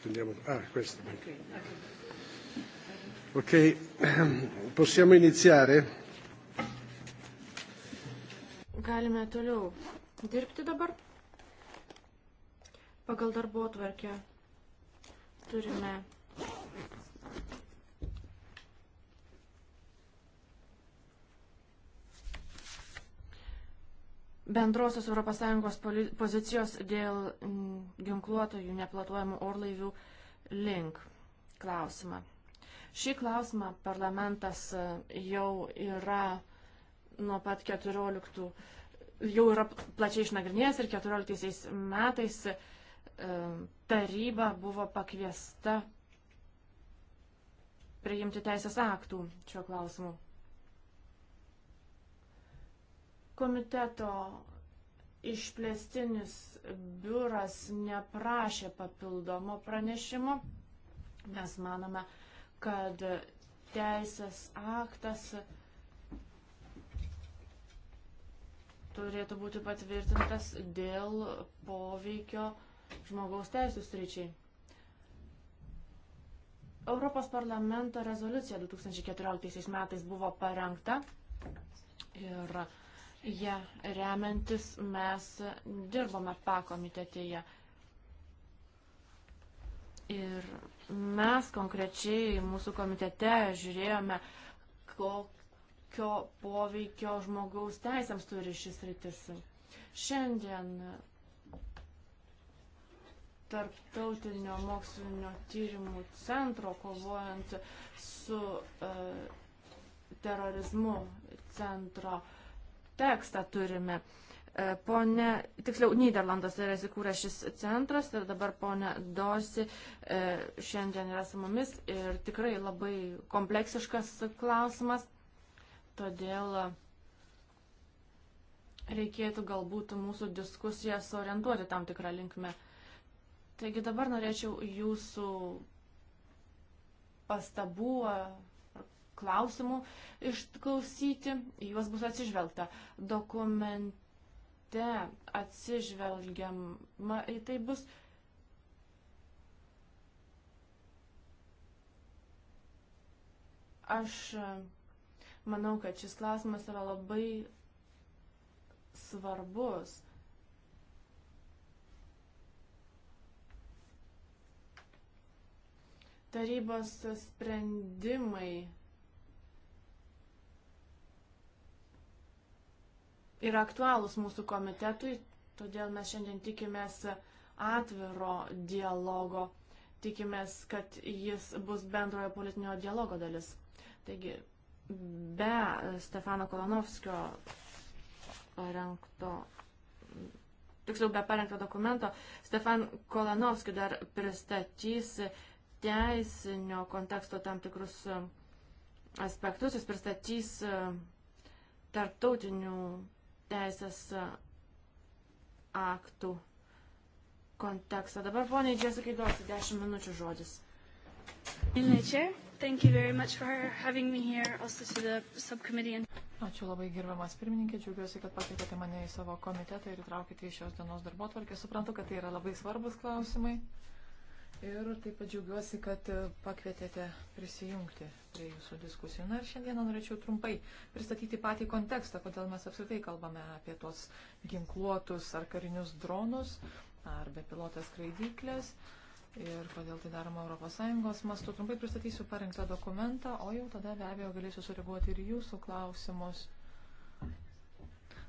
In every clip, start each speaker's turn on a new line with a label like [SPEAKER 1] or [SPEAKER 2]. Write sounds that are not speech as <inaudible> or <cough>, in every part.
[SPEAKER 1] Prendiamo... Ah, questo. Ok, <clears throat> possiamo iniziare?
[SPEAKER 2] Galime toliau dirbti dabar. Pagal darbo tvarkę turime bendrosios ES pozicijos dėl mm, ginkluotojų neplatuojamų orlaivių link klausimą. Šį klausimą parlamentas e, jau yra nuo pat 14, jau yra plačiai išnagrinėjęs ir 14 metais e, taryba buvo pakviesta priimti teisės aktų šiuo klausimu. Komiteto išplėstinis biuras neprašė papildomo pranešimo. Mes manome, kad teisės aktas turėtų būti patvirtintas dėl poveikio žmogaus teisų sričiai. Europos parlamento rezoliucija 2014 metais buvo parengta ir ją ja, remiantis mes dirbome pakomitetėje. Ir mes konkrečiai mūsų komitete žiūrėjome, kokio poveikio žmogaus teisėms turi šis rytis. Šiandien tarptautinio mokslinio tyrimų centro kovojant su uh, terorizmu centro uh, tekstą turime. E, pone, tiksliau, Niderlanduose yra įsikūręs šis centras ir dabar ponė Dosi e, šiandien yra su mumis ir tikrai labai kompleksiškas klausimas, todėl reikėtų galbūt mūsų diskusijas orientuoti tam tikrą linkmę. Taigi dabar norėčiau jūsų pastabų klausimų išklausyti, juos bus atsižvelgta. Dokumente atsižvelgiama į tai bus. Aš e, manau, kad šis klausimas yra labai svarbus. tarybos sprendimai yra aktualūs mūsų komitetui, todėl mes šiandien tikimės atviro dialogo, tikimės, kad jis bus bendrojo politinio dialogo dalis. Taigi, be Stefano Kolonovskio parengto, tiksliau be parengto dokumento, Stefan Kolonovski dar pristatys teisinio konteksto tam tikrus aspektus, jis pristatys tarptautinių teisės e, aktų kontekstą. Dabar poniai Jessica duosiu 10 minučių žodis.
[SPEAKER 3] Ačiū labai gerbiamas pirmininkė, džiaugiuosi, kad pakvietėte mane į savo komitetą ir įtraukite į šios dienos darbo tvarkę. Suprantu, kad tai yra labai svarbus klausimai. Ir taip pat džiaugiuosi, kad pakvietėte prisijungti prie jūsų diskusijų. Na ir šiandieną norėčiau trumpai pristatyti patį kontekstą, kodėl mes apskritai kalbame apie tos ginkluotus ar karinius dronus, ar bepilotės skraidyklės ir kodėl tai daroma ES mastu. Trumpai pristatysiu parengtą dokumentą, o jau tada be abejo galėsiu sureaguoti ir jūsų klausimus.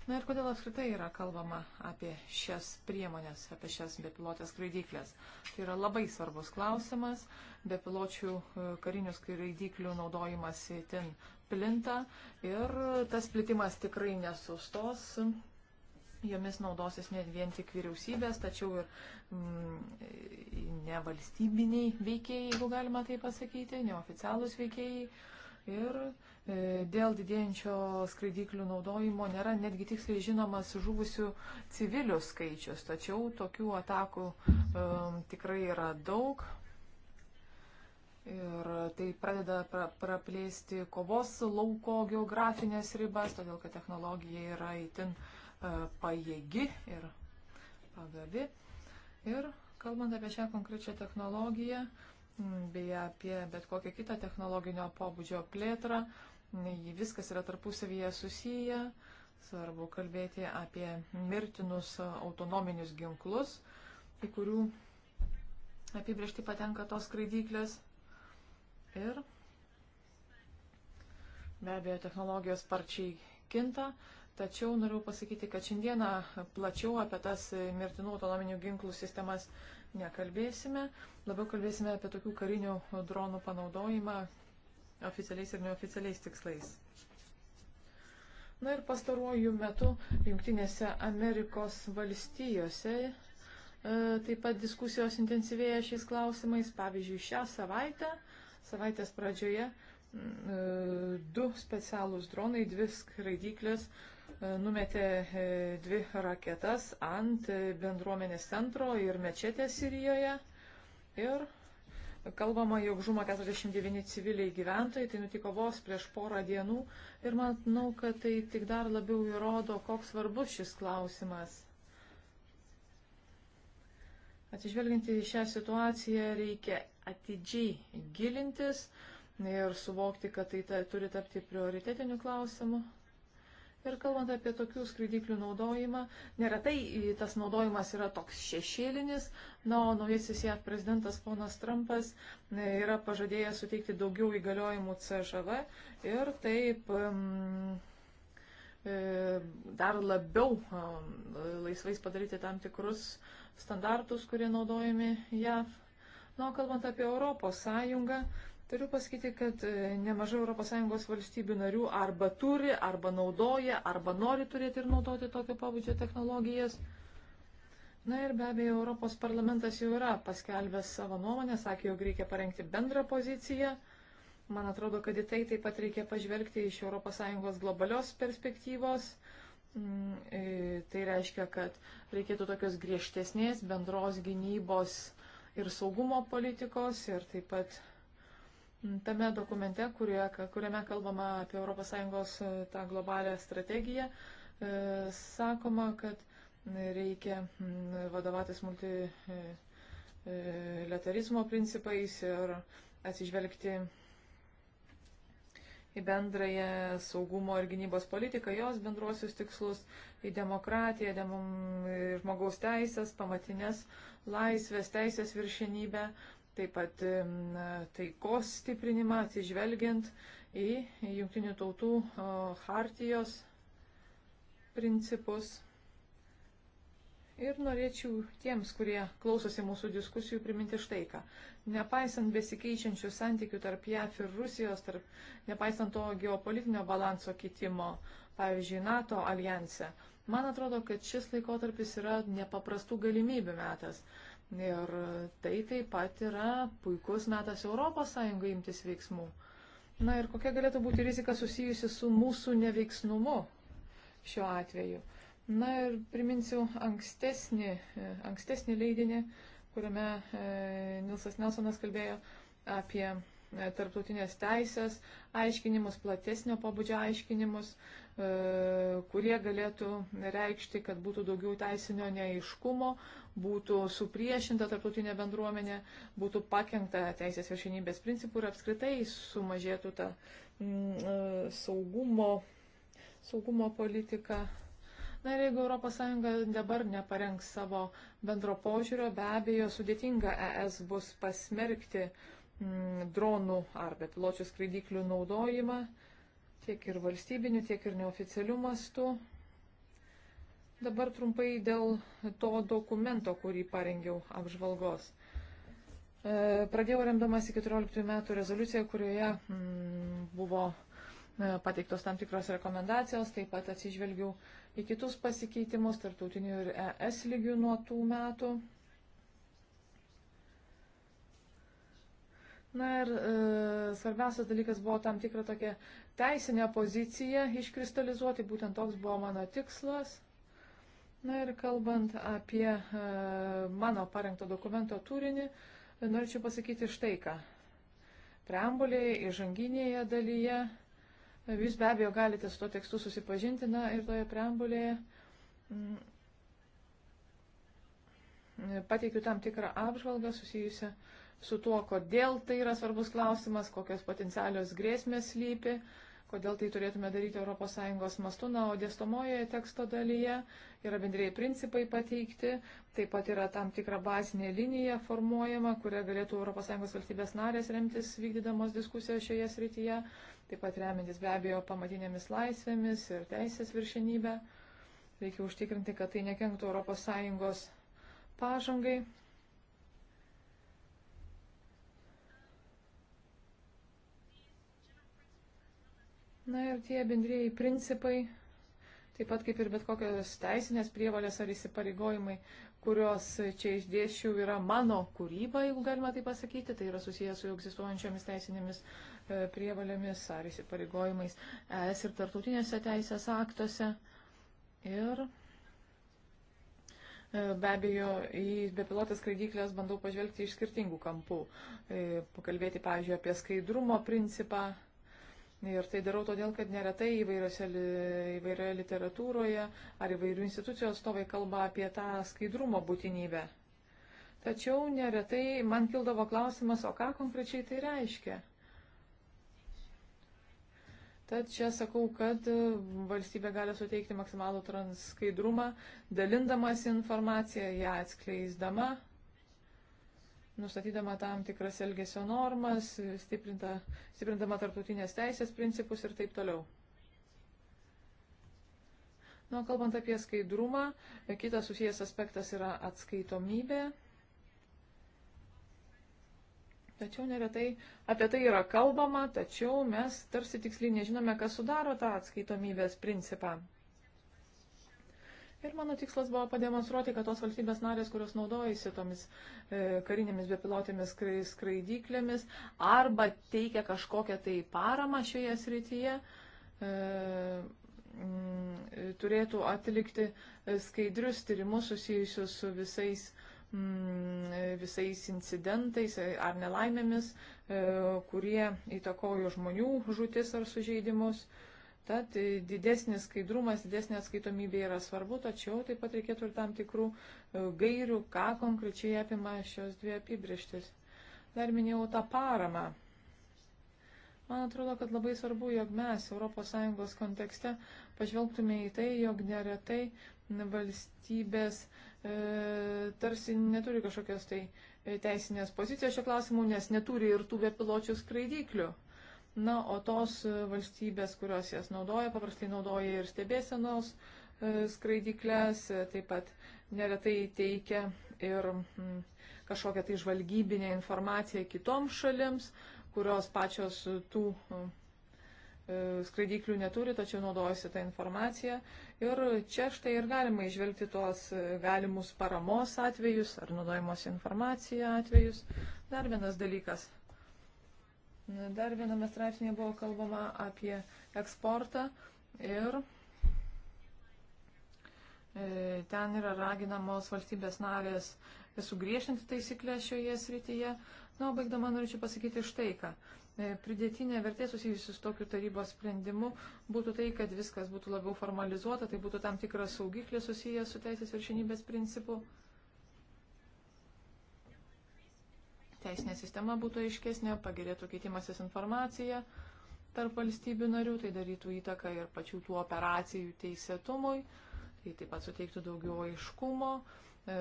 [SPEAKER 3] Na ir kodėl apskritai yra kalbama apie šias priemonės, apie šias bepilotės skraidyklės? Tai yra labai svarbus klausimas. Bepiločių e, karinių skraidyklių naudojimas įtin plinta ir tas plitimas tikrai nesustos. Jomis naudosis ne vien tik vyriausybės, tačiau ir mm, nevalstybiniai veikėjai, jeigu galima tai pasakyti, neoficialūs veikėjai. Uh, ir e, dėl didėjančio skraidiklių naudojimo nėra netgi tiksliai žinomas žuvusių civilių skaičius, tačiau tokių atakų e, tikrai yra daug. Ir tai pradeda pra, praplėsti kovos lauko geografinės ribas, todėl kad technologija yra įtin e, pajėgi ir pagavi. Ir kalbant apie šią konkrečią technologiją, e, bei apie bet kokią kitą technologinio pobūdžio plėtrą. Viskas yra tarpusavyje susiję. Svarbu kalbėti apie mirtinus autonominius ginklus, į kurių apibriešti patenka tos skraidyklės. Ir be abejo, technologijos sparčiai kinta, tačiau noriu pasakyti, kad šiandieną plačiau apie tas mirtinų autonominių ginklų sistemas nekalbėsime. Labiau kalbėsime apie tokių karinių dronų panaudojimą oficialiais ir neoficialiais tikslais. Na ir pastaruoju metu Junktinėse Amerikos valstijose e, taip pat diskusijos intensyvėja šiais klausimais. Pavyzdžiui, šią savaitę, savaitės pradžioje, e, du specialūs dronai, dvi skraidyklės numetė e, dvi raketas ant bendruomenės centro ir mečetė Sirijoje. Ir kalbama, jog žuma 49 civiliai gyventojai, tai nutiko vos prieš porą dienų ir manau, kad tai tik dar labiau įrodo, koks svarbus šis klausimas. Atsižvelgiant į šią situaciją reikia atidžiai gilintis ir suvokti, kad tai ta, turi tapti prioritetiniu klausimu. Ir kalbant apie tokių skraidiklių naudojimą, neretai tas naudojimas yra toks šešėlinis, na, o naujasis JAV prezidentas ponas Trumpas e, yra pažadėjęs suteikti daugiau įgaliojimų CŽV ir taip um, dar labiau um, laisvais padaryti tam tikrus standartus, kurie naudojami JAV. Na, o kalbant apie Europos Sąjungą, Turiu pasakyti, kad e, nemažai ES valstybių narių arba turi, arba naudoja, arba nori turėti ir naudoti tokio pavudžio technologijas. Na ir be abejo, Europos parlamentas jau yra paskelbęs savo nuomonę, sakė, jog reikia parengti bendrą poziciją. Man atrodo, kad į tai taip pat reikia pažvelgti iš ES globalios perspektyvos. Mm, e, tai reiškia, kad reikėtų tokios griežtesnės bendros gynybos ir saugumo politikos ir taip pat Tame dokumente, kurie, kuriame kalbama apie ES e, tą globalią strategiją, e, sakoma, kad reikia vadovatis multilitarizmo e, principais ir atsižvelgti į bendrąją saugumo ir gynybos politiką, jos bendruosius tikslus, į demokratiją, demom, žmogaus teisės, pamatinės laisvės, teisės viršenybę taip pat taikos stiprinimą atsižvelgiant į Junktinių tautų hartijos principus. Ir norėčiau tiems, kurie klausosi mūsų diskusijų, priminti štai ką. Nepaisant besikeičiančių santykių tarp JAF ir Rusijos, tarp, nepaisant to geopolitinio balanso kitimo, pavyzdžiui, NATO alijanse, man atrodo, kad šis laikotarpis yra nepaprastų galimybių metas. Uh, Ir tai taip pat yra puikus metas ES imtis veiksmų. Na ir kokia galėtų būti rizika susijusi su mūsų neveiksnumu šiuo atveju. Na ir priminsiu ankstesnį, e, ankstesnį leidinį, kuriame e, Nilsas Nelsonas kalbėjo apie e, tarptautinės teisės aiškinimus, platesnio pabudžio aiškinimus, e, kurie galėtų reikšti, kad būtų daugiau teisinio neaiškumo, būtų supriešinta tarptautinė bendruomenė, būtų pakengta teisės viršinybės principų ir apskritai sumažėtų ta mm, e, saugumo, saugumo politika. Na ir jeigu ES dabar neparengs savo bendro požiūrio, be abejo sudėtinga ES bus pasmerkti mm, dronų ar bepiločių skraidyklių naudojimą tiek ir valstybiniu, tiek ir neoficialiu mastu. Dabar trumpai dėl to dokumento, kurį parengiau apžvalgos. E, pradėjau remdamasi 14 metų rezoliuciją, kurioje mm, buvo e, pateiktos tam tikros rekomendacijos, taip pat atsižvelgiau į kitus pasikeitimus tarptautinių ir ES lygių nuo tų metų. Na ir e, svarbiausias dalykas buvo tam tikra tokia teisinė pozicija iškristalizuoti, būtent toks buvo mano tikslas. Na ir kalbant apie e, mano parengto dokumento turinį, norėčiau pasakyti štai ką. Preambulėje, įžanginėje dalyje, jūs be abejo galite su to tekstu susipažinti, na ir toje preambulėje mm, pateikiu tam tikrą apžvalgą susijusią su tuo, kodėl tai yra svarbus klausimas, kokios potencialios grėsmės lypi. Uh, kodėl tai turėtume daryti ES mastu, na, o dėstomojoje teksto dalyje yra bendrėjai principai pateikti, taip pat yra tam tikra bazinė linija formuojama, kurią galėtų ES valstybės narės remtis vykdydamos diskusiją šioje srityje, taip pat remintis be abejo pamatinėmis laisvėmis ir teisės viršenybę. Reikia užtikrinti, kad tai nekenktų ES pažangai. Na ir tie bendrėjai principai, taip pat kaip ir bet kokios teisinės prievalės ar įsipareigojimai, kurios čia išdėšiau, yra mano kūryba, jeigu galima tai pasakyti, tai yra susijęs su egzistuojančiomis teisinėmis e, prievalėmis ar įsipareigojimais ES ir tartutinėse teisės aktuose. Ir e, Be abejo, į bepilotės skraidyklės bandau pažvelgti iš skirtingų kampų. E, pakalbėti, pavyzdžiui, apie skaidrumo principą, Ir tai darau todėl, kad neretai įvairioje literatūroje ar įvairių institucijų atstovai kalba apie tą skaidrumo būtinybę. Tačiau neretai man kildavo klausimas, o ką konkrečiai tai reiškia. Tad čia sakau, kad valstybė gali suteikti maksimalų skaidrumą, dalindamasi informaciją, ją atskleisdama nustatydama tam tikras elgesio normas, stiprindama tarptautinės teisės principus ir taip toliau. Na, nu, kalbant apie skaidrumą, kitas susijęs aspektas yra atskaitomybė. Tačiau neretai apie tai yra kalbama, tačiau mes tarsi tiksliai nežinome, kas sudaro tą atskaitomybės principą. Ir mano tikslas buvo pademonstruoti, kad tos valstybės narės, kurios naudojasi tomis e, karinėmis bepilotėmis skraidyklėmis arba teikia kažkokią tai paramą šioje srityje, e, m, mm, turėtų atlikti e, skaidrius tyrimus susijusius su visais m, mm, e, visais incidentais e, ar nelaimėmis, e, kurie įtakojo žmonių žūtis ar sužeidimus. E, Tad e, didesnis skaidrumas, didesnė atskaitomybė yra svarbu, tačiau taip pat reikėtų ir tam tikrų e, gairių, ką konkrečiai apima šios dvi apibrieštis. Dar minėjau tą paramą. Man atrodo, kad labai svarbu, jog mes ES kontekste pažvelgtume į tai, jog neretai valstybės e, tarsi neturi kažkokios tai e, teisinės pozicijos šio klausimu, nes neturi ir tų bepiločių skraidyklių. E, Na, o tos e, valstybės, kurios jas naudoja, paprastai naudoja ir stebėsenos e, skraidyklės, e, taip pat neretai teikia ir kažkokią tai žvalgybinę informaciją kitoms šalims, kurios pačios tų skraidyklių neturi, tačiau naudojasi tą informaciją. Ir čia štai ir galima išvelgti tuos galimus paramos atvejus ar naudojimos informacija atvejus. Dar vienas dalykas Dar viename straipsnėje buvo kalbama apie eksportą ir e, ten yra raginamos valstybės narės sugriešinti taisyklės šioje srityje. Na, o baigdama norėčiau pasakyti štai ką. E, pridėtinė vertė susijusi su tokiu tarybos sprendimu būtų tai, kad viskas būtų labiau formalizuota, tai būtų tam tikras saugiklis susijęs su teisės viršinybės principu. teisinė sistema būtų aiškesnė, pagerėtų keitimasis informacija tarp valstybių narių, tai darytų įtaką ir pačių tų operacijų teisėtumui, tai taip pat suteiktų daugiau aiškumo e,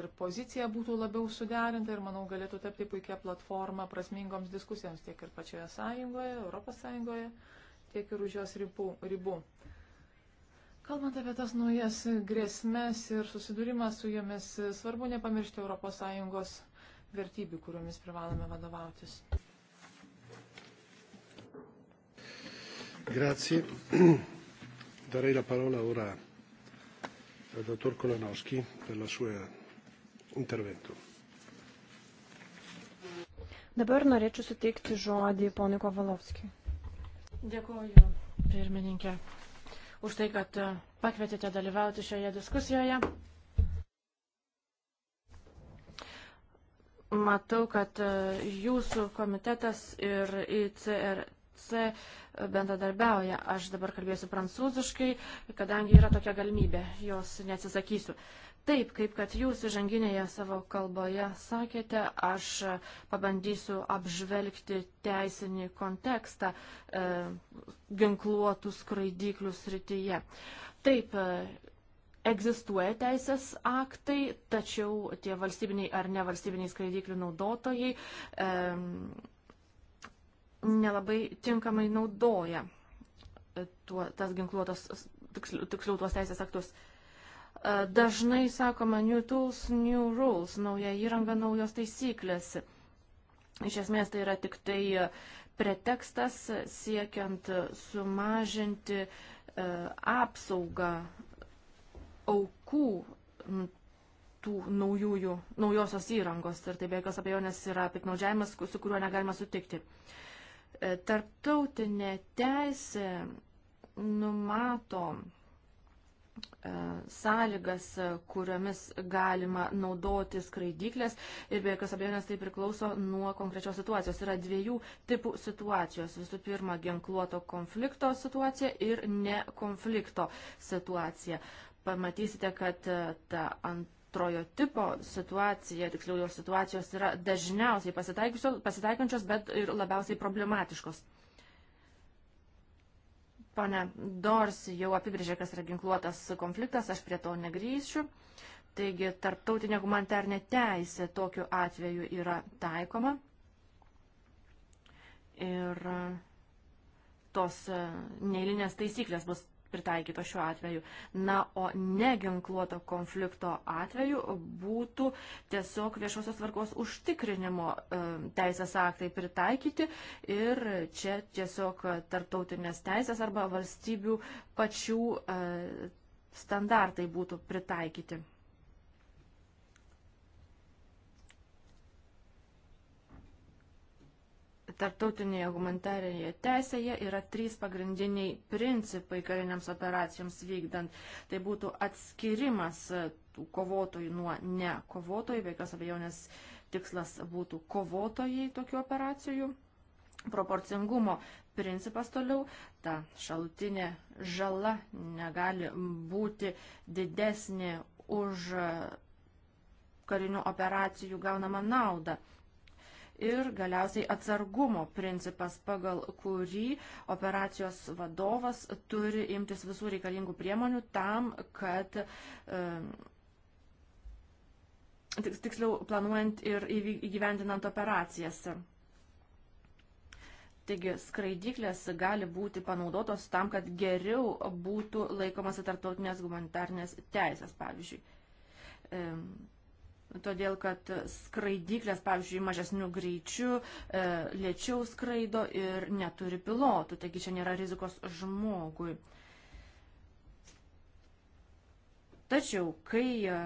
[SPEAKER 3] ir pozicija būtų labiau suderinta ir, manau, galėtų tapti puikia platforma prasmingoms diskusijoms tiek ir pačioje sąjungoje, Europos sąjungoje, tiek ir už jos ribų. ribų. Kalbant apie tas naujas grėsmės ir susidūrimą su jomis, svarbu nepamiršti ES vertybių, kuriomis privalome vadovautis.
[SPEAKER 1] Grazie. <clears throat> Darei la parola ora al dottor Kolanowski per la sua intervento.
[SPEAKER 4] Dabar norėčiau suteikti žodį ponui Kovalovskijui. Dėkuoju, pirmininkė,
[SPEAKER 2] už tai, kad pakvietėte dalyvauti šioje diskusijoje. matau, kad e, jūsų komitetas ir ICRC bendradarbiauja. Aš dabar kalbėsiu prancūziškai, kadangi yra tokia galimybė, jos neatsisakysiu. Taip, kaip kad jūs žanginėje savo kalboje sakėte, aš pabandysiu apžvelgti teisinį kontekstą e, ginkluotų skraidyklių srityje. Taip, e, egzistuoja teisės aktai, tačiau tie valstybiniai ar nevalstybiniai skraidyklių naudotojai e, nelabai tinkamai naudoja e, tuo, tas ginkluotas, tiksliau, tiksliau tuos teisės aktus. E, dažnai sakoma new tools, new rules, nauja įranga, naujos taisyklės. Iš esmės tai yra tik tai e, pretekstas siekiant sumažinti e, apsaugą aukų tų naujųjų, naujosios įrangos ir tai be jokios abejonės yra piknaudžiavimas, su kuriuo negalima sutikti. E, tarptautinė teisė numato e, sąlygas, kuriomis galima naudoti skraidyklės ir be jokios abejonės tai priklauso nuo konkrečios situacijos. Yra dviejų tipų situacijos. Visų pirma, ginkluoto konflikto situacija ir nekonflikto situacija pamatysite, kad e, ta antrojo tipo situacija, tiksliau jos situacijos yra dažniausiai pasitaikančios, bet ir labiausiai problematiškos. Pane Dorsi jau apibrėžė, kas yra ginkluotas konfliktas, aš prie to negryšiu. Taigi, tarptautinė humanitarnė teisė tokiu atveju yra taikoma. Ir e, tos e, neįlinės taisyklės bus pritaikyto šiuo atveju. Na, o neginkluoto konflikto atveju būtų tiesiog viešosios tvarkos užtikrinimo e, teisės aktai pritaikyti ir čia tiesiog tarptautinės teisės arba valstybių pačių e, standartai būtų pritaikyti. tarptautinėje humanitarinėje teisėje yra trys pagrindiniai principai kariniams operacijoms vykdant. Tai būtų atskirimas e, tų kovotojų nuo ne kovotojų, be jokios abejonės tikslas būtų kovotojai tokių operacijų. Proporcingumo principas toliau, ta šalutinė žala negali būti didesnė už e, karinių operacijų gaunamą naudą ir galiausiai atsargumo principas, pagal kurį operacijos vadovas turi imtis visų reikalingų priemonių tam, kad tiksliau planuojant ir įgyvendinant operacijas. Taigi skraidyklės gali būti panaudotos tam, kad geriau būtų laikomasi tarptautinės humanitarnės teisės, pavyzdžiui Todėl, kad skraidyklės, pavyzdžiui, mažesnių greičių, e, lėčiau skraido ir neturi pilotų, taigi čia nėra rizikos žmogui. Tačiau, kai e,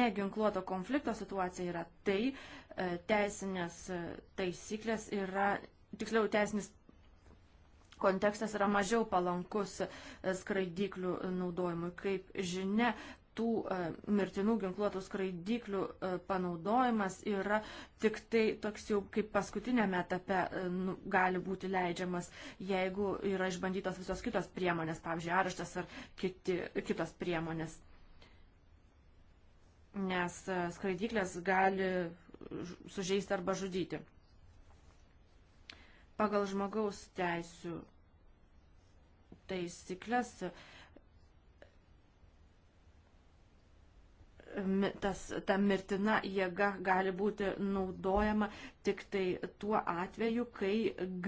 [SPEAKER 2] neginkluoto konflikto situacija yra tai, e, teisinės e, taisyklės yra, tiksliau, teisinis kontekstas yra mažiau palankus e, skraidyklių e, naudojimui. Kaip žinia, tų e, mirtinų ginkluotų skraidyklių panaudojimas yra tik tai toks jau kaip paskutinėme etape nu, gali būti leidžiamas, jeigu yra išbandytos visos kitos priemonės, pavyzdžiui, areštas ar kiti, kitos priemonės. Nes skraidyklės gali sužeisti arba žudyti pagal žmogaus teisų taisyklės tas, ta mirtina jėga gali būti naudojama tik tai tuo atveju, kai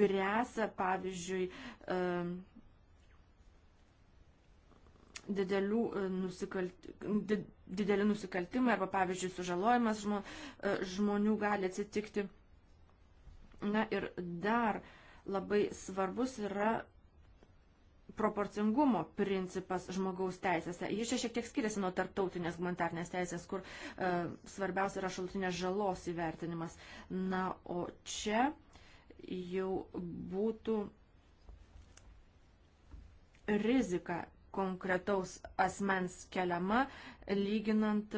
[SPEAKER 2] grėsia, pavyzdžiui, didelių e, nusikalt, did, dideli nusikaltimai arba, pavyzdžiui, sužalojimas žmo, e, žmonių gali atsitikti. Na ir dar labai svarbus yra proporcingumo principas žmogaus teisėse. Jis čia šiek tiek skiriasi nuo tarptautinės humanitarnės teisės, kur e, svarbiausia yra šaltinės žalos įvertinimas. Na, o čia jau būtų rizika konkretaus asmens keliama, lyginant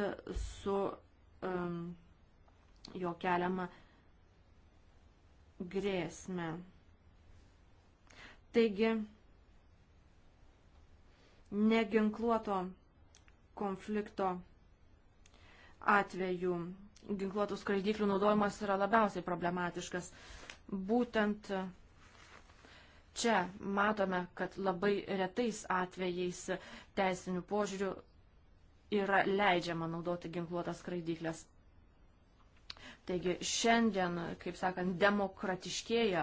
[SPEAKER 2] su um, e, jo keliama uh, grėsmę. Taigi, neginkluoto konflikto atveju ginkluotų skraidyklių naudojimas yra labiausiai problematiškas. Būtent čia matome, kad labai retais atvejais teisinių požiūrių yra leidžiama naudoti ginkluotas skraidyklės. Taigi šiandien, kaip sakant, demokratiškėja,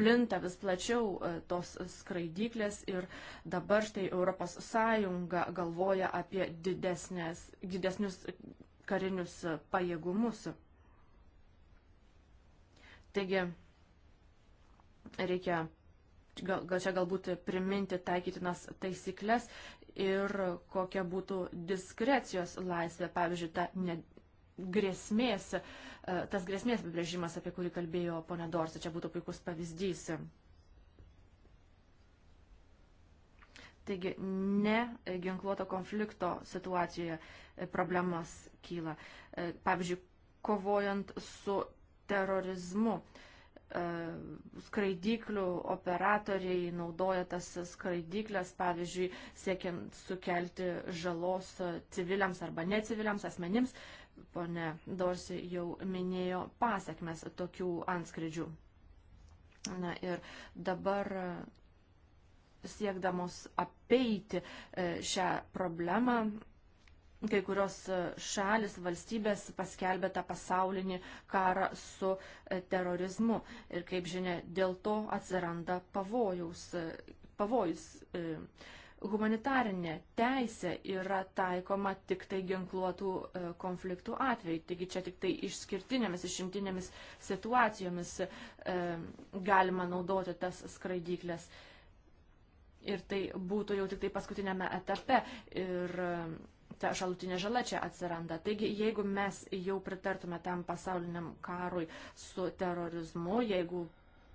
[SPEAKER 2] plinta vis plačiau e, tos skraidyklės ir dabar štai ES galvoja apie didesnės, didesnius karinius pajėgumus. Taigi reikia gal, gal čia galbūt priminti taikytinas taisyklės ir kokia būtų diskrecijos laisvė, pavyzdžiui, ta grėsmės, e, tas grėsmės apibrėžimas, apie kurį kalbėjo ponė Dorsi, čia būtų puikus pavyzdys. Taigi, ne ginkluoto konflikto situacijoje e, problemas kyla. E, pavyzdžiui, kovojant su terorizmu, skraidyklių operatoriai naudoja tas skraidyklės, pavyzdžiui, siekiant sukelti žalos civiliams arba neciviliams asmenims. Pone Dorsi jau minėjo pasiekmes tokių antskridžių. Na ir dabar e, siekdamos apeiti e, šią problemą, kai kurios e, šalis, valstybės paskelbė tą pasaulinį karą su terorizmu. Ir kaip žinia, dėl to atsiranda pavojaus, pavojus. pavojus humanitarinė teisė yra taikoma tik tai ginkluotų e, konfliktų atveju. Taigi čia tik tai išskirtinėmis, išimtinėmis situacijomis e, galima naudoti tas skraidyklės. Ir tai būtų jau tik tai paskutinėme etape. Ir e, ta šalutinė žala čia atsiranda. Taigi, jeigu mes jau pritartume tam pasauliniam karui su terorizmu, jeigu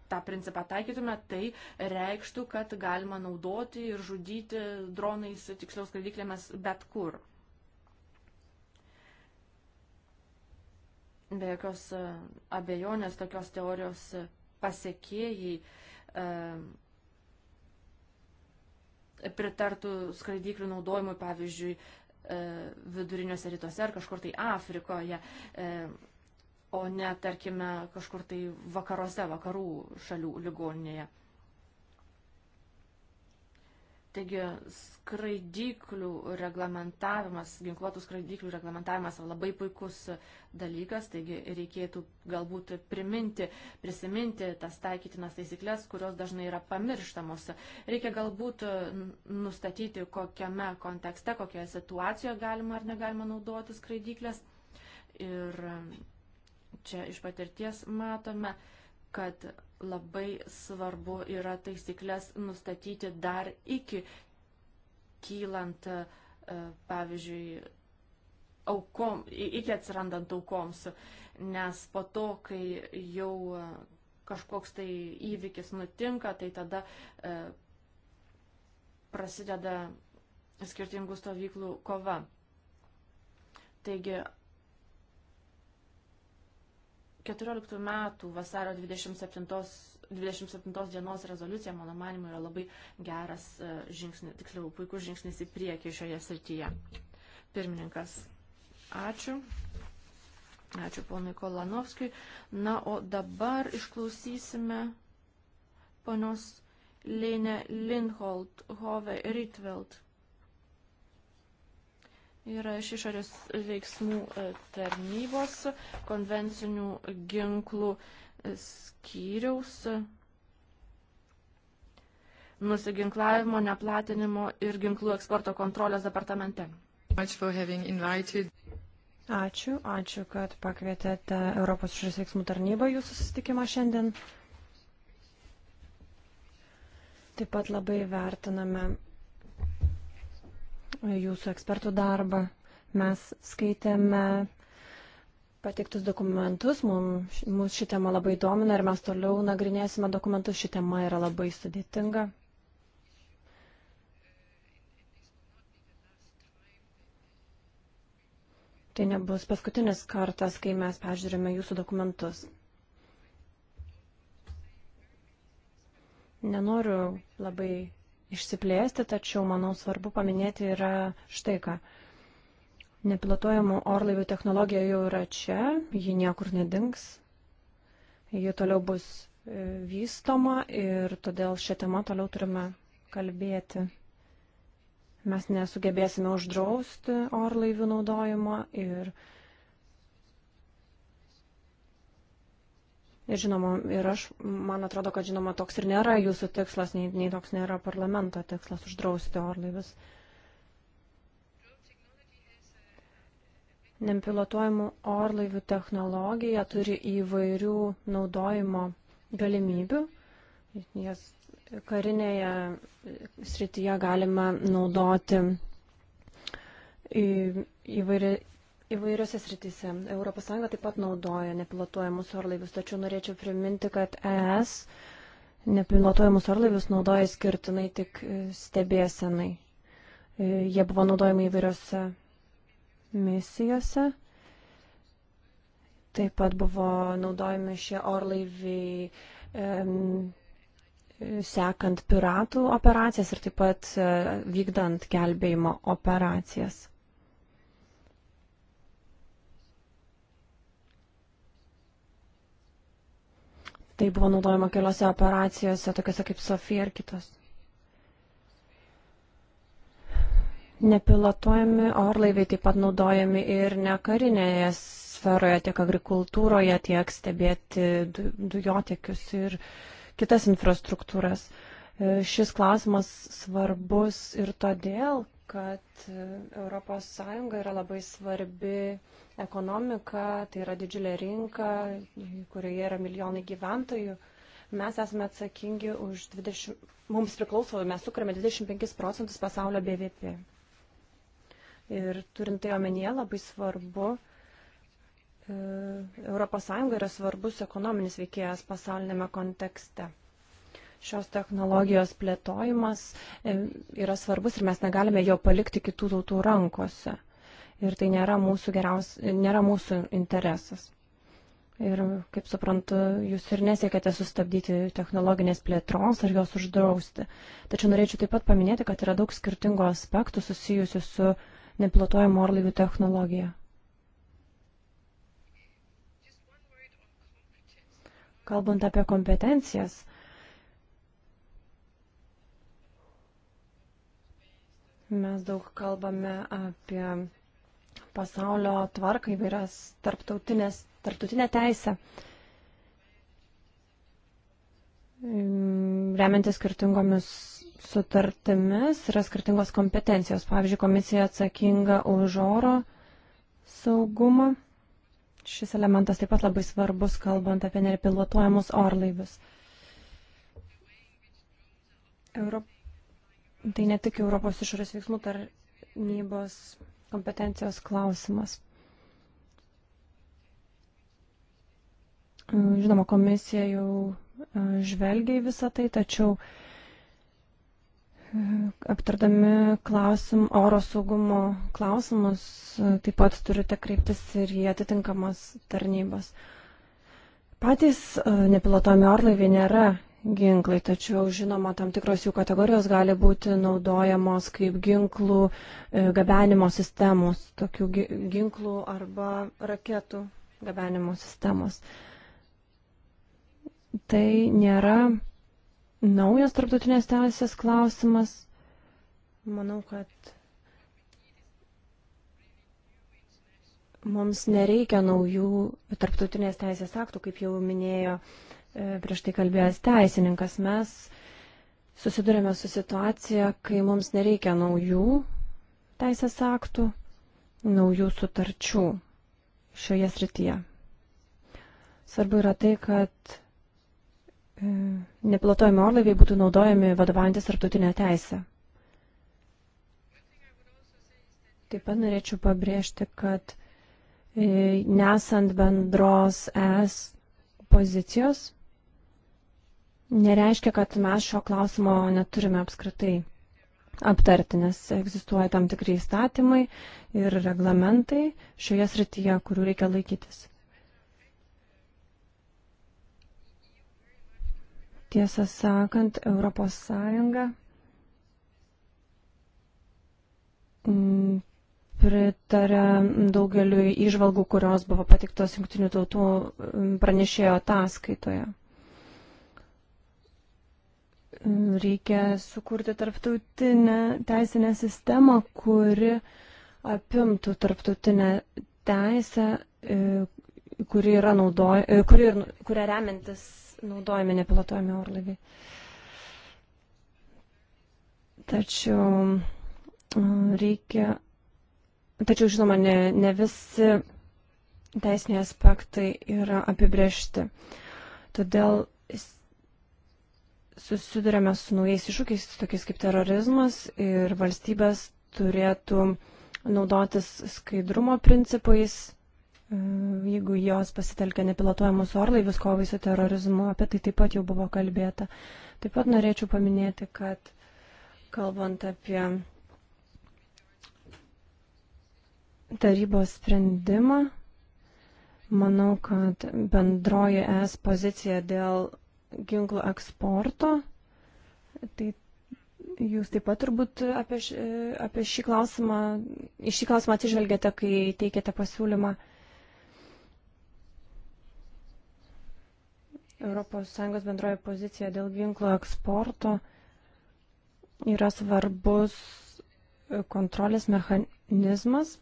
[SPEAKER 2] tą principą taikytume, tai reikštų, kad galima naudoti ir žudyti dronais, tiksliau skraidyklėmis, bet kur. Be jokios e, abejonės tokios teorijos pasiekėjai e, pritartų skraidyklių naudojimui, pavyzdžiui, e, viduriniuose rytuose ar kažkur tai Afrikoje. E, o ne, tarkime, kažkur tai vakaruose, vakarų šalių ligoninėje. Taigi skraidyklių reglamentavimas, ginkluotų skraidyklių reglamentavimas yra labai puikus dalykas, taigi reikėtų galbūt priminti, prisiminti tas taikytinas taisyklės, kurios dažnai yra pamirštamos. Reikia galbūt nustatyti, kokiame kontekste, kokioje situacijoje galima ar negalima naudoti skraidyklės. Ir čia iš patirties matome, kad labai svarbu yra taisyklės nustatyti dar iki kylant, e, pavyzdžiui, aukom, iki atsirandant aukoms, nes po to, kai jau e, kažkoks tai įvykis nutinka, tai tada e, prasideda skirtingų stovyklų kova. Taigi 14 metų vasario 27, 27 dienos rezoliucija, mano manimu, yra labai geras e, žingsnis, tiksliau, puikus žingsnis į priekį šioje srityje. Pirmininkas, ačiū. Ačiū ponui Kolanovskijui. Na, o dabar išklausysime ponios Lene Lindholt, Hove Ritveld yra iš išorės veiksmų e, tarnybos, konvencinių ginklų e, skyriaus, nusiginklavimo, neplatinimo ir ginklų eksporto kontrolės departamente. Ačiū,
[SPEAKER 4] ačiū, kad pakvietėte Europos išorės veiksmų tarnybą jūsų susitikimą šiandien. Taip pat labai vertiname jūsų ekspertų darbą. Mes skaitėme pateiktus dokumentus, mums, mums ši tema labai domina ir mes toliau nagrinėsime dokumentus, ši tema yra labai sudėtinga. Tai nebus paskutinis kartas, kai mes peržiūrime jūsų dokumentus. Nenoriu labai išsiplėsti, tačiau, manau, svarbu paminėti yra štai ką. Nepilotuojamų orlaivių technologija jau yra čia, ji niekur nedings, ji toliau bus e, vystoma ir todėl šią temą toliau turime kalbėti. Mes nesugebėsime uždrausti orlaivių naudojimo ir uh, Ir žinoma, ir aš, man atrodo, kad žinoma, toks ir nėra jūsų tikslas, nei, nei toks nėra parlamento tikslas uždrausti orlaivius. Nepilotuojamų orlaivių technologija turi įvairių naudojimo galimybių. Jas karinėje srityje galima naudoti įvairi, Įvairiose srityse. ES taip pat naudoja nepilotuojamus orlaivius, tačiau norėčiau priminti, kad ES nepilotuojamus orlaivius naudoja skirtinai tik e, stebėsenai. E, jie buvo naudojami įvairiose misijose. Taip pat buvo naudojami šie orlaiviai um, sekant piratų operacijas ir taip pat uh, vykdant gelbėjimo operacijas. Tai buvo naudojama keliose operacijose, tokiuose kaip Sofija ir kitos. Nepilotuojami orlaiviai taip pat naudojami ir nekarinėje sferoje, tiek agrikultūroje, tiek stebėti du, dujotekius ir kitas infrastruktūras. E, šis klausimas svarbus ir todėl, kad ES yra labai svarbi ekonomika, tai yra didžiulė rinka, kurioje yra milijonai gyventojų. Mes esame atsakingi už 20, mums priklauso, mes sukuriame 25 procentus pasaulio BVP. Ir turint tai omenyje labai svarbu, ES yra svarbus ekonominis veikėjas pasaulinėme kontekste šios technologijos plėtojimas e, yra svarbus ir mes negalime jo palikti kitų tautų rankose. Ir tai nėra mūsų, geriaus, nėra mūsų interesas. Ir, kaip suprantu, jūs ir nesiekėte sustabdyti technologinės plėtros ar jos uždrausti. Tačiau norėčiau taip pat paminėti, kad yra daug skirtingų aspektų susijusių su nepilotuojamo orlaivių technologija. Kalbant apie kompetencijas, Mes daug kalbame apie pasaulio tvarką įvairias tarptautinę teisę. Mm, remiantis skirtingomis sutartimis yra skirtingos kompetencijos. Pavyzdžiui, komisija atsakinga už oro saugumą. Šis elementas taip pat labai svarbus, kalbant apie nepilotuojamus orlaivius. Europ tai ne tik Europos išorės veiksmų tarnybos kompetencijos klausimas. Žinoma, komisija jau e, žvelgia į visą tai, tačiau e, aptardami klausim, oro saugumo klausimus e, taip pat turite kreiptis ir į atitinkamas tarnybas. Patys nepilotuojami orlaiviai nėra ginklai, tačiau žinoma, tam tikros jų kategorijos gali būti naudojamos kaip ginklų e, gabenimo sistemos, tokių ginklų arba raketų gabenimo sistemos. Tai nėra naujas tarptautinės teisės klausimas. Manau, kad mums nereikia naujų tarptautinės teisės aktų, kaip jau minėjo uh, E, prieš tai kalbėjęs teisininkas, mes susidurėme su situacija, kai mums nereikia naujų teisės aktų, naujų sutarčių šioje srityje. Svarbu yra tai, kad e, nepilotuojami orlaiviai būtų naudojami vadovaujantis tarptautinę teisę. Taip pat norėčiau pabrėžti, kad e, nesant bendros es pozicijos, nereiškia, kad mes šio klausimo neturime apskritai aptarti, nes egzistuoja tam tikri įstatymai ir reglamentai šioje srityje, kurių reikia laikytis. Tiesą sakant, Europos Sąjunga mm, pritarė daugeliu įžvalgų, kurios buvo patiktos Junktinių tautų mm, pranešėjo ataskaitoje. Reikia sukurti tarptautinę teisinę sistemą, kuri apimtų tarptautinę teisę, e, kuri yra naudoj, e, kuri, kuria remintis naudojami nepilotuojami orlaiviai. Tačiau e, reikia, tačiau žinoma, ne, ne visi teisiniai aspektai yra apibriešti. Todėl susidurėme su naujais iššūkiais, tokiais kaip terorizmas ir valstybės turėtų naudotis skaidrumo principais, e, jeigu jos pasitelkia nepilotuojamus orlaivius kovai su terorizmu, apie tai taip pat jau buvo kalbėta. Taip pat norėčiau paminėti, kad kalbant apie tarybos sprendimą, manau, kad bendroji es pozicija dėl ginklų eksporto. Tai jūs taip pat turbūt apie, šį, apie šį klausimą, iš šį klausimą atsižvelgėte, kai teikėte pasiūlymą. ES bendroji pozicija dėl ginklų eksporto yra svarbus kontrolės mechanizmas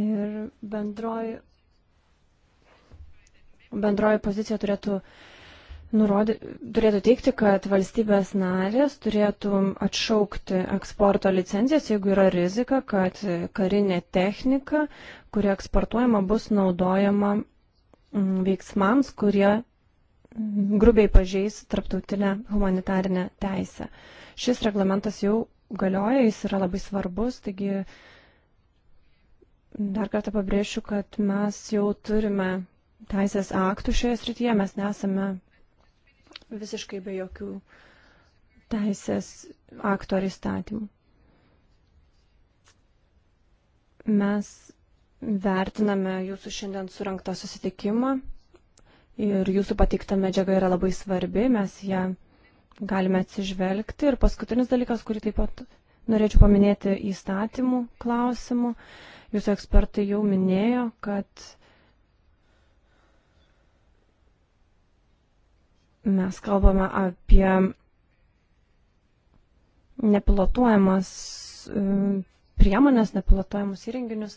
[SPEAKER 4] Ir bendroji, bendroji pozicija turėtų, nurody, turėtų teikti, kad valstybės narės turėtų atšaukti eksporto licencijas, jeigu yra rizika, kad karinė technika, kuri eksportuojama, bus naudojama mm, veiksmams, kurie grubiai pažeis tarptautinę humanitarinę teisę. Šis reglamentas jau galioja, jis yra labai svarbus, taigi uh, Dar kartą pabrėšiu, kad mes jau turime teisės aktų šioje srityje, mes nesame visiškai be jokių teisės aktų ar įstatymų. Mes vertiname jūsų šiandien surinktą susitikimą ir jūsų pateikta medžiaga yra labai svarbi, mes ją galime atsižvelgti. Ir paskutinis dalykas, kurį taip pat norėčiau paminėti įstatymų klausimų. Jūsų ekspertai jau minėjo, kad mes kalbame apie nepilotuojamas e, priemonės, nepilotuojamus įrenginius.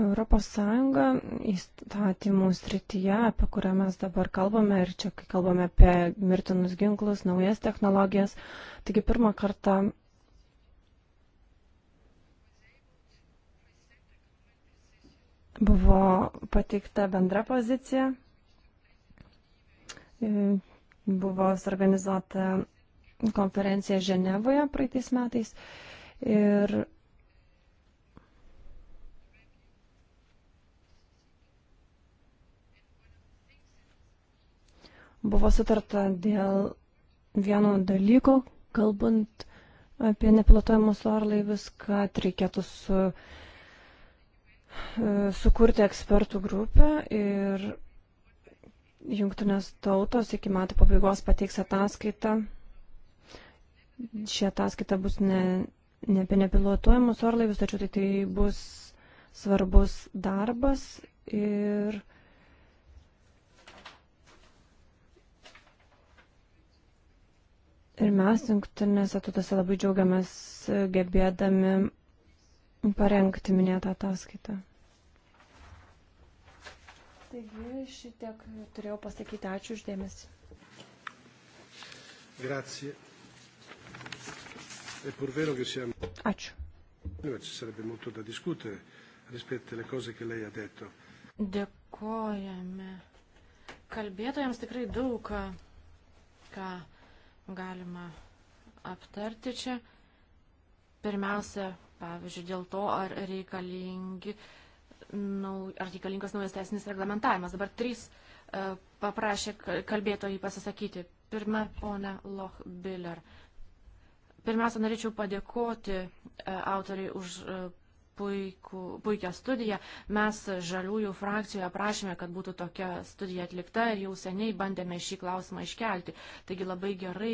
[SPEAKER 4] Europos Sąjunga įstatymų srityje, apie kurią mes dabar kalbame ir čia, kai kalbame apie mirtinus ginklus, naujas technologijas, taigi pirmą kartą buvo pateikta bendra pozicija, e, buvo suorganizuota konferencija Ženevoje praeitais metais ir buvo sutarta dėl vieno dalyko, kalbant apie nepilotojimus orlaivius, kad reikėtų su, e, sukurti ekspertų grupę ir jungtinės tautos iki metų pabaigos pateiks ataskaitą. Ši ataskaita bus ne, ne apie nepilotuojamus orlaivius, tačiau tai, tai bus svarbus darbas ir uh, Ir mes jungtinėse tautose labai džiaugiamės e, gebėdami parengti minėtą ataskaitą. Taigi šitiek turėjau pasakyti. Ačiū uždėmesi.
[SPEAKER 1] Grazie. È pur vero che siamo... Ačiū. Ci sarebbe molto da discutere rispetto alle cose che lei ha detto.
[SPEAKER 2] Dėkojame. Kalbėtojams tikrai daug ką. ką galima aptarti čia. Pirmiausia, pavyzdžiui, dėl to, ar, reikalingi, nau, ar reikalingas naujas teisinis reglamentavimas. Dabar trys e, paprašė kalbėtojai pasisakyti. Pirma, ponė Lochbiller. Pirmiausia, norėčiau padėkoti e, autoriai už e, puikų, puikią studiją. Mes žaliųjų frakcijoje prašėme, kad būtų tokia studija atlikta ir jau seniai bandėme šį klausimą iškelti. Taigi labai gerai,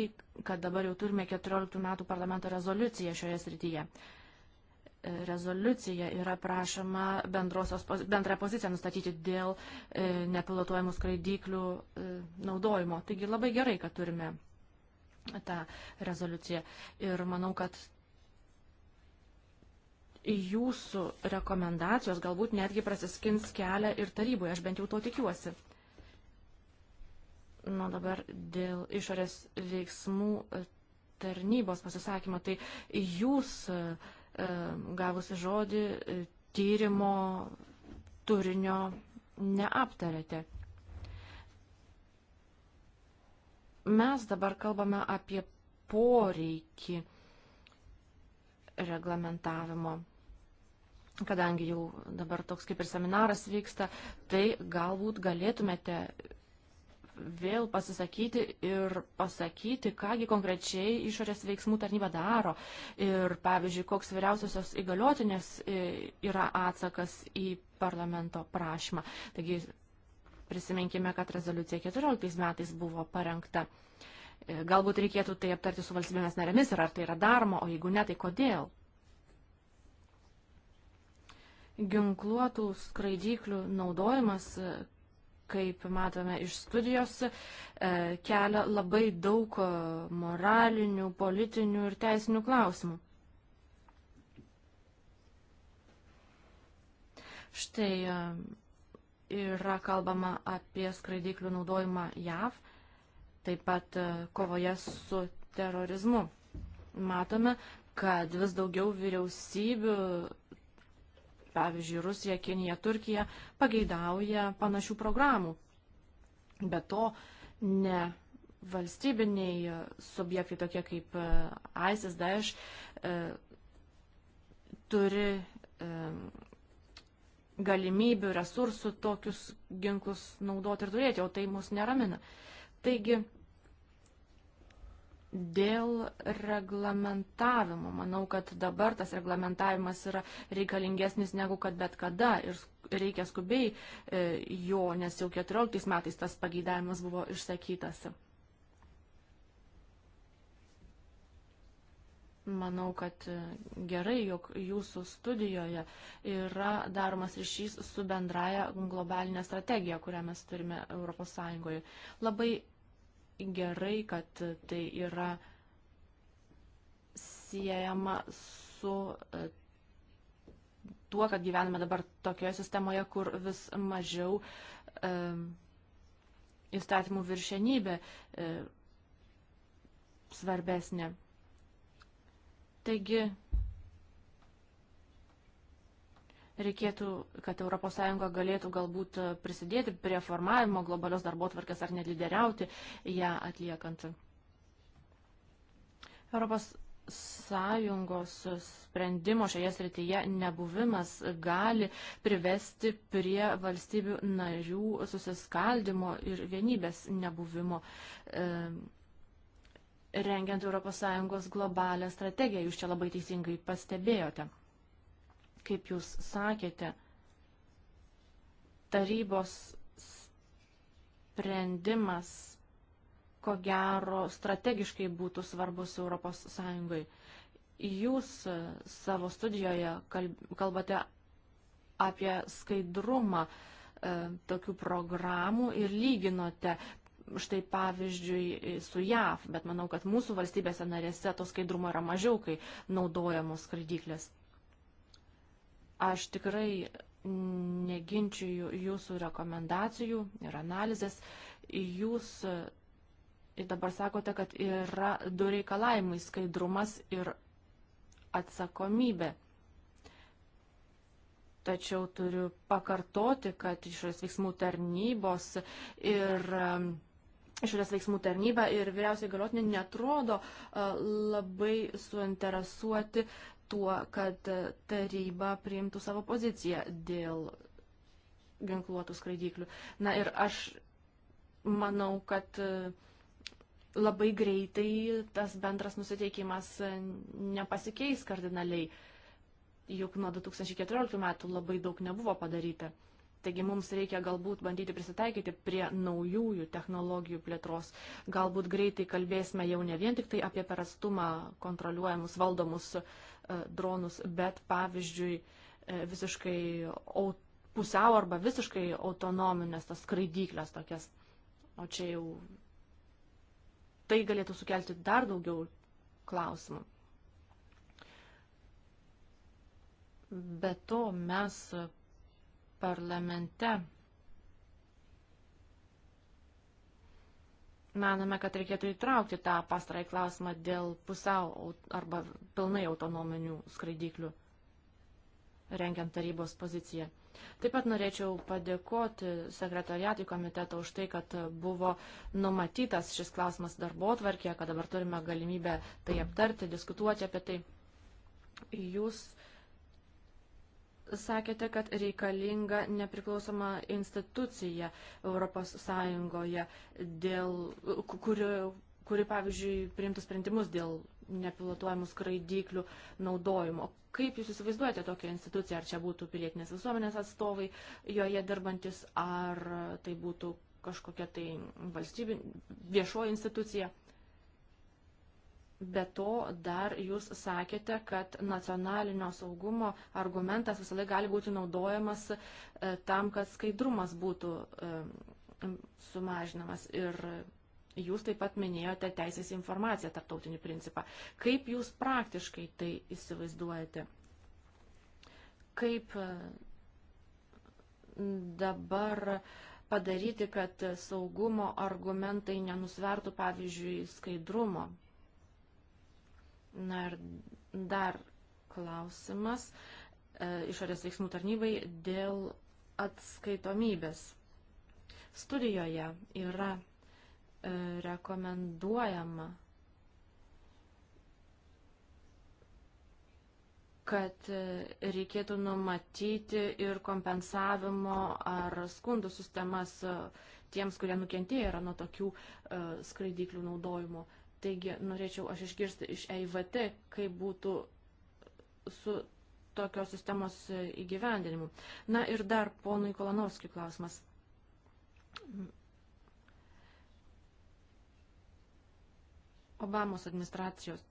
[SPEAKER 2] kad dabar jau turime 14 metų parlamento rezoliuciją šioje srityje. E, rezoliucija yra prašoma bendrą poziciją nustatyti dėl e, nepilotuojamų skraidyklių e, naudojimo. Taigi labai gerai, kad turime tą rezoliuciją. Ir manau, kad jūsų rekomendacijos galbūt netgi prasiskins kelią ir taryboje, aš bent jau to tikiuosi. Nu dabar dėl išorės veiksmų e, tarnybos pasisakymo, tai jūs e, e, gavusi žodį tyrimo turinio neaptarėte. Mes dabar kalbame apie poreikį reglamentavimo kadangi jau dabar toks kaip ir seminaras vyksta, tai galbūt galėtumėte vėl pasisakyti ir pasakyti, kągi konkrečiai išorės veiksmų tarnyba daro. Ir pavyzdžiui, koks vyriausiosios įgaliotinės e, yra atsakas į parlamento prašymą. Taigi prisiminkime, kad rezoliucija 14 metais buvo parengta. E, galbūt reikėtų tai aptarti su valstybėmis narėmis ir ar tai yra daroma, o jeigu ne, tai kodėl? Ginkluotų skraidyklių naudojimas, e, kaip matome iš studijos, e, kelia labai daug e, moralinių, politinių ir teisinių klausimų. Štai yra kalbama apie skraidyklių naudojimą JAV, taip pat kovoje su terorizmu. Matome, kad vis daugiau vyriausybių Pavyzdžiui, Rusija, Kinija, Turkija pageidauja panašių programų. Be to, ne valstybiniai subjektai tokie kaip e, ISIS, Daesh e, turi e, galimybių, resursų tokius ginklus naudoti ir turėti, o tai mus neramina. Taigi, Dėl reglamentavimo, manau, kad dabar tas reglamentavimas yra reikalingesnis negu kad bet kada ir reikia skubiai e, jo, nes jau 14 metais tas pageidavimas buvo išsakytas. Manau, kad e, gerai, jog jūsų studijoje yra daromas ryšys su bendraja globalinė strategija, kurią mes turime ES. Labai gerai, kad tai yra siejama su e, tuo, kad gyvename dabar tokioje sistemoje, kur vis mažiau e, įstatymų viršenybė e, svarbesnė. Taigi, reikėtų, kad ES galėtų galbūt e, prisidėti prie formavimo globalios darbo tvarkės ar net lyderiauti ją atliekant. ES sprendimo šioje srityje nebuvimas gali privesti prie valstybių narių susiskaldimo ir vienybės nebuvimo. E, rengiant ES globalę strategiją, jūs čia labai teisingai pastebėjote kaip jūs sakėte, tarybos sprendimas, ko gero, strategiškai būtų svarbus ES. Jūs e, savo studijoje kalbate apie skaidrumą e, tokių programų ir lyginote štai pavyzdžiui su JAV, bet manau, kad mūsų valstybėse narėse to skaidrumo yra mažiau, kai naudojamos skraidyklės. Aš tikrai neginčiu jūsų rekomendacijų ir analizės. Jūs e, dabar sakote, kad yra du reikalavimai - skaidrumas ir atsakomybė. Tačiau turiu pakartoti, kad išorės veiksmų tarnybos ir e, išorės veiksmų tarnyba ir vyriausiai galiotinė netrodo e, labai suinteresuoti tuo, kad taryba priimtų savo poziciją dėl ginkluotų skraidyklių. Na ir aš manau, kad e, labai greitai tas bendras nusiteikimas nepasikeis kardinaliai, juk nuo 2014 metų labai daug nebuvo padaryta. Taigi mums reikia galbūt bandyti prisitaikyti prie naujųjų technologijų plėtros. Galbūt greitai kalbėsime jau ne vien tik tai apie per atstumą kontroliuojamus, valdomus e, dronus, bet pavyzdžiui e, visiškai pusiau arba visiškai autonominės tas skraidyklės tokias. O čia jau tai galėtų sukelti dar daugiau klausimų. Be to mes parlamente. Manome, kad reikėtų įtraukti tą pastarąjį klausimą dėl pusiau arba pilnai autonominių skraidyklių, rengiant tarybos poziciją. Taip pat norėčiau padėkoti sekretariatui komiteto už tai, kad buvo numatytas šis klausimas darbo tvarkė, kad dabar turime galimybę tai aptarti, diskutuoti apie tai. Jūs uh, sakėte, kad reikalinga nepriklausoma institucija Europos Sąjungoje, dėl, kuri, kuri, pavyzdžiui, priimtų sprendimus dėl nepilotuojamų skraidyklių naudojimo. Kaip Jūs įsivaizduojate tokią instituciją, ar čia būtų pilietinės visuomenės atstovai, joje dirbantis, ar tai būtų kažkokia tai valstybė, viešoji institucija? Be to, dar jūs sakėte, kad nacionalinio saugumo argumentas visą laiką gali būti naudojamas e, tam, kad skaidrumas būtų e, sumažinamas. Ir jūs taip pat minėjote teisės informaciją, tarptautinį principą. Kaip jūs praktiškai tai įsivaizduojate? Kaip e, dabar padaryti, kad saugumo argumentai nenusvertų, pavyzdžiui, skaidrumo Na ir dar klausimas e, išorės veiksmų tarnybai dėl atskaitomybės. Studijoje yra e, rekomenduojama, kad e, reikėtų numatyti ir kompensavimo ar skundų sistemas e, tiems, kurie nukentėjo yra nuo tokių e, skraidyklių naudojimo. E, Taigi norėčiau aš išgirsti iš EIVT, kaip būtų su tokios sistemos įgyvendinimu. Na ir dar ponui Kolanovskijui klausimas. Obamos administracijos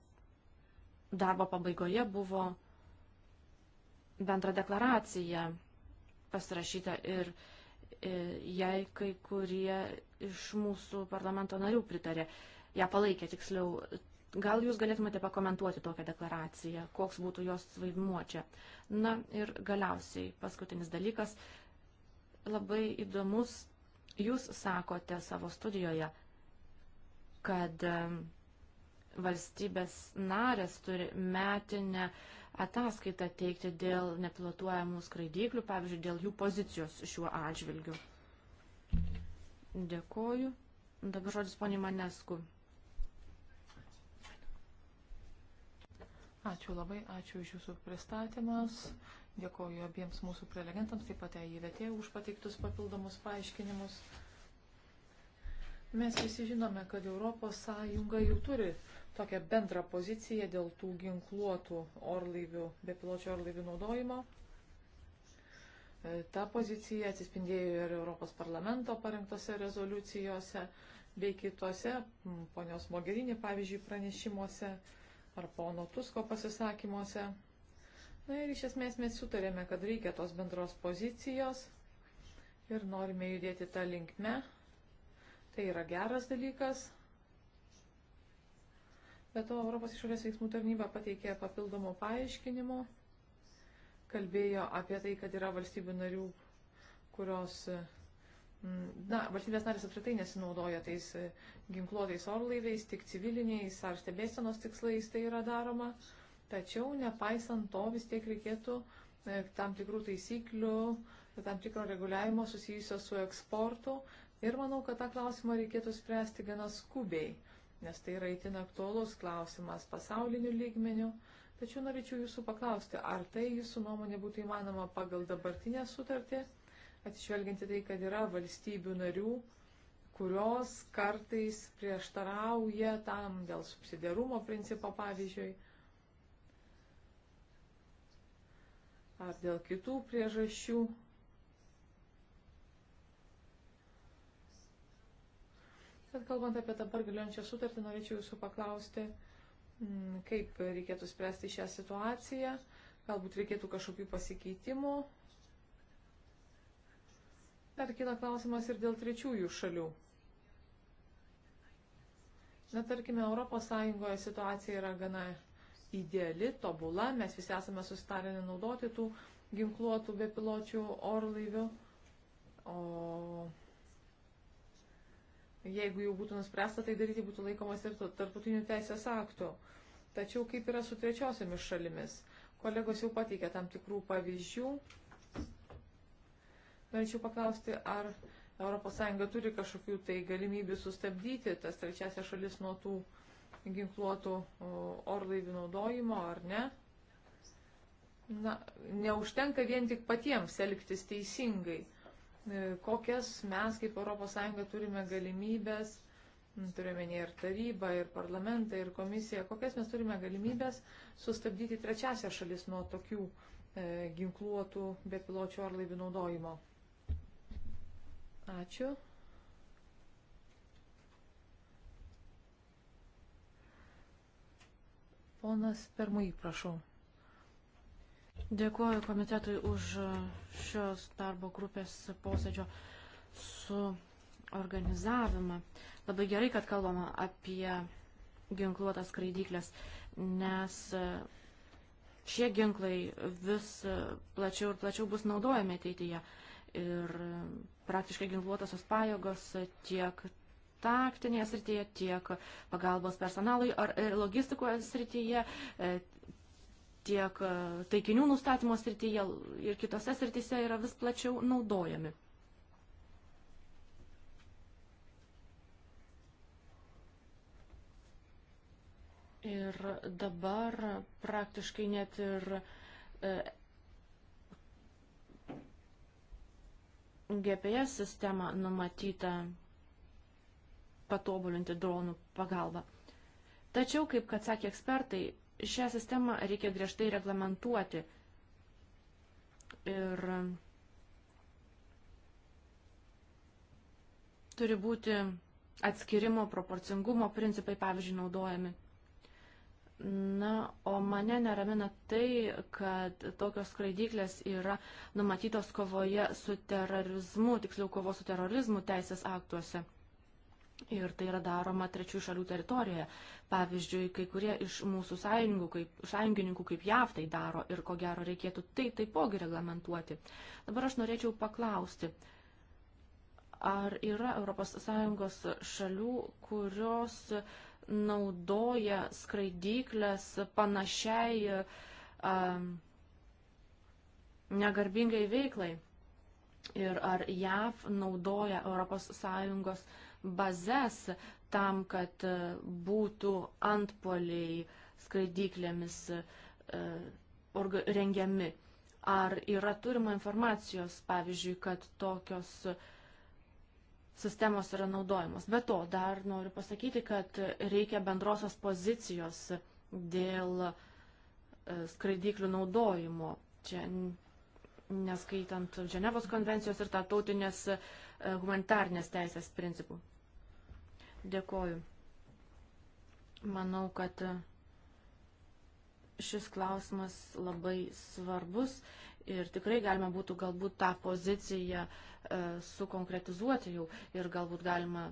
[SPEAKER 2] darbo pabaigoje buvo bendra deklaracija pasirašyta ir e, jai kai kurie iš mūsų parlamento narių pritarė ją palaikė tiksliau. Gal jūs galėtumėte pakomentuoti tokią deklaraciją, koks būtų jos vaidmuo čia. Na ir galiausiai paskutinis dalykas, labai įdomus, jūs sakote savo studijoje, kad valstybės narės turi metinę ataskaitą teikti dėl nepilotuojamų skraidyklių, pavyzdžiui, dėl jų pozicijos šiuo atžvilgiu. Dėkoju. Dabar žodis poniai Manesku. Ačiū labai, ačiū iš jūsų
[SPEAKER 3] pristatymas. Dėkoju abiems mūsų prelegentams, taip pat EIVT už pateiktus papildomus paaiškinimus. Mes visi žinome, kad ES jau turi tokią bendrą poziciją dėl tų ginkluotų orlaivių, bepiločių orlaivių naudojimo. E, ta pozicija atsispindėjo ir Europos parlamento parengtose rezoliucijose bei kitose, ponios Mogerini, pavyzdžiui, pranešimuose ar pono Tusko pasisakymuose. Na ir iš esmės mes sutarėme, kad reikia tos bendros pozicijos ir norime judėti tą linkmę. Tai yra geras dalykas. Bet to Europos išorės veiksmų tarnyba pateikė papildomų paaiškinimų. Kalbėjo apie tai, kad yra valstybių narių, kurios Mm, na, valstybės narės apskritai nesinaudoja tais e, ginkluotais orlaiviais, tik civiliniais ar stebėsenos tikslais tai yra daroma. Tačiau, nepaisant to, vis tiek reikėtų e, tam tikrų taisyklių, tam tikro reguliavimo susijusio su eksportu. Ir manau, kad tą klausimą reikėtų spręsti gana skubiai, nes tai yra itin aktuolus klausimas pasauliniu lygmeniu. Tačiau norėčiau jūsų paklausti, ar tai jūsų nuomonė būtų įmanoma pagal dabartinę sutartį? atsižvelgianti tai, kad yra valstybių narių, kurios kartais prieštarauja tam dėl subsidiarumo principo, pavyzdžiui, ar dėl kitų priežasčių. Bet kalbant apie dabar galiojančią sutartį, norėčiau jūsų paklausti, mm, kaip reikėtų spręsti šią situaciją. Galbūt reikėtų kažkokių pasikeitimų, Dar kila klausimas ir dėl trečiųjų šalių. Na, tarkime, ES situacija yra gana ideali, tobula, mes visi esame sustarę nenaudoti tų ginkluotų bepiločių orlaivių. O jeigu jau būtų nuspręsta tai daryti, būtų laikomas ir tarptautinių teisės aktų. Tačiau kaip yra su trečiosiomis šalimis? Kolegos jau pateikė tam tikrų pavyzdžių. Norėčiau paklausti, ar ES turi kažkokių tai galimybių sustabdyti tas trečiasias šalis nuo tų ginkluotų orlaivių naudojimo ar ne? Na, neužtenka vien tik patiems elgtis teisingai. E, kokias mes kaip ES turime galimybės turiuomenį ir tarybą, ir parlamentą, ir komisiją, kokias mes turime galimybės sustabdyti trečiasią šalis nuo tokių e, ginkluotų bepiločių orlaivių naudojimo. Ačiū.
[SPEAKER 2] Ponas Permui, prašau. Dėkuoju komitetui už šios darbo grupės posėdžio su organizavimą. Labai gerai, kad kalbama apie ginkluotas skraidyklės, nes šie ginklai vis plačiau ir plačiau bus naudojami ateityje ir praktiškai ginkluotosios pajėgos tiek taktinėje srityje, tiek pagalbos personalui ar logistikoje srityje, e, tiek e, taikinių nustatymo srityje ir kitose srityse yra vis plačiau naudojami. Ir dabar praktiškai net ir e, GPS sistemą numatyta patobulinti dronų pagalba. Tačiau, kaip kad sakė ekspertai, šią sistemą reikia griežtai reglamentuoti. Ir turi būti atskirimo, proporcingumo principai, pavyzdžiui, naudojami. Na, o mane neramina tai, kad tokios skraidyklės yra numatytos kovoje su terorizmu, tiksliau kovo su terorizmu teisės aktuose. Ir tai yra daroma trečių šalių teritorijoje. Pavyzdžiui, kai kurie iš mūsų sąjungų, kaip, sąjungininkų kaip JAV tai daro ir ko gero reikėtų tai taipogi reglamentuoti. Dabar aš norėčiau paklausti, ar yra ES šalių, kurios uh, naudoja skraidyklės panašiai a, um, negarbingai veiklai. Ir ar JAV naudoja ES bazes tam, kad e, būtų antpoliai skraidyklėmis e, a, rengiami. Ar yra turima informacijos, pavyzdžiui, kad tokios uh, sistemos yra naudojamos. Be to, dar noriu pasakyti, kad reikia bendrosios pozicijos dėl e, skraidyklių naudojimo. Čia neskaitant Ženevos konvencijos ir tarptautinės e, humanitarnės teisės principų. Dėkoju. Manau, kad e, šis klausimas labai svarbus Ir tikrai galima būtų galbūt tą poziciją e, sukonkretizuoti jau ir galbūt galima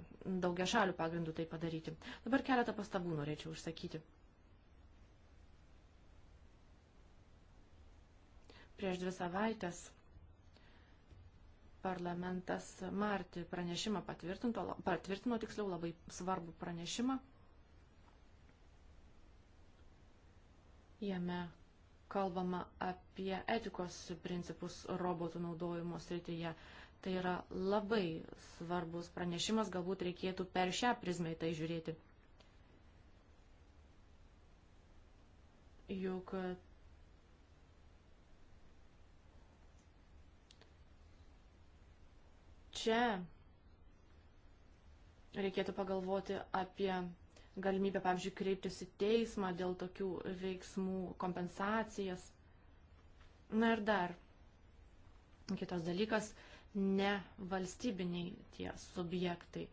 [SPEAKER 2] daugia šalių pagrindų tai padaryti. Dabar keletą pastabų norėčiau užsakyti. Prieš dvi savaitės parlamentas Marti pranešimą patvirtino, tiksliau labai svarbų pranešimą. Jame kalbama apie etikos principus robotų naudojimo srityje. Tai yra labai svarbus pranešimas, galbūt reikėtų per šią prizmę į tai žiūrėti. Juk čia reikėtų pagalvoti apie galimybę, pavyzdžiui, kreiptis į teismą dėl tokių veiksmų kompensacijas. Na ir dar kitas dalykas - ne valstybiniai tie subjektai.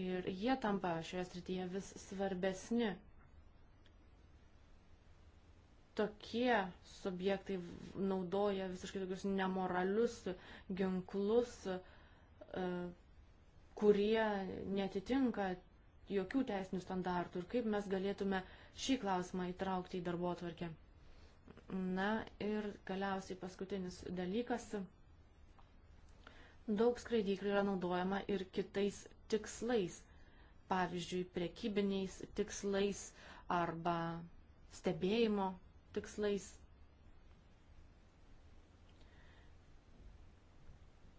[SPEAKER 2] Ir jie tampa šioje srityje vis svarbesni. Tokie subjektai naudoja visiškai tokius nemoralius ginklus, e, kurie netitinka jokių teisinių standartų ir kaip mes galėtume šį klausimą įtraukti į darbo atvarkę. Na ir galiausiai paskutinis dalykas. Daug skraidyklių yra naudojama ir kitais tikslais, pavyzdžiui, prekybiniais tikslais arba stebėjimo tikslais.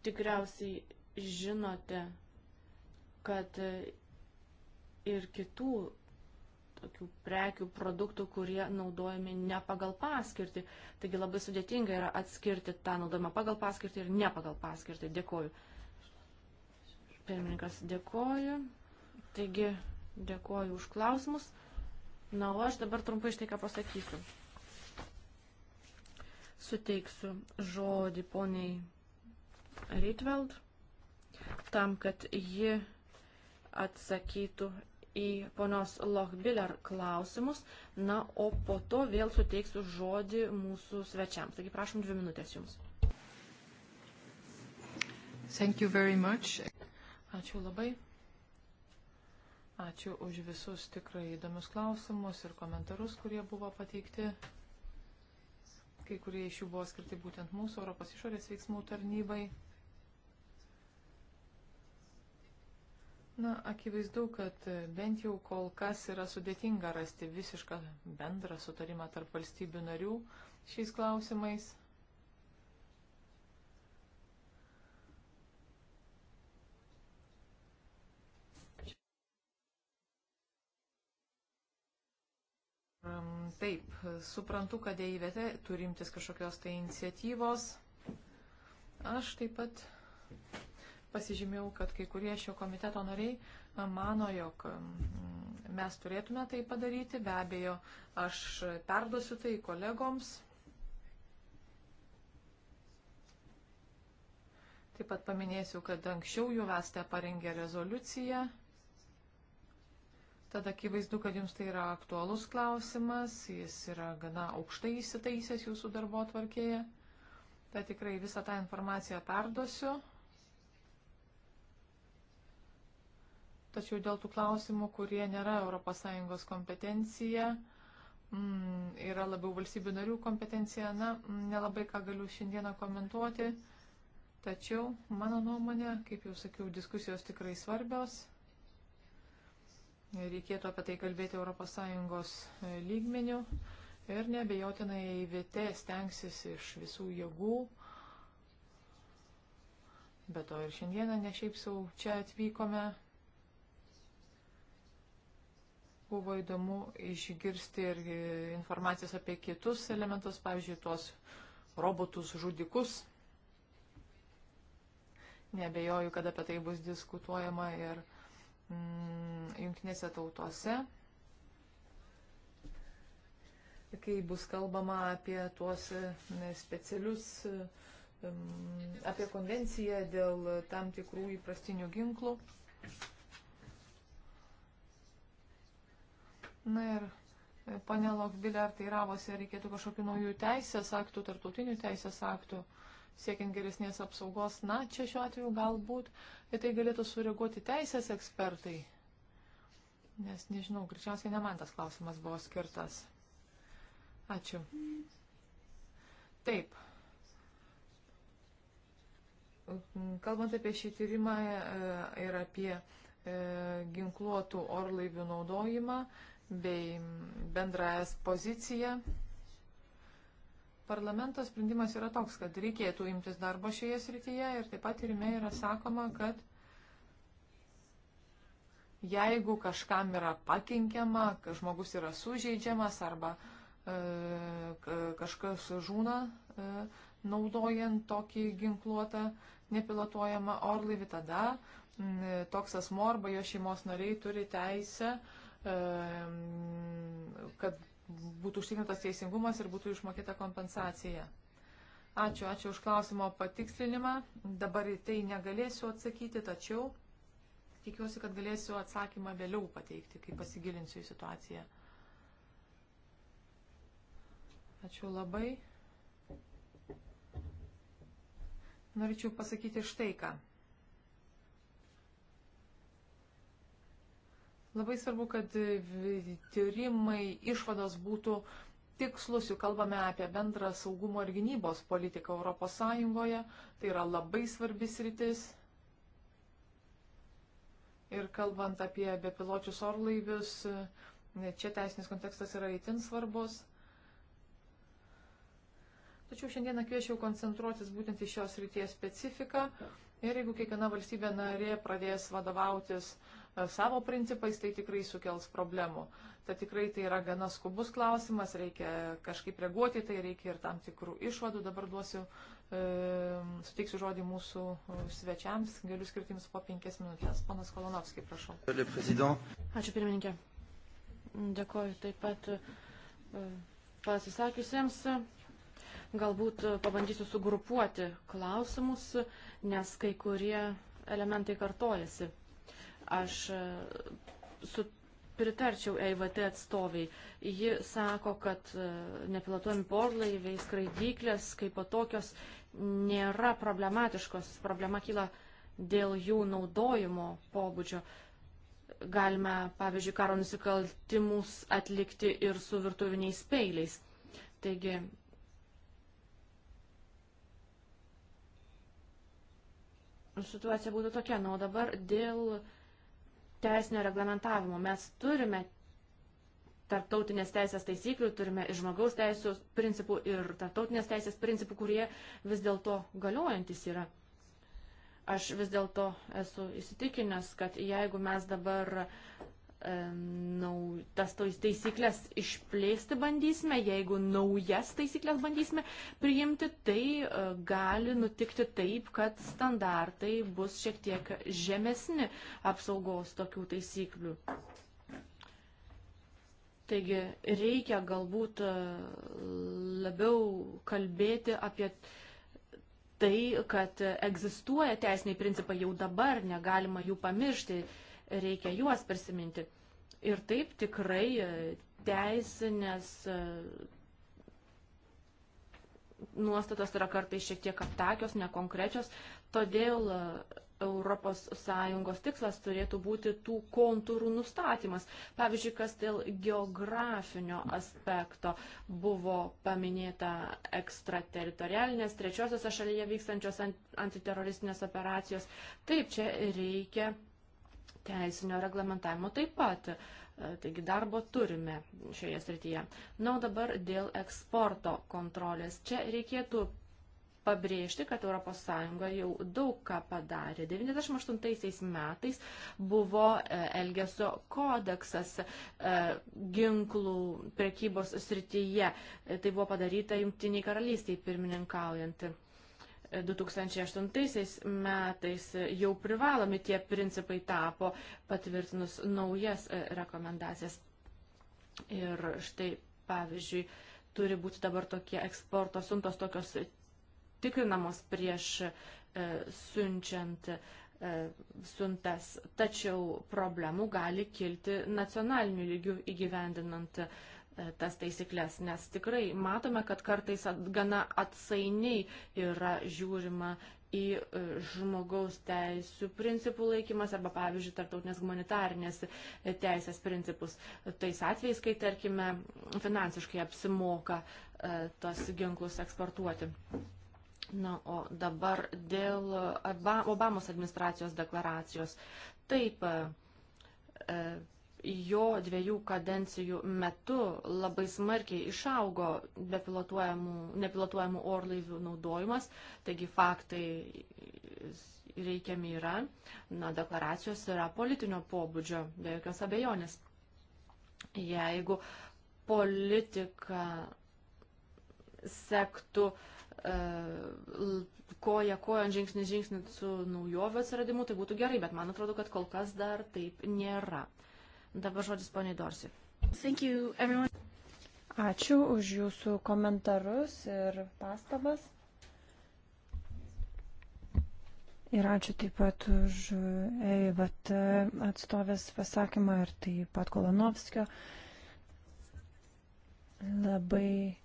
[SPEAKER 2] Tikriausiai žinote, kad ir kitų tokių prekių, produktų, kurie naudojami ne pagal paskirtį. Taigi labai sudėtinga yra atskirti tą naudojimą pagal paskirtį ir ne pagal paskirtį. Dėkoju. Pirmininkas, dėkoju. Taigi, dėkoju už klausimus. Na, o aš dabar trumpai štai ką pasakysiu. Suteiksiu žodį poniai Ritveld tam, kad ji atsakytų į ponios Lochbiller klausimus, na, o po to vėl suteiksiu žodį mūsų svečiams. Taigi prašom dvi minutės jums.
[SPEAKER 3] Thank you very much.
[SPEAKER 2] Ačiū labai. Ačiū už
[SPEAKER 3] visus tikrai įdomius klausimus ir komentarus, kurie buvo pateikti. Kai kurie iš jų buvo skirti būtent mūsų Europos išorės veiksmų tarnybai. Na, akivaizdu, kad bent jau kol kas yra sudėtinga rasti visišką bendrą sutarimą tarp valstybių narių šiais klausimais. Taip, suprantu, kad EIVT turimtis kažkokios tai iniciatyvos. Aš taip pat pasižymėjau, kad kai kurie šio komiteto nariai mano, jog mes turėtume tai padaryti. Be abejo, aš perduosiu tai kolegoms. Taip pat paminėsiu, kad anksčiau jų vestė parengė rezoliuciją. Tad akivaizdu, kad jums tai yra aktualus klausimas, jis yra gana aukštai įsitaisęs jūsų darbo atvarkėje. Tad tikrai visą tą informaciją perduosiu. Tačiau dėl tų klausimų, kurie nėra ES kompetencija, mm, yra labiau valstybių narių kompetencija, na, mm, nelabai ką galiu šiandieną komentuoti. Tačiau, mano nuomonė, kaip jau sakiau, diskusijos tikrai svarbios. Reikėtų apie tai kalbėti ES e, lygmenių. Ir nebejotinai EIVT stengsis iš visų jėgų. Bet to ir šiandieną ne šiaip jau čia atvykome, buvo įdomu išgirsti ir informacijos apie kitus elementus, pavyzdžiui, tuos robotus žudikus. Nebejoju, kad apie tai bus diskutuojama ir mm, jungtinėse tautose kai bus kalbama apie tuos e, specialius, e, apie konvenciją dėl tam tikrų įprastinių ginklų. Na ir e, panė Lokbilė ar teiravosi, ar reikėtų kažkokių naujų teisės aktų, tartutinių teisės aktų, siekiant geresnės apsaugos. Na, čia šiuo atveju galbūt į tai galėtų sureaguoti teisės ekspertai. Nes nežinau, greičiausiai ne man tas klausimas buvo skirtas. Ačiū. Taip. Kalbant apie šį tyrimą e, ir apie e, ginkluotų orlaivių naudojimą, bei bendrą es poziciją. Parlamento sprendimas yra toks, kad reikėtų imtis darbo šioje srityje ir taip pat irime yra sakoma, kad jeigu kažkam yra pakenkiama, kad žmogus yra sužeidžiamas arba e, kažkas žūna e, naudojant tokį ginkluotą nepilotuojamą orlaivį, tada e, toks asmo arba jo šeimos nariai turi teisę e, kad būtų užtikrintas teisingumas ir būtų išmokėta kompensacija. Ačiū, ačiū už klausimo patikslinimą. Dabar į tai negalėsiu atsakyti, tačiau tikiuosi, kad galėsiu atsakymą vėliau pateikti, kai pasigilinsiu į situaciją. Ačiū labai. Norėčiau pasakyti štai ką. Labai svarbu, kad tyrimai, išvados būtų tikslus, jau kalbame apie bendrą saugumo ir gynybos politiką ES, tai yra labai svarbis rytis. Ir kalbant apie bepiločius orlaivius, čia teisinis kontekstas yra itin svarbus. Tačiau šiandieną kviečiau koncentruotis būtent į šios ryties specifiką ir jeigu kiekviena valstybė narė pradės vadovautis uh, E, savo principais, tai tikrai sukels problemų. Tad tikrai tai yra gana skubus klausimas, reikia kažkaip reaguoti, tai reikia ir tam tikrų išvadų. Dabar duosiu, e, suteiksiu žodį mūsų svečiams, galiu skirti jums po penkias minutės. Panas Kolonovskis, prašau. Ačiū pirmininkė.
[SPEAKER 2] Dėkoju taip pat e, pasisakiusiems. Galbūt pabandysiu sugrupuoti klausimus, nes kai kurie elementai kartojasi. Aš e, su pritarčiau EIVT atstoviai. Ji sako, kad e, nepilotuojami porlaiviai, skraidyklės kaip po tokios nėra problematiškos. Problema kyla dėl jų naudojimo pobūdžio. Galime, pavyzdžiui, karo nusikaltimus atlikti ir su virtuviniais peiliais. Taigi, situacija būtų tokia. Na, o dabar dėl uh, teisinio reglamentavimo. Mes turime tarptautinės teisės taisyklių, turime ir žmogaus teisų principų, ir tarptautinės teisės principų, kurie vis dėlto galiojantis yra. Aš vis dėlto esu įsitikinęs, kad jeigu mes dabar nau, tas taisyklės išplėsti bandysime, jeigu naujas taisyklės bandysime priimti, tai e, gali nutikti taip, kad standartai bus šiek tiek žemesni apsaugos tokių taisyklių. Taigi reikia galbūt e, labiau kalbėti apie tai, kad egzistuoja teisiniai principai jau dabar, negalima jų pamiršti reikia juos prisiminti. Ir taip tikrai e, teisinės e, nuostatos yra kartais šiek tiek aptakios, nekonkrečios, todėl ES tikslas turėtų būti tų kontūrų nustatymas. Pavyzdžiui, kas dėl geografinio aspekto buvo paminėta ekstrateritorialinės, trečiosiose šalyje vykstančios antiteroristinės operacijos. Taip, čia reikia teisinio reglamentavimo taip pat. E, taigi darbo turime šioje srityje. Na, o dabar dėl eksporto kontrolės. Čia reikėtų pabrėžti, kad ES jau daug ką padarė. 98 metais buvo e, Elgesio kodeksas e, ginklų prekybos srityje. Tai buvo padaryta Junktiniai karalystiai pirmininkaujant. 2008 metais jau privalomi tie principai tapo patvirtinus naujas e, rekomendacijas. Ir štai, pavyzdžiui, turi būti dabar tokie eksporto suntos tokios tikrinamos prieš e, siunčiant e, siuntas. Tačiau problemų gali kilti nacionaliniu lygiu įgyvendinant tas taisyklės, nes tikrai matome, kad kartais gana atsainiai yra žiūrima į e, žmogaus teisų principų laikymas arba, pavyzdžiui, tartautinės humanitarnės e, teisės principus. Tais atvejais, kai, tarkime, finansiškai apsimoka e, tas ginklus eksportuoti. Na, o dabar dėl Obamos administracijos deklaracijos. Taip, jo dviejų kadencijų metu labai smarkiai išaugo nepilotuojamų orlaivių naudojimas, taigi faktai reikiami yra, na, deklaracijos yra politinio pobūdžio, be jokios abejonės. Jeigu politika sektų e, koja kojant žingsnis žingsnį su naujovių atsiradimu, tai būtų gerai, bet man atrodo, kad kol kas dar taip nėra. Dabar žodis poniai
[SPEAKER 4] Dorsi. Ačiū už jūsų komentarus ir pastabas. Ir ačiū taip pat už EIVT atstovės pasakymą ir taip pat Kolonovskio. Labai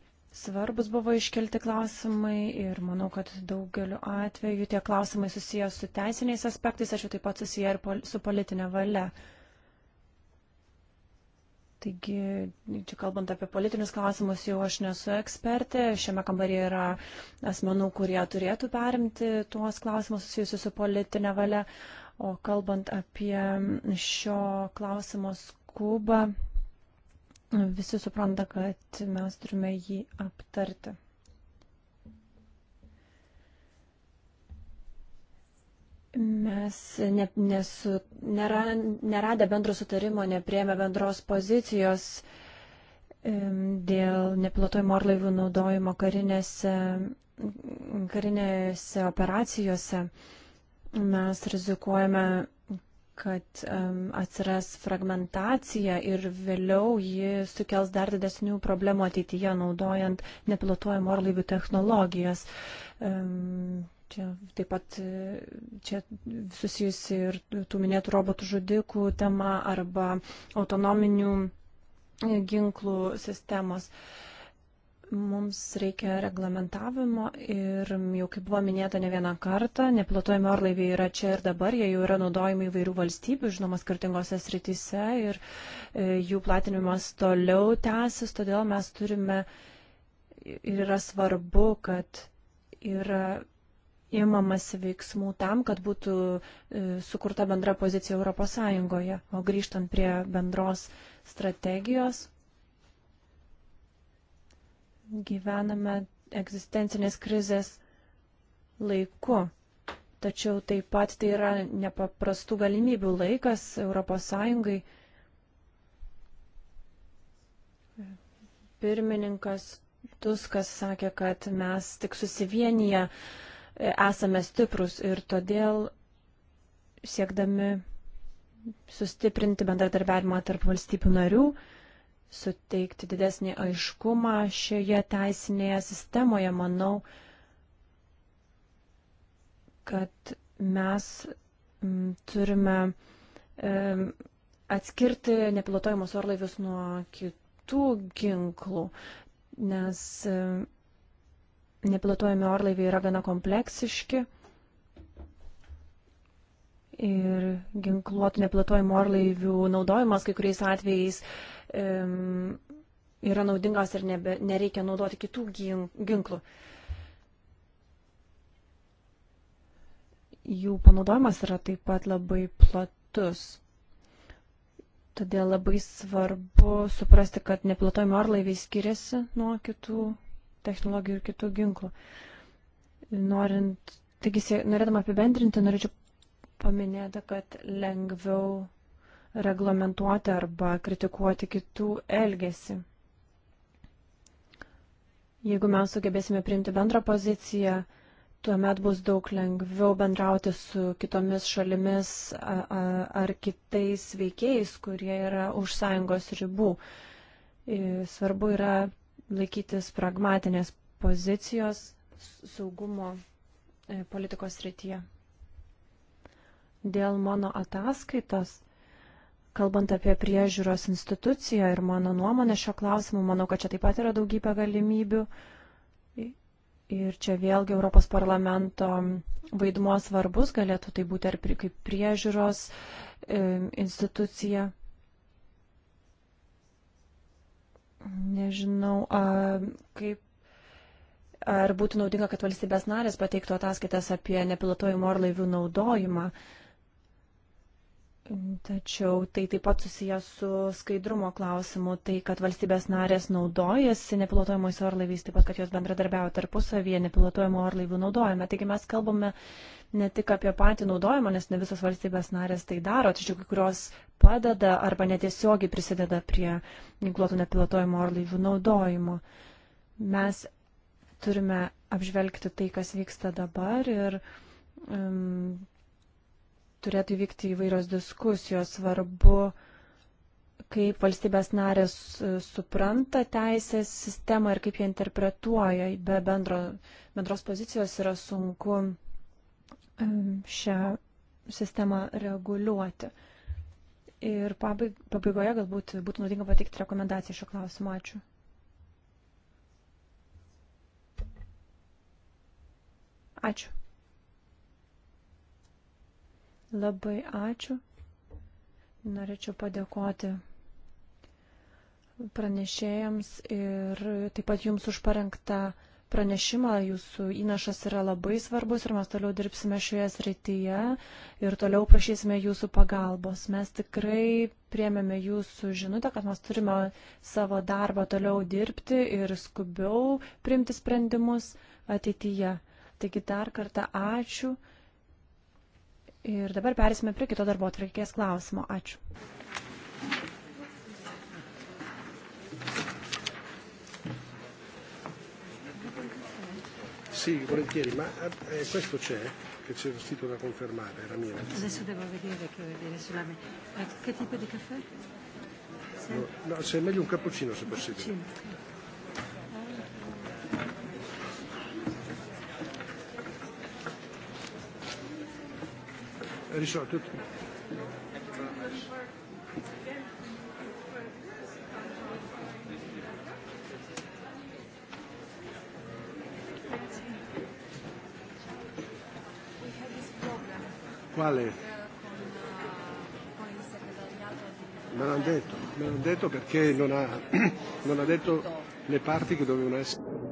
[SPEAKER 4] svarbus buvo iškelti klausimai ir manau, kad daugeliu atveju tie klausimai susijęs su teisiniais aspektais, tačiau taip pat susiję ir pol su politinė valia. Uh, Taigi, čia kalbant apie politinius klausimus, jau aš nesu ekspertė. Šiame kambaryje yra asmenų, kurie turėtų perimti tuos klausimus susijusius su politinė valia. O kalbant apie šio klausimo skubą, visi supranta, kad mes turime jį aptarti. Mes ne, nesu, nera, neradę bendro sutarimo, nepriemė bendros pozicijos dėl nepilotojimo orlaivių naudojimo karinėse, karinėse operacijose. Mes rizikuojame, kad atsiras fragmentacija ir vėliau ji sukels dar didesnių problemų ateityje naudojant nepilotojimo orlaivių technologijas Čia taip pat e, čia susijusi ir tų minėtų robotų žudikų tema arba autonominių e, ginklų sistemos. Mums reikia reglamentavimo ir jau kaip buvo minėta ne vieną kartą, nepilotuojami orlaiviai yra čia ir dabar, jie jau yra naudojami įvairių valstybių, žinoma, skirtingose srityse ir e, jų platinimas toliau tęsis, todėl mes turime ir yra svarbu, kad yra imamasi veiksmų tam, kad būtų e, sukurta bendra pozicija Europos Sąjungoje. O grįžtant prie bendros strategijos, gyvename egzistencinės krizės laiku. Tačiau taip pat tai yra nepaprastų galimybių laikas Europos Sąjungai. Pirmininkas Tuskas sakė, kad mes tik susivienyje uh, esame stiprus ir todėl siekdami sustiprinti bendradarbiavimą tarp valstybių narių, suteikti didesnį aiškumą šioje teisinėje sistemoje, manau, kad mes mm, turime atskirti nepilotojimus orlaivius nuo kitų ginklų, nes nepilotuojami orlaiviai yra gana kompleksiški ir ginkluotų nepilotuojamų orlaivių naudojimas kai kuriais atvejais um, yra naudingas ir nebe, nereikia naudoti kitų ginklų. Jų panaudojimas yra taip pat labai platus. Todėl labai svarbu suprasti, kad nepilotuojami orlaiviai skiriasi nuo kitų technologijų ir kitų ginklų. Norint, taigi, norėdama apibendrinti, norėčiau paminėti, kad lengviau reglamentuoti arba kritikuoti kitų elgesį. Jeigu mes sugebėsime priimti bendrą poziciją, tuomet bus daug lengviau bendrauti su kitomis šalimis ar kitais veikėjais, kurie yra už sąjungos ribų. Svarbu yra laikytis pragmatinės pozicijos saugumo e, politikos srityje. Dėl mano ataskaitos, kalbant apie priežiūros instituciją ir mano nuomonę šio klausimu, manau, kad čia taip pat yra daugybė galimybių. Ir čia vėlgi Europos parlamento vaidmuo svarbus galėtų tai būti ar kaip priežiūros e, institucija. Nežinau, a, kaip. Ar būtų naudinga, kad valstybės narės pateiktų ataskaitas apie nepilotojimų orlaivių naudojimą? Uh, Tačiau tai taip pat susijęs su skaidrumo klausimu, tai kad valstybės narės naudojasi nepilotuojamais orlaiviais, taip pat kad jos bendradarbiavo tarpusavyje nepilotuojamų orlaivių naudojame. Taigi mes kalbame ne tik apie patį naudojimą, nes ne visos valstybės narės tai daro, tačiau kai kurios padeda arba netiesiogiai prisideda prie ginkluotų nepilotuojamų orlaivių naudojimo. Mes turime apžvelgti tai, kas vyksta dabar ir um, turėtų vykti įvairios diskusijos. Svarbu, kaip valstybės narės supranta teisės sistemą ir kaip jie interpretuoja. Be bendro, bendros pozicijos yra sunku šią sistemą reguliuoti. Ir pabaigoje galbūt būtų naudinga pateikti rekomendaciją šio klausimo. Ačiū. Ačiū. Labai ačiū. Norėčiau padėkoti pranešėjams ir taip pat jums už parengtą pranešimą. Jūsų įnašas yra labai svarbus ir mes toliau dirbsime šioje srityje ir toliau prašysime jūsų pagalbos. Mes tikrai priemėme jūsų žinutę, kad mes turime savo darbą toliau dirbti ir skubiau priimti sprendimus ateityje. Taigi dar kartą ačiū. Ir dabar perėsime prie kito darbo atvarkės klausimo. Ačiū.
[SPEAKER 1] Sì, volentieri, ma eh, questo c'è, che c'è un sito da confermare, era mia. Adesso
[SPEAKER 4] devo vedere che vuol dire sulla me. Eh, che tipo di caffè?
[SPEAKER 1] No, no, se è meglio un cappuccino se possibile. Cappuccino. Richard, tout. Thank
[SPEAKER 5] you very much.
[SPEAKER 1] Quale? Me l'hanno detto, me l'hanno detto perché non ha, <clears throat> non ha detto le parti che dovevano essere.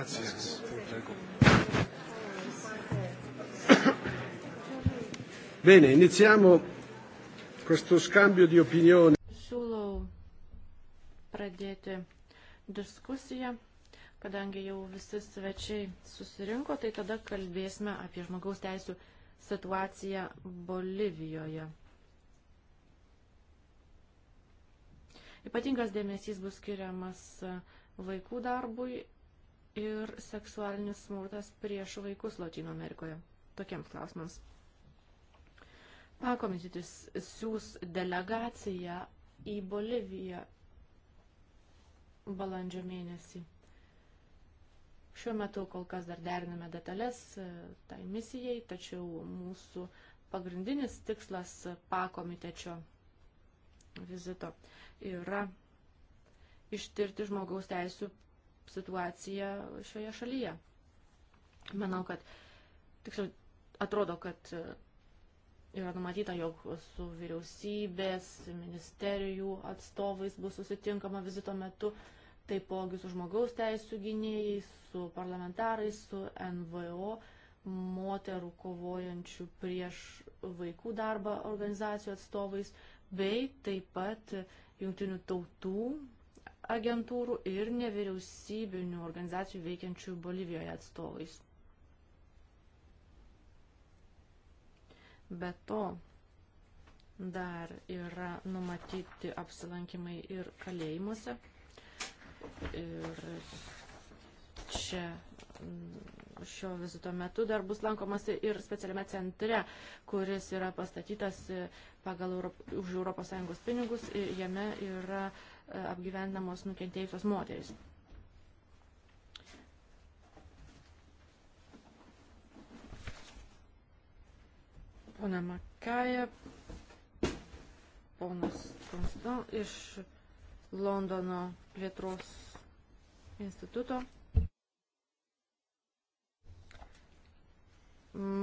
[SPEAKER 1] Grazie. Bene, iniziamo questo scambio di opinioni.
[SPEAKER 2] Siūlau pradėti diskusiją, kadangi jau visi svečiai susirinko, tai tada kalbėsime apie žmogaus teisų situaciją Bolivijoje. Ypatingas dėmesys bus skiriamas vaikų darbui ir seksualinis smurtas prieš vaikus Latino Amerikoje. Tokiems klausimams. Pakomitetis siūs delegaciją į Boliviją balandžio mėnesį. Šiuo metu kol kas dar deriname detalės e, tai misijai, tačiau mūsų pagrindinis tikslas pakomitečio vizito yra ištirti žmogaus teisų situaciją šioje šalyje. Manau, kad tiksliau atrodo, kad e, yra numatyta, jog su vyriausybės, ministerijų atstovais bus susitinkama vizito metu, taipogi su žmogaus teisų gynėjais, su parlamentarais, su NVO, moterų kovojančių prieš vaikų darbą organizacijų atstovais, bei taip pat jungtinių tautų agentūrų ir nevyriausybinių organizacijų veikiančių Bolivijoje atstovais. Be to, dar yra numatyti apsilankimai ir kalėjimuose. Ir čia mm, šio vizito metu dar bus lankomasi ir specialiame centre, kuris yra pastatytas e, pagal Europ, už ES pinigus ir jame yra uh, apgyvendamos nukentėjusios moteris. Pona Makaja, ponas Konstant iš Londono plėtros instituto.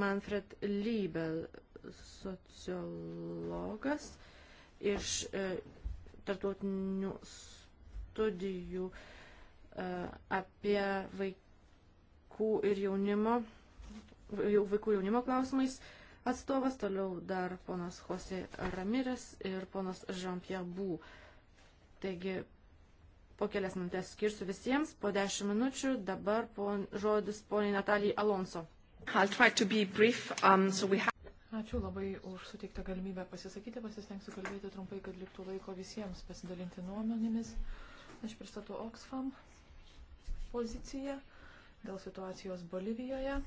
[SPEAKER 2] Manfred Liebel, sociologas iš e, tarptautinių studijų e, apie vaikų ir jaunimo, vaikų ir jaunimo klausimais atstovas, toliau dar ponas Jose Ramirez ir ponas Jean-Pierre Bou. Taigi po kelias minutės skirsiu visiems, po dešimt minučių, dabar pon, žodis poniai Natalijai Alonso. I'll try to be brief, um, so we have... Ačiū labai už suteiktą galimybę pasisakyti. Pasistengsiu kalbėti
[SPEAKER 3] trumpai, kad liktų laiko visiems pasidalinti nuomonėmis. Aš pristatau Oxfam poziciją dėl situacijos Bolivijoje.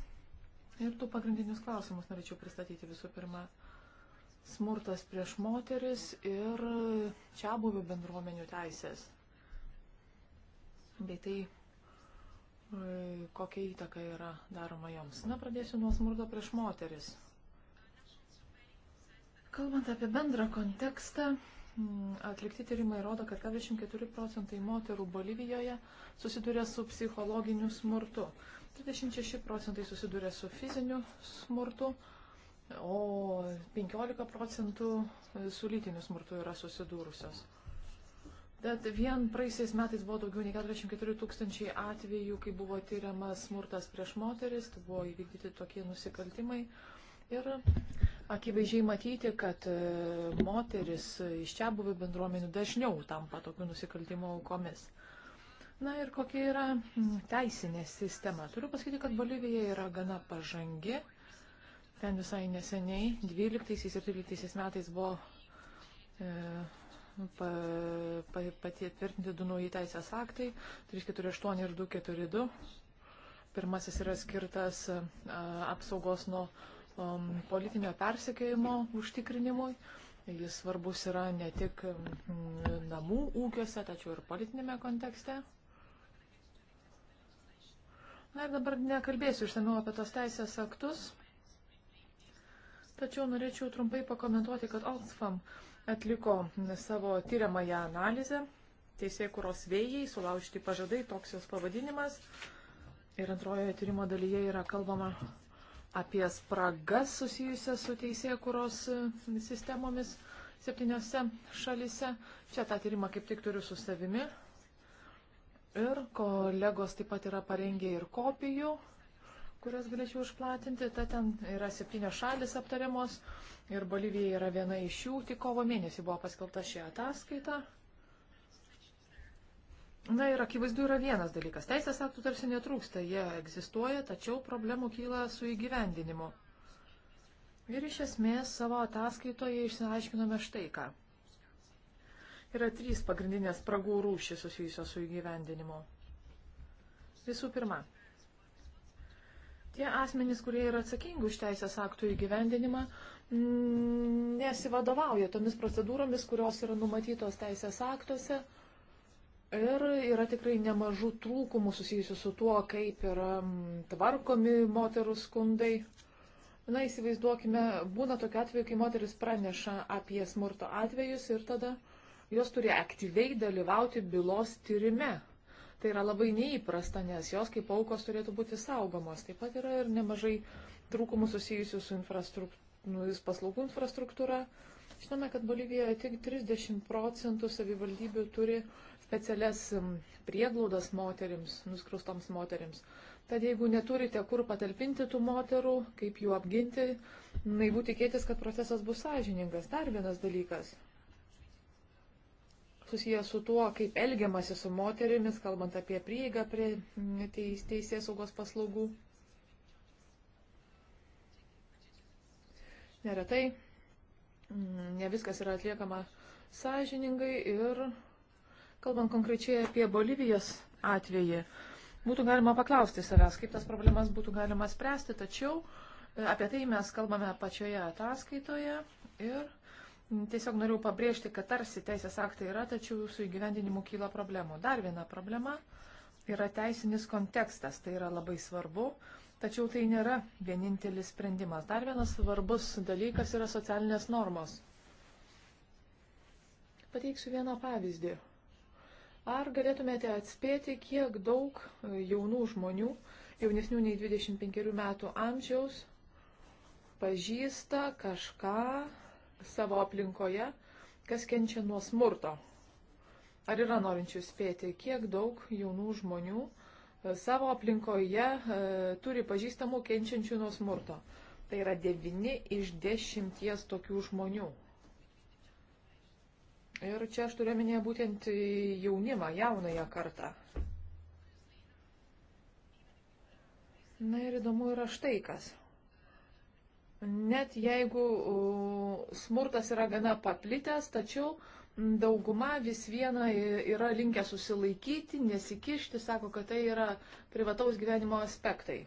[SPEAKER 3] Ir tų pagrindinius klausimus norėčiau pristatyti visų pirma. Smurtas prieš moteris ir čia buvių bendruomenių teisės. Bei tai, e, kokia įtaka yra daroma joms. Na, pradėsiu nuo smurto prieš moteris. Kalbant apie bendrą kontekstą, atlikti tyrimai rodo, kad 44 procentai moterų Bolivijoje susiduria su psichologiniu smurtu, 26 procentai susiduria su fiziniu smurtu, o 15 procentų su lytiniu smurtu yra susidūrusios. Bet vien praeisiais metais buvo daugiau nei 44 tūkstančiai atvejų, kai buvo tyriamas smurtas prieš moteris, tai buvo įvykdyti tokie nusikaltimai. Ir akivaizdžiai matyti, kad e, moteris iš čia buvių bendruomenių dažniau tampa tokių nusikaltimų aukomis. Na ir kokia yra teisinė sistema. Turiu pasakyti, kad Bolivija yra gana pažangi. Ten visai neseniai, 12 ir 13 metais buvo e, pa, pa, patvirtinti du nauji teisės aktai, 348 ir 242. Pirmasis yra skirtas a, apsaugos nuo Um, politinio persekiojimo užtikrinimui. Jis svarbus yra ne tik um, namų ūkiuose, tačiau ir politinėme kontekste. Na ir dabar nekalbėsiu išsamiau apie tos teisės aktus, tačiau norėčiau trumpai pakomentuoti, kad Oxfam atliko savo tyriamąją analizę Teisėjai kuros vėjai, sulaužyti pažadai, toks jos pavadinimas. Ir antrojoje tyrimo dalyje yra kalbama apie spragas susijusias su teisėkuros sistemomis septyniose šalise. Čia tą tyrimą kaip tik turiu su savimi. Ir kolegos taip pat yra parengę ir kopijų, kurias galėčiau išplatinti. Ta ten yra septynios šalis aptariamos ir Bolivija yra viena iš jų. Tik kovo mėnesį buvo paskelbta ši ataskaita. Na ir akivaizdu yra vienas dalykas. Teisės aktų tarsi netrūksta, jie egzistuoja, tačiau problemų kyla su įgyvendinimu. Ir iš esmės savo ataskaitoje išsiaiškinome štai ką. Yra trys pagrindinės spragų rūšys susijusios su įgyvendinimu. Visų pirma, tie asmenys, kurie yra atsakingi už teisės aktų įgyvendinimą, mm, nesivadovauja tomis procedūromis, kurios yra numatytos teisės aktuose Ir yra tikrai nemažų trūkumų susijusių su tuo, kaip yra mm, tvarkomi moterų skundai. Na, įsivaizduokime, būna tokia atveju, kai moteris praneša apie smurto atvejus ir tada jos turi aktyviai dalyvauti bylos tyrime. Tai yra labai neįprasta, nes jos kaip aukos turėtų būti saugomos. Taip pat yra ir nemažai trūkumų susijusių su infrastruktūra, nu, paslaugų infrastruktūra. Žinome, kad Bolivijoje tik 30 procentų savivaldybių turi uh, specialias prieglaudas moteriams, nuskrustoms moteriams. Tad jeigu neturite kur patalpinti tų moterų, kaip jų apginti, naivu tikėtis, kad procesas bus sąžiningas. Dar vienas dalykas susijęs su tuo, kaip elgiamasi su moterimis, kalbant apie prieigą prie teis, teisės saugos paslaugų. Neretai ne viskas yra atliekama sąžiningai ir Kalbant konkrečiai apie Bolivijos atvejį, būtų galima paklausti savęs, kaip tas problemas būtų galima spręsti, tačiau e, apie tai mes kalbame pačioje ataskaitoje ir tiesiog noriu pabrėžti, kad tarsi teisės aktai yra, tačiau su įgyvendinimu kyla problemų. Dar viena problema yra teisinis kontekstas, tai yra labai svarbu, tačiau tai nėra vienintelis sprendimas. Dar vienas svarbus dalykas yra socialinės normos. Pateiksiu vieną pavyzdį. Ar galėtumėte atspėti, kiek daug e, jaunų žmonių, jaunesnių nei 25 metų amžiaus, pažįsta kažką savo aplinkoje, kas kenčia nuo smurto? Ar yra norinčių spėti, kiek daug jaunų žmonių e, savo aplinkoje e, turi pažįstamų kenčiančių nuo smurto? Tai yra 9 iš 10 tokių žmonių. Ir čia aš turiu minėti būtent jaunimą, jaunąją kartą. Na ir įdomu yra štai kas. Net jeigu smurtas yra gana paplitęs, tačiau dauguma vis viena yra linkę susilaikyti, nesikišti, sako, kad tai yra privataus gyvenimo aspektai.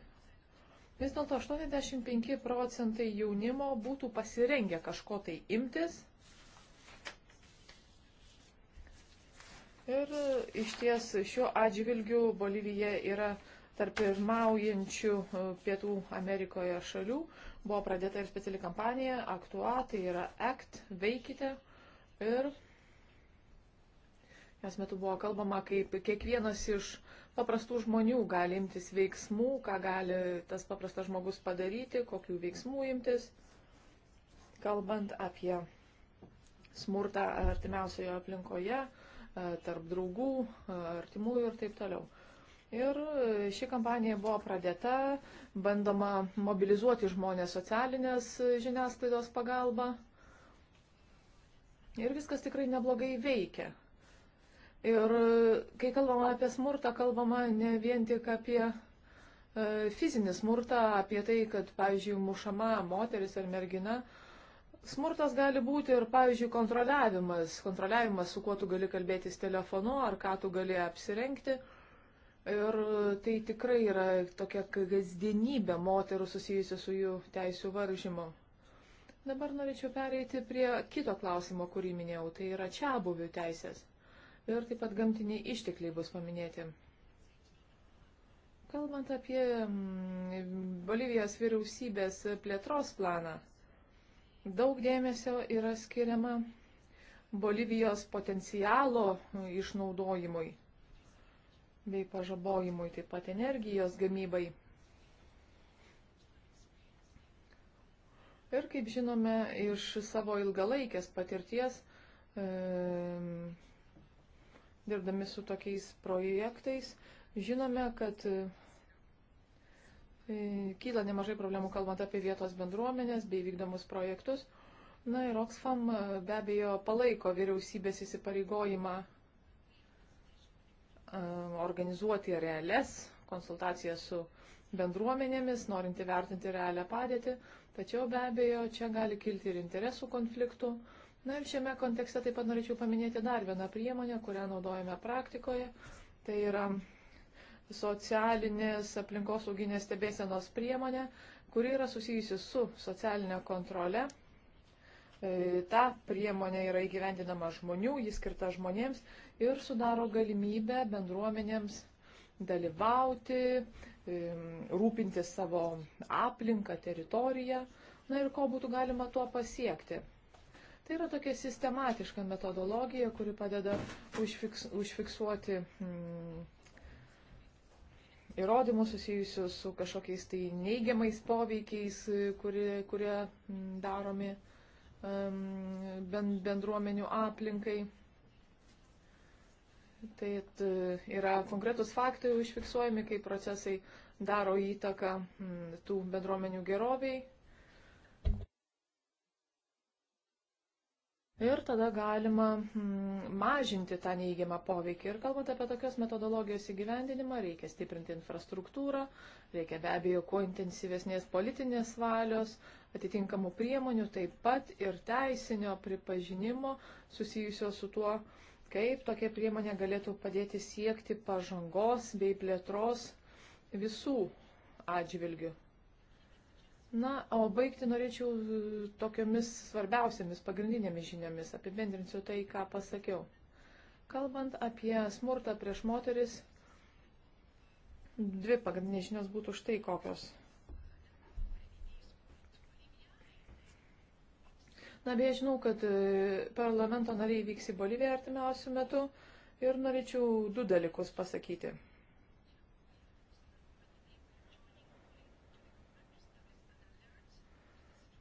[SPEAKER 3] Vis dėlto 85 procentai jaunimo būtų pasirengę kažko tai imtis Ir e, iš ties šiuo atžvilgiu Bolivija yra tarp pirmaujančių e, Pietų Amerikoje šalių. Buvo pradėta ir speciali kampanija Aktua, tai yra Act, veikite. Ir jos metu buvo kalbama, kaip kiekvienas iš paprastų žmonių gali imtis veiksmų, ką gali tas paprastas žmogus padaryti, kokių veiksmų imtis. Kalbant apie smurtą artimiausioje aplinkoje, E, tarp draugų, e, artimųjų ir taip toliau. Ir e, ši kampanija buvo pradėta, bandoma mobilizuoti žmonės socialinės žiniasklaidos pagalba. Ir viskas tikrai neblogai veikia. Ir kai kalbama apie smurtą, kalbama ne vien tik apie fizinį smurtą, apie tai, kad, pavyzdžiui, mušama moteris ar mergina, Smurtas gali būti ir, pavyzdžiui, kontroliavimas. Kontroliavimas, su kuo tu gali kalbėtis telefonu ar ką tu gali apsirengti. Ir tai tikrai yra tokia kasdienybė moterų susijusi su jų teisų varžymu. Dabar norėčiau pereiti prie kito klausimo, kurį minėjau, tai yra čia buvių teisės. Ir taip pat gamtiniai ištekliai bus paminėti. Kalbant apie mm, Bolivijos vyriausybės plėtros planą, Daug dėmesio yra skiriama Bolivijos potencialo išnaudojimui bei pažabojimui, taip pat energijos gamybai. Ir kaip žinome iš savo ilgalaikės patirties, e, dirbdami su tokiais projektais, žinome, kad E, kyla nemažai problemų kalbant apie vietos bendruomenės bei vykdomus projektus. Na ir Oxfam e, be abejo palaiko vyriausybės įsipareigojimą e, organizuoti realias konsultacijas su bendruomenėmis, norint įvertinti realią padėtį, tačiau be abejo čia gali kilti ir interesų konfliktų. Na ir šiame kontekste taip pat norėčiau paminėti dar vieną priemonę, kurią naudojame praktikoje. Tai yra socialinės aplinkosauginės stebėsenos priemonę, kuri yra susijusi su socialinė kontrole. E, Ta priemonė yra įgyvendinama žmonių, jis skirta žmonėms ir sudaro galimybę bendruomenėms dalyvauti, e, rūpinti savo aplinką, teritoriją, na ir ko būtų galima tuo pasiekti. Tai yra tokia sistematiška metodologija, kuri padeda užfiks, užfiksuoti mm, įrodymų susijusių su kažkokiais tai neigiamais poveikiais, e, kurie, kurie daromi bendruomenių aplinkai. Tai e, yra konkretus faktai užfiksuojami, kaip procesai daro įtaką tų bendruomenių geroviai Ir tada galima mm, mažinti tą neįgiamą poveikį. Ir kalbant apie tokios metodologijos įgyvendinimą, reikia stiprinti infrastruktūrą, reikia be abejo kuo intensyvesnės politinės valios, atitinkamų priemonių, taip pat ir teisinio pripažinimo susijusio su tuo, kaip tokia priemonė galėtų padėti siekti pažangos bei plėtros visų atžvilgių. Na, o baigti norėčiau e, tokiamis svarbiausiamis, pagrindinėmis žiniomis, apibendrinsiu tai, ką pasakiau. Kalbant apie smurtą prieš moteris, dvi pagrindinės žinios būtų štai kokios. Na, beje, žinau, kad e, parlamento nariai vyks į Boliviją artimiausių metų ir norėčiau du dalykus pasakyti.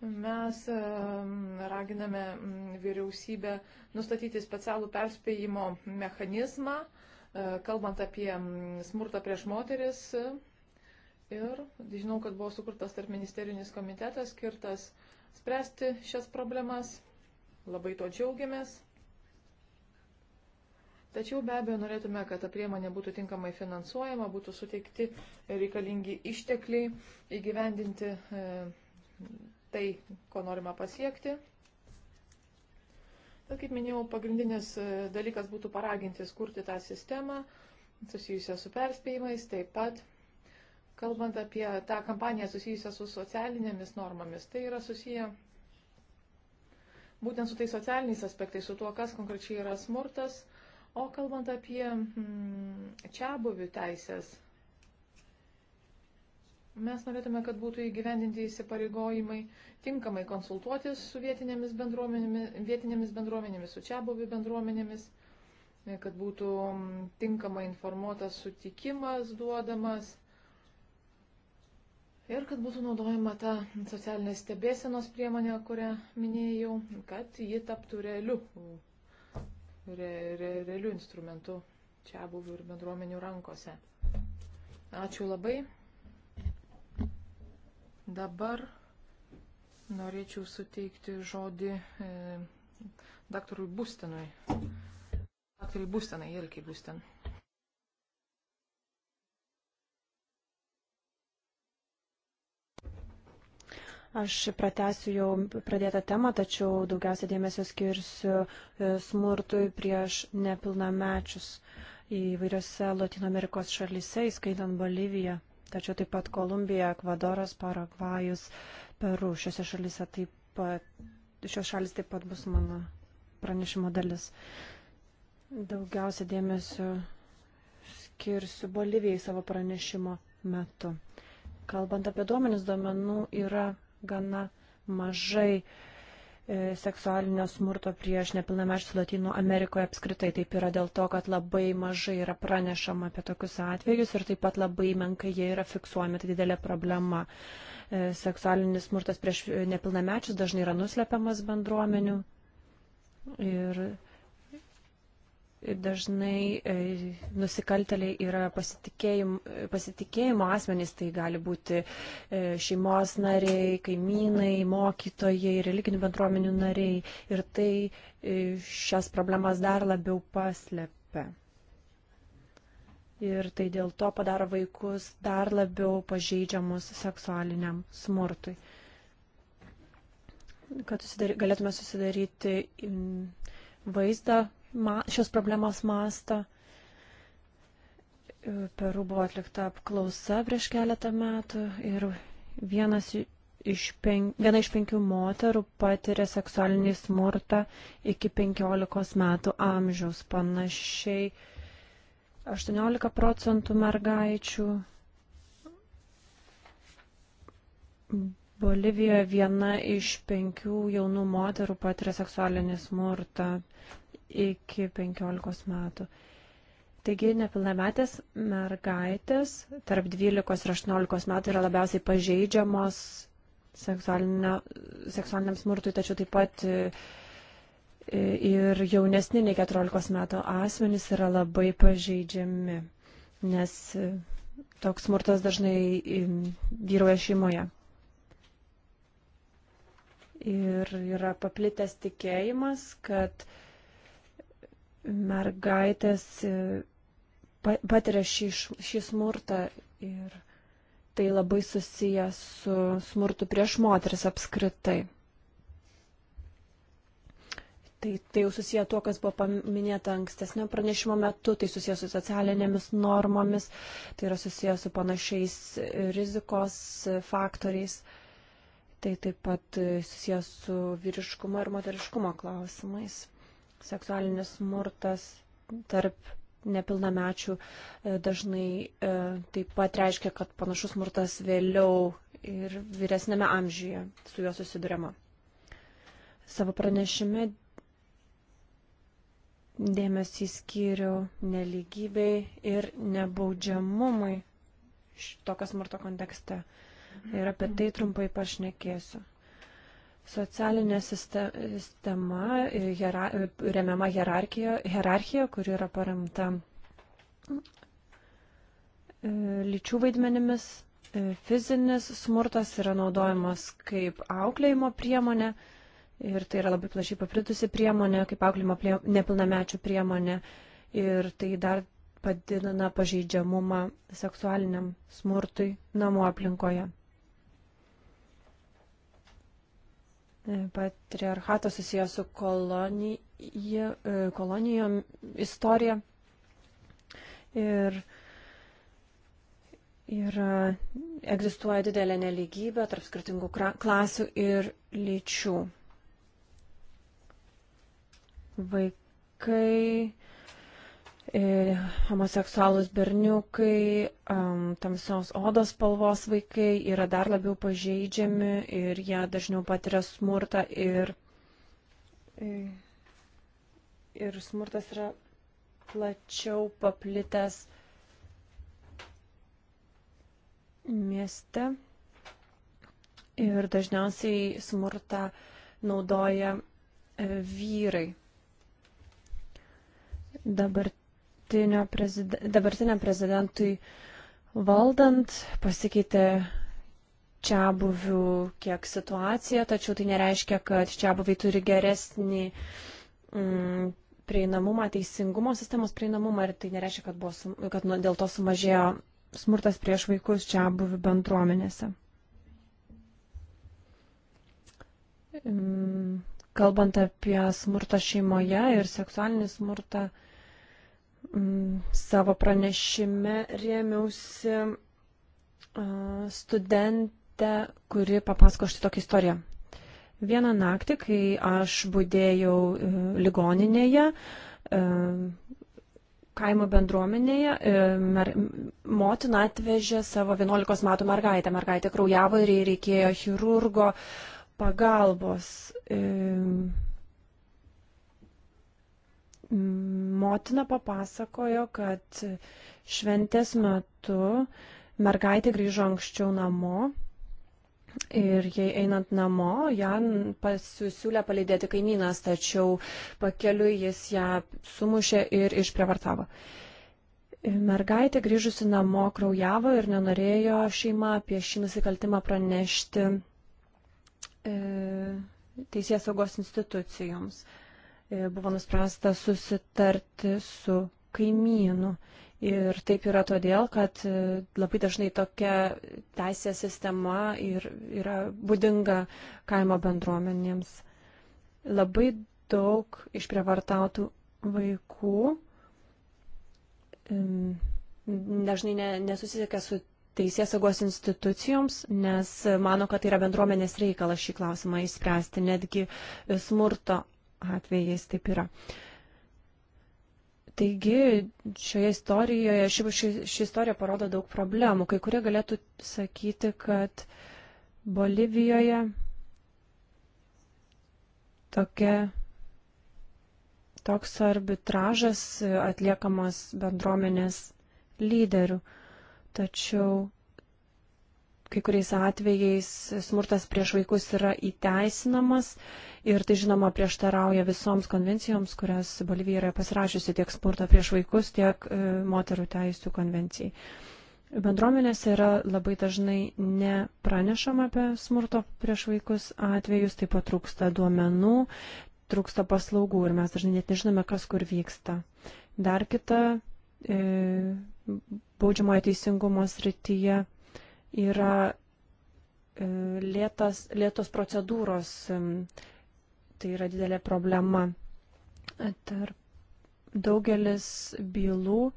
[SPEAKER 3] Mes raginame mm, vyriausybę nustatyti specialų perspėjimo mechanizmą, e, kalbant apie mm, smurtą prieš moteris. Ir žinau, kad buvo sukurtas tarp ministerinis komitetas skirtas spręsti šias problemas. Labai to džiaugiamės. Tačiau be abejo norėtume, kad ta priemonė būtų tinkamai finansuojama, būtų suteikti reikalingi ištekliai įgyvendinti e, tai, ko norima pasiekti. Bet, kaip minėjau, pagrindinis e, dalykas būtų paragintis kurti tą sistemą susijusią su perspėjimais, taip pat kalbant apie tą kampaniją susijusią su socialinėmis normomis, tai yra susiję būtent su tais socialiniais aspektais, su tuo, kas konkrečiai yra smurtas, o kalbant apie mm, čia buvių teisės, Mes norėtume, kad būtų įgyvendinti įsipareigojimai tinkamai konsultuotis su vietinėmis bendruomenėmis, vietinėmis bendruomenėmis su čiabuvių bendruomenėmis, kad būtų mm, tinkamai informuotas sutikimas duodamas ir kad būtų naudojama ta socialinė stebėsenos priemonė, kurią minėjau, kad ji taptų realiu, re, re, realiu instrumentu čiabuvių ir bendruomenių rankose. Ačiū labai. Dabar norėčiau suteikti žodį e, daktarui Bustenui. Daktarui Bustenai, Jelkiai Busten.
[SPEAKER 4] Aš pratęsiu jau pradėtą temą, tačiau daugiausia dėmesio skirsiu e, smurtui prieš nepilnamečius įvairiose Latino Amerikos šalyse, įskaitant Boliviją tačiau taip pat Kolumbija, Ekvadoras, Paragvajus, Peru. Šiuose šalise taip pat, šios šalis taip pat bus mano pranešimo dalis. Daugiausia dėmesio skirsiu Bolivijai savo pranešimo metu. Kalbant apie duomenis, duomenų yra gana mažai. Uh, E, seksualinio smurto prieš nepilnamečius Latino Amerikoje apskritai. Taip yra dėl to, kad labai mažai yra pranešama apie tokius atvejus ir taip pat labai menkai jie yra fiksuojami. Tai didelė problema. E, seksualinis smurtas prieš nepilnamečius dažnai yra nuslepiamas bendruomenių. Ir dažnai e, nusikalteliai yra pasitikėjimo asmenys, tai gali būti e, šeimos nariai, kaimynai, mokytojai, religinių bendruomenių nariai ir tai e, šias problemas dar labiau paslepia. Ir tai dėl to padaro vaikus dar labiau pažeidžiamus seksualiniam smurtui. Kad susidary, galėtume susidaryti vaizdą šios problemos mastą. E, Peru buvo atlikta apklausa prieš keletą metų ir vienas iš penk, viena iš penkių moterų patiria seksualinį smurtą iki 15 metų amžiaus. Panašiai 18 procentų mergaičių. Bolivijoje viena iš penkių jaunų moterų patiria seksualinį smurtą iki 15 metų. Taigi nepilnametės mergaitės tarp 12 ir 18 metų yra labiausiai pažeidžiamos seksualiniam smurtui, tačiau taip pat e, e, ir jaunesni nei 14 metų asmenys yra labai pažeidžiami, nes e, toks smurtas dažnai vyruoja šeimoje. Ir yra paplitęs tikėjimas, kad uh, mergaitės e, patiria šį, šį smurtą ir tai labai susiję su smurtu prieš moteris apskritai. Tai, tai jau susiję tuo, kas buvo paminėta ankstesnio pranešimo metu, tai susiję su socialinėmis normomis, tai yra susiję su panašiais rizikos faktoriais, tai taip pat susiję su vyriškumo ir moteriškumo klausimais seksualinis smurtas tarp nepilnamečių e, dažnai e, taip pat reiškia, kad panašus smurtas vėliau ir vyresnėme amžiuje su juo susidurima. Savo pranešime dėmesį skyriau neligybei ir nebaudžiamumui tokio smurto kontekste. Ir apie tai trumpai pašnekėsiu. Socialinė sistema hiera, remiama hierarchija, hierarchija, kuri yra paremta e, lyčių vaidmenimis, e, fizinis smurtas yra naudojamas kaip auklėjimo priemonė ir tai yra labai plačiai paplitusi priemonė, kaip auklėjimo prie, nepilnamečių priemonė ir tai dar padidina pažeidžiamumą seksualiniam smurtui namų aplinkoje. patriarchato susijęs su kolonijom, e, kolonijom istorija. Ir yra, e, egzistuoja didelė neligybė tarp skirtingų klasių ir lyčių. Vaikai E, homoseksualus berniukai, tamsios odos spalvos vaikai yra dar labiau pažeidžiami ir jie dažniau patiria smurtą ir, e, ir smurtas yra plačiau paplitęs mieste ir dažniausiai smurtą naudoja e, vyrai. Dabar prezide, dabartiniam prezidentui valdant pasikeitė čia buvių kiek situacija, tačiau tai nereiškia, kad čia buviai turi geresnį mm, prieinamumą, teisingumo sistemos prieinamumą ir tai nereiškia, kad, buvo, sum, kad nu, dėl to sumažėjo smurtas prieš vaikus čia buvių bendruomenėse. Mm, kalbant apie smurtą šeimoje ir seksualinį smurtą, mm, Mm, savo pranešime rėmiausi studentę, kuri papasako štai tokią istoriją. Vieną naktį, kai aš būdėjau e, ligoninėje, e, kaimo bendruomenėje, e, mer, motina atvežė savo 11 metų mergaitę. Mergaitė kraujavo ir reikėjo chirurgo pagalbos. E, motina papasakojo, kad šventės metu mergaitė grįžo anksčiau namo ir jai einant namo, ją pasisiūlė palydėti kaimynas, tačiau pakeliui jis ją sumušė ir išprievartavo. Mergaitė grįžusi namo kraujavo ir nenorėjo šeima apie šį nusikaltimą pranešti e, teisės saugos institucijoms. E, E, buvo nuspręsta susitarti su kaimynu. Ir taip yra todėl, kad e, labai dažnai tokia teisės sistema ir yra būdinga kaimo bendruomenėms. Labai daug išprievartautų vaikų dažnai ne, nesusisiekia su teisės saugos institucijoms, nes mano, kad tai yra bendruomenės reikalas šį klausimą įspręsti. Netgi smurto atvejais taip yra. Taigi, šioje istorijoje, ši, ši, ši istorija parodo daug problemų. Kai kurie galėtų sakyti, kad Bolivijoje tokia, toks arbitražas atliekamas bendruomenės lyderių. Tačiau kai kuriais atvejais smurtas prieš vaikus yra įteisinamas ir tai žinoma prieštarauja visoms konvencijoms, kurias Bolivija yra pasirašiusi tiek smurto prieš vaikus, tiek e, moterų teisų konvencijai. Bendruomenėse yra labai dažnai nepranešama apie smurto prieš vaikus atvejus, taip pat trūksta duomenų, trūksta paslaugų ir mes dažnai net nežinome, kas kur vyksta. Dar kita e, baudžiamojo teisingumo srityje yra e, lėtas, lėtos procedūros, tai yra didelė problema. Tarp daugelis bylų e,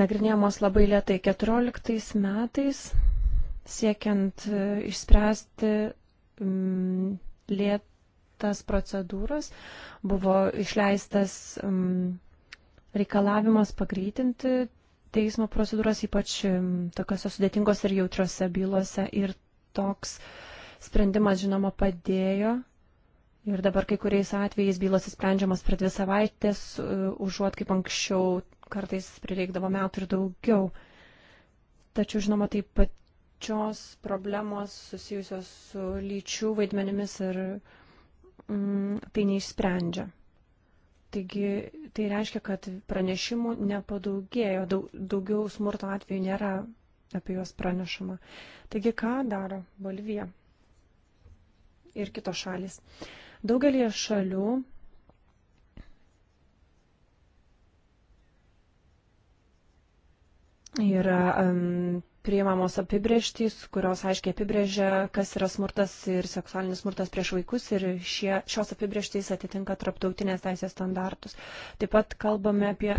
[SPEAKER 4] nagrinėjamos labai lėtai 14 metais, siekiant e, išspręsti lėtas procedūras, buvo išleistas reikalavimas pagreitinti teismo procedūras, ypač tokiuose sudėtingose ir jautriuose bylose. Ir toks sprendimas, žinoma, padėjo. Ir dabar kai kuriais atvejais bylos įsprendžiamas per dvi savaitės, e, užuot kaip anksčiau kartais prireikdavo metų ir daugiau. Tačiau, žinoma, taip pačios problemos susijusios su lyčių vaidmenimis ir mm, tai neišsprendžia. Taigi tai reiškia, kad pranešimų nepadaugėjo, daug, daugiau smurto atveju nėra apie juos pranešama. Taigi ką daro Bolivija ir kitos šalis? Daugelį šalių yra um, priimamos apibrieštys, kurios aiškiai apibrėžia, kas yra smurtas ir seksualinis smurtas prieš vaikus ir šie, šios apibrieštys atitinka traptautinės teisės standartus. Taip pat kalbame apie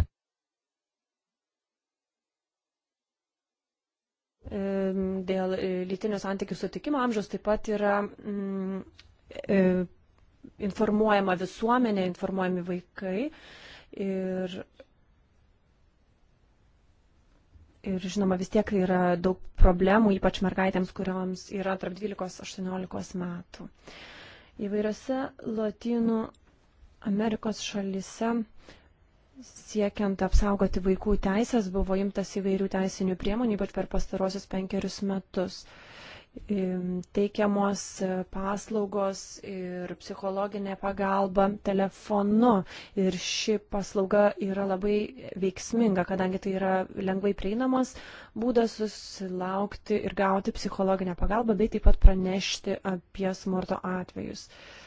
[SPEAKER 4] dėl e, lytinių santykių sutikimo amžiaus taip pat yra mm, e, informuojama visuomenė, informuojami vaikai ir Ir žinoma, vis tiek yra daug problemų, ypač mergaitėms, kurioms yra tarp 12-18 metų. Įvairiose Latinų Amerikos šalise siekiant apsaugoti vaikų teisės buvo imtas įvairių teisinių priemonių, ypač per pastarosius penkerius metus teikiamos e, paslaugos ir psichologinė pagalba telefonu. Ir ši paslauga yra labai veiksminga, kadangi tai yra lengvai prieinamas būdas susilaukti ir gauti psichologinę pagalbą, bei taip pat pranešti apie smurto atvejus. Uh,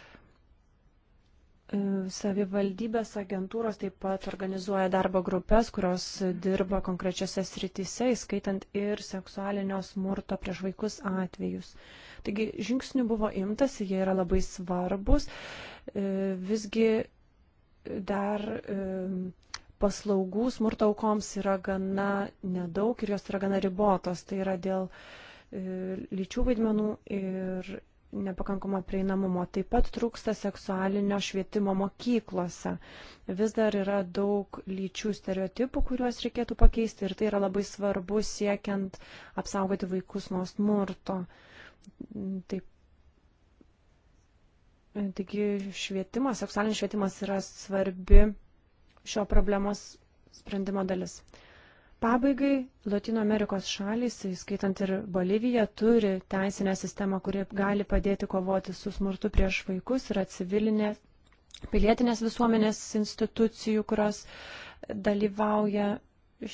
[SPEAKER 4] Savivaldybės agentūros taip pat organizuoja darbo grupės, kurios dirba konkrečiose srityse, įskaitant ir seksualinio smurto prieš vaikus atvejus. Taigi žingsnių buvo imtas, jie yra labai svarbus. E, visgi dar e, paslaugų smurto aukoms yra gana nedaug ir jos yra gana ribotos. Tai yra dėl e, lyčių vaidmenų ir nepakankamo prieinamumo. Taip pat trūksta seksualinio švietimo mokyklose. Vis dar yra daug lyčių stereotipų, kuriuos reikėtų pakeisti ir tai yra labai svarbu siekiant apsaugoti vaikus nuo smurto. Taip. Taigi švietimas, seksualinis švietimas yra svarbi šio problemos sprendimo dalis. Pabaigai, Latino Amerikos šalys, skaitant ir Boliviją, turi teisinę sistemą, kuri gali padėti kovoti su smurtu prieš vaikus, yra civilinės, pilietinės visuomenės institucijų, kurios dalyvauja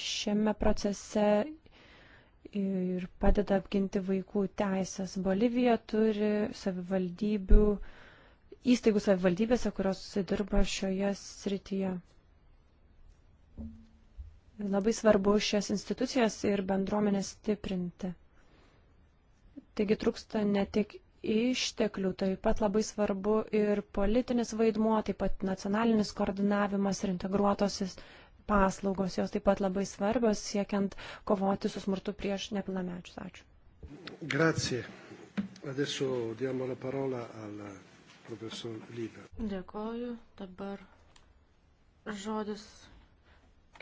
[SPEAKER 4] šiame procese ir padeda apginti vaikų teisės. Bolivija turi savivaldybių, įstaigų savivaldybėse, kurios dirba šioje srityje. Labai svarbu šias institucijas ir bendruomenės stiprinti. Taigi trūksta ne tik išteklių, taip pat labai svarbu ir politinis vaidmuo, taip pat nacionalinis koordinavimas ir integruotosis paslaugos, jos taip pat labai svarbios siekiant kovoti su smurtu prieš nepilnamečius. Ačiū.
[SPEAKER 1] Grazie. Adesso diamo la parola al professor Lyber.
[SPEAKER 4] Dėkoju.
[SPEAKER 2] Dabar žodis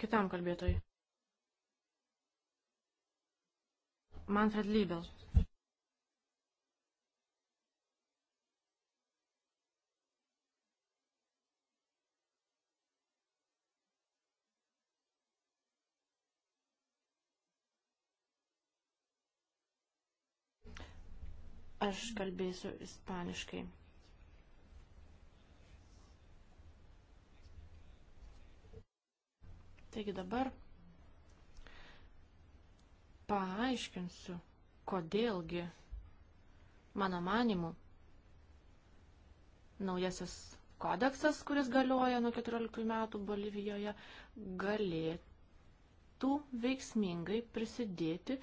[SPEAKER 2] kitam kalbėtojui.
[SPEAKER 5] Manfred Liebel.
[SPEAKER 2] Aš kalbėsiu ispaniškai. Taigi dabar paaiškinsiu, kodėlgi, mano manimu, naujasis kodeksas, kuris galioja nuo 14 metų Bolivijoje, galėtų veiksmingai prisidėti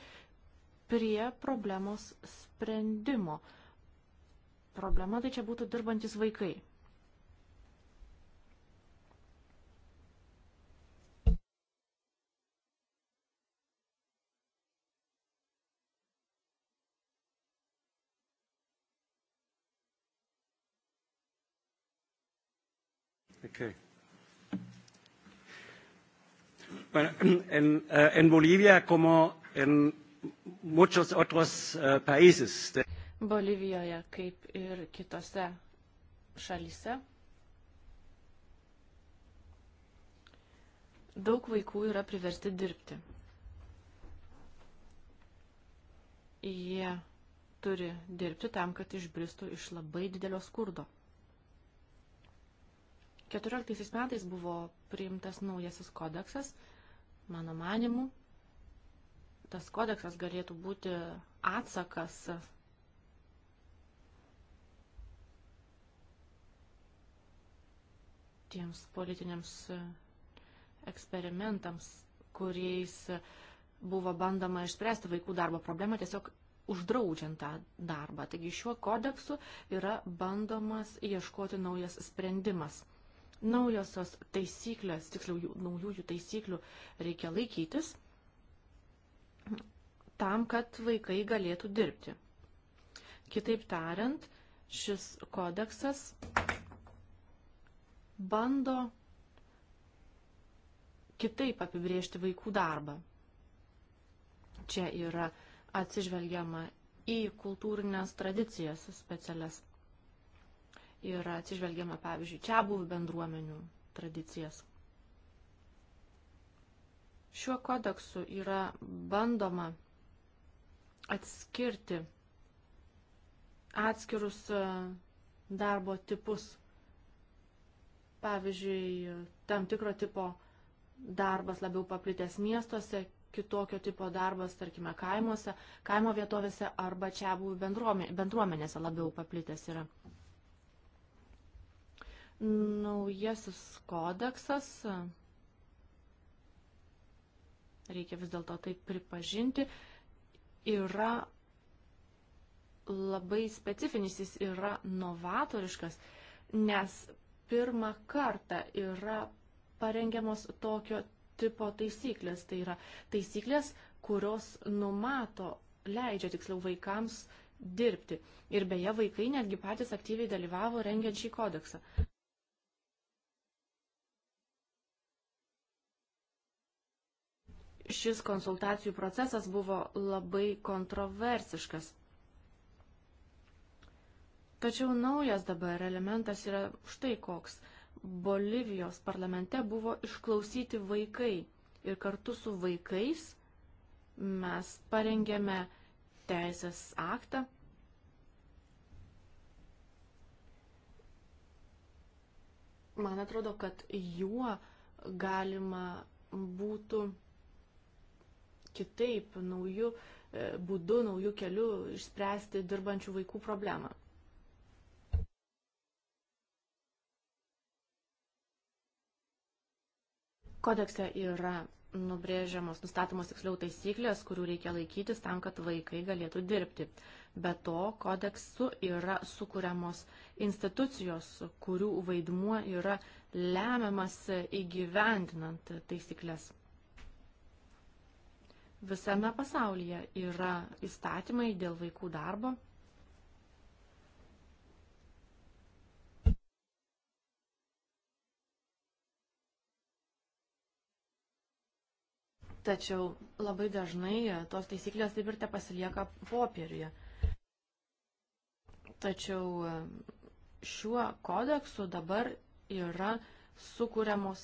[SPEAKER 2] prie problemos sprendimo. Problema tai čia būtų dirbantis vaikai.
[SPEAKER 1] Okay. Bueno, <clears throat> en,
[SPEAKER 5] eh, en Bolivia, como en muchos otros eh, países. De...
[SPEAKER 2] Bolivijoje, kaip ir kitose šalyse, daug vaikų yra priversti dirbti. Jie turi dirbti tam, kad išbristų iš labai didelio skurdo. 14 metais buvo priimtas naujasis kodeksas. Mano manimu, tas kodeksas galėtų būti atsakas tiems politiniams eksperimentams, kuriais buvo bandama išspręsti vaikų darbo problemą, tiesiog uždraudžiant tą darbą. Taigi šiuo kodeksu yra bandomas ieškoti naujas sprendimas naujosios taisyklės, tiksliau jų, naujųjų taisyklių reikia laikytis tam, kad vaikai galėtų dirbti. Kitaip tariant, šis kodeksas bando kitaip apibriežti vaikų darbą. Čia yra atsižvelgiama į kultūrinės tradicijas specialias yra atsižvelgiama, pavyzdžiui, čia buvų bendruomenių tradicijas. Šiuo kodeksu yra bandoma atskirti atskirus e, darbo tipus. Pavyzdžiui, tam tikro tipo darbas labiau paplitęs miestuose, kitokio tipo darbas, tarkime, kaimuose, kaimo vietovėse arba čia buvų bendruomenėse labiau paplitęs yra naujasis kodeksas, reikia vis dėlto tai pripažinti, yra labai specifinis, jis yra novatoriškas, nes pirmą kartą yra parengiamos tokio tipo taisyklės. Tai yra taisyklės, kurios numato, leidžia tiksliau vaikams dirbti. Ir beje, vaikai netgi patys aktyviai dalyvavo rengiant šį kodeksą. šis konsultacijų procesas buvo labai kontroversiškas. Tačiau naujas dabar elementas yra štai koks. Bolivijos parlamente buvo išklausyti vaikai ir kartu su vaikais mes parengėme teisės aktą. Man atrodo, kad juo galima būtų kitaip, naujų e, būdų, naujų kelių išspręsti dirbančių vaikų problemą. Kodekse yra nubrėžiamos, nustatomos tiksliau taisyklės, kurių reikia laikytis tam, kad vaikai galėtų dirbti. Be to, kodeksu yra sukūriamos institucijos, kurių vaidmuo yra lemiamas įgyvendinant taisyklės. Visame pasaulyje yra įstatymai dėl vaikų darbo. Tačiau labai dažnai tos taisyklės taip ir te pasilieka popieriuje. Tačiau e, šiuo kodeksu dabar yra sukūriamos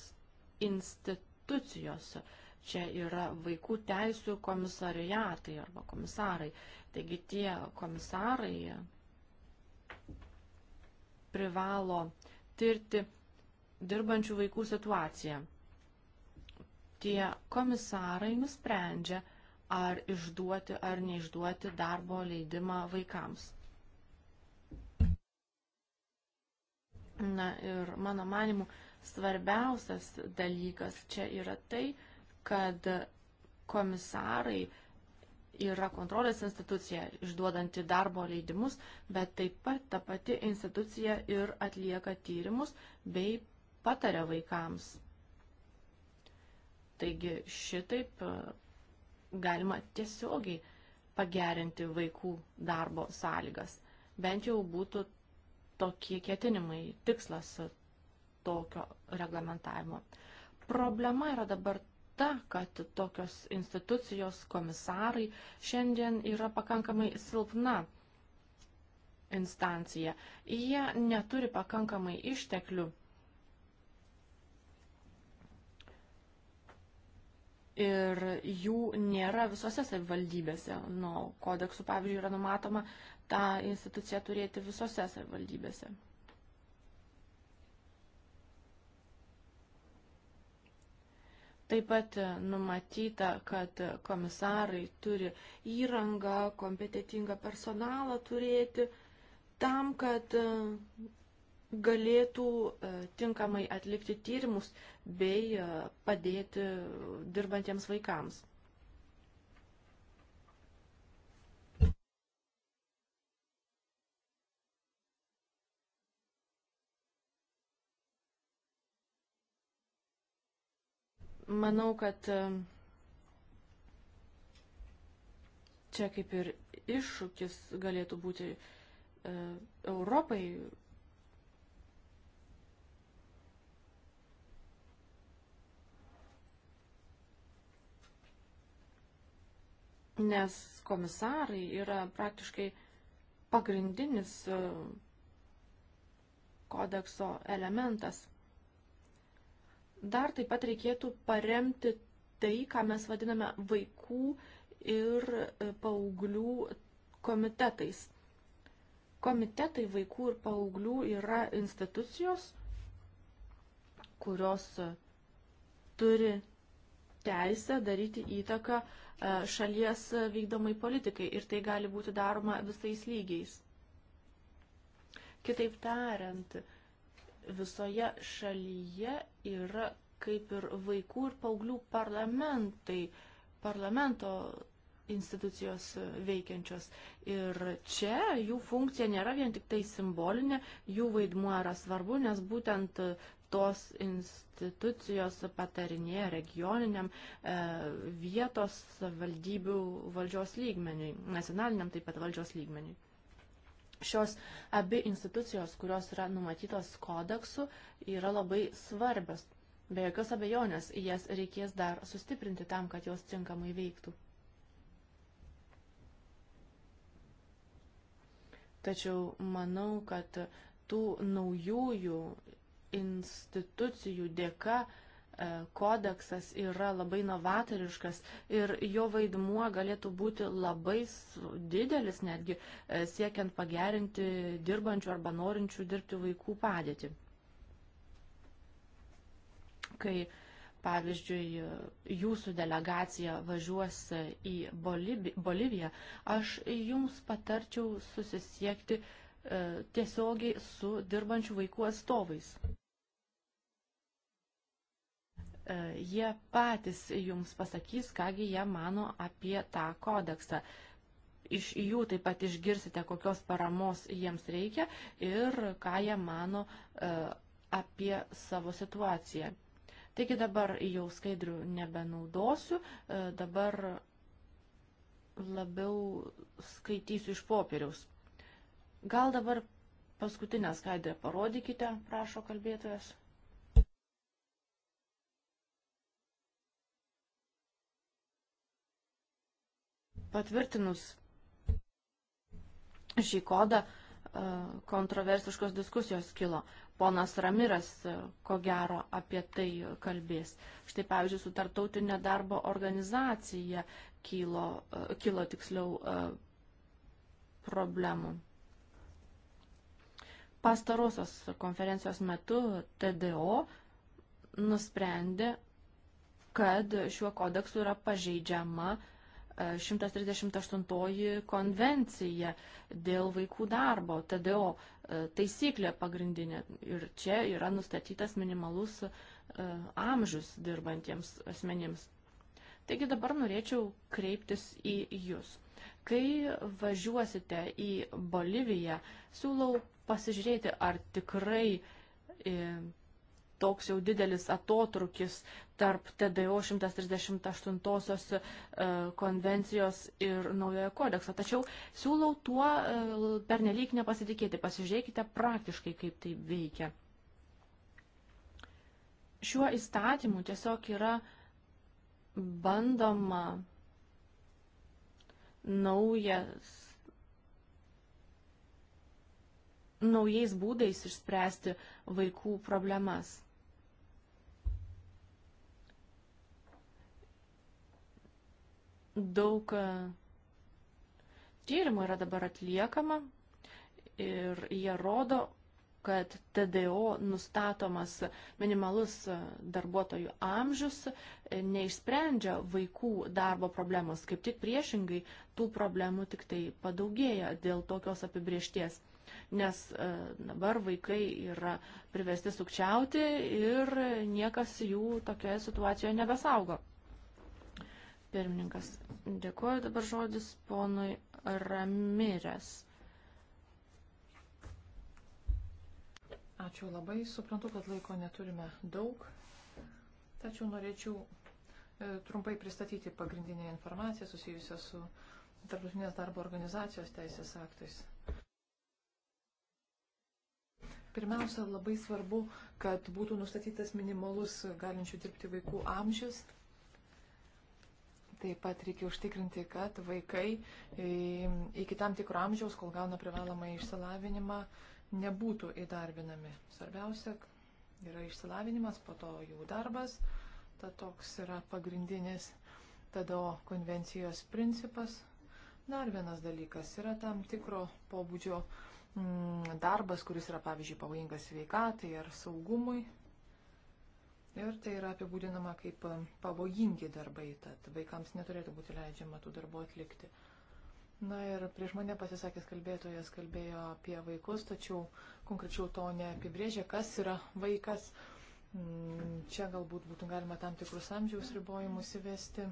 [SPEAKER 2] institucijos. Čia yra vaikų teisų komisariatai arba komisarai. Taigi tie komisarai privalo tirti dirbančių vaikų situaciją. Tie komisarai nusprendžia, ar išduoti ar neišduoti darbo leidimą vaikams. Na ir mano manimu, svarbiausias dalykas čia yra tai, kad kad komisarai yra kontrolės institucija išduodanti darbo leidimus, bet taip pat ta pati institucija ir atlieka tyrimus bei pataria vaikams. Taigi šitaip e, galima tiesiogiai pagerinti vaikų darbo sąlygas. Bent jau būtų tokie ketinimai, tikslas tokio reglamentavimo. Problema yra dabar ta, kad tokios institucijos, komisarai šiandien yra pakankamai silpna instancija. Jie neturi pakankamai išteklių. Ir jų nėra visose savivaldybėse. Nu, kodeksų, pavyzdžiui, yra numatoma tą instituciją turėti visose savivaldybėse. Taip pat e, numatyta, kad komisarai turi įrangą, kompetitingą personalą turėti tam, kad e, galėtų e, tinkamai atlikti tyrimus bei padėti dirbantiems vaikams. Manau, kad čia kaip ir iššūkis galėtų būti e, Europai. Nes komisarai yra praktiškai pagrindinis e, kodekso elementas. Dar taip pat reikėtų paremti tai, ką mes vadiname vaikų ir e, paauglių komitetais. Komitetai vaikų ir paauglių yra institucijos, kurios e, turi teisę daryti įtaką e, šalies vykdomai politikai ir tai gali būti daroma visais lygiais. Kitaip tariant, visoje šalyje yra kaip ir vaikų ir paauglių parlamentai, parlamento institucijos veikiančios. Ir čia jų funkcija nėra vien tik tai simbolinė, jų vaidmuo yra svarbu, nes būtent tos institucijos patarinėje regioniniam e, vietos valdybių valdžios lygmeniui, nacionaliniam taip pat valdžios lygmeniui. Šios abi institucijos, kurios yra numatytos kodeksu, yra labai svarbios. Be jokios abejonės, jas reikės dar sustiprinti tam, kad jos tinkamai veiktų. Tačiau manau, kad tų naujųjų institucijų dėka E, kodeksas yra labai novatoriškas ir jo vaidmuo galėtų būti labai didelis netgi e, siekiant pagerinti dirbančių arba norinčių dirbti vaikų padėtį. Kai pavyzdžiui, jūsų delegacija važiuos į Boliviją, aš jums patarčiau susisiekti e, tiesiogiai su dirbančių vaikų atstovais jie patys jums pasakys, kągi jie mano apie tą kodeksą. Iš jų taip pat išgirsite, kokios paramos jiems reikia ir ką jie mano e, apie savo situaciją. Taigi dabar jau skaidrių nebenaudosiu, e, dabar labiau skaitysiu iš popieriaus. Gal dabar paskutinę skaidrę parodykite, prašo kalbėtojas. patvirtinus šį kodą e, kontroversiškos diskusijos kilo. Ponas Ramiras, e, ko gero, apie tai kalbės. Štai, pavyzdžiui, su tartautinė darbo organizacija kilo, e, kilo tiksliau problemų. Pastarosios konferencijos metu TDO nusprendė, kad šiuo kodeksu yra pažeidžiama uh, 138 konvencija dėl vaikų darbo, TDO e, taisyklė pagrindinė. Ir čia yra nustatytas minimalus e, amžius dirbantiems asmenims. Taigi dabar norėčiau kreiptis į Jūs. Kai važiuosite į Boliviją, siūlau pasižiūrėti, ar tikrai e, toks jau didelis atotrukis tarp TDO 138 e, konvencijos ir naujojo kodekso. Tačiau siūlau tuo e, pernelyg nepasitikėti. Pasižiūrėkite praktiškai, kaip tai veikia. Šiuo įstatymu tiesiog yra bandoma naujas naujais būdais išspręsti vaikų problemas. Daug e, tyrimų yra dabar atliekama ir jie rodo, kad TDO nustatomas minimalus darbuotojų amžius e, neišsprendžia vaikų darbo problemos, kaip tik priešingai tų problemų tik tai padaugėja dėl tokios apibriešties. Nes e, dabar vaikai yra priversti sukčiauti ir niekas jų tokioje situacijoje nebesaugo. Pirmininkas, dėkuoju dabar žodis ponui Ramirės. Ačiū labai, suprantu, kad laiko
[SPEAKER 3] neturime daug, tačiau norėčiau e, trumpai pristatyti pagrindinę informaciją susijusią su Tarptautinės darbo organizacijos teisės aktais. Pirmiausia, labai svarbu, kad būtų nustatytas minimalus galinčių dirbti vaikų amžius Taip pat reikia užtikrinti, kad vaikai iki tam tikro amžiaus, kol gauna privalomą išsilavinimą, nebūtų įdarbinami. Svarbiausia yra išsilavinimas, po to jų darbas. Ta toks yra pagrindinis TDO konvencijos principas. Dar vienas dalykas yra tam tikro pobūdžio mm, darbas, kuris yra, pavyzdžiui, pavojingas sveikatai ar saugumui. Ir tai yra apibūdinama kaip um, pavojingi darbai, tad vaikams neturėtų būti leidžiama tų darbų atlikti. Na ir prieš mane pasisakęs kalbėtojas kalbėjo apie vaikus, tačiau konkrečiau to neapibrėžė, kas yra vaikas. Mm, čia galbūt būtų galima tam tikrus amžiaus ribojimus įvesti.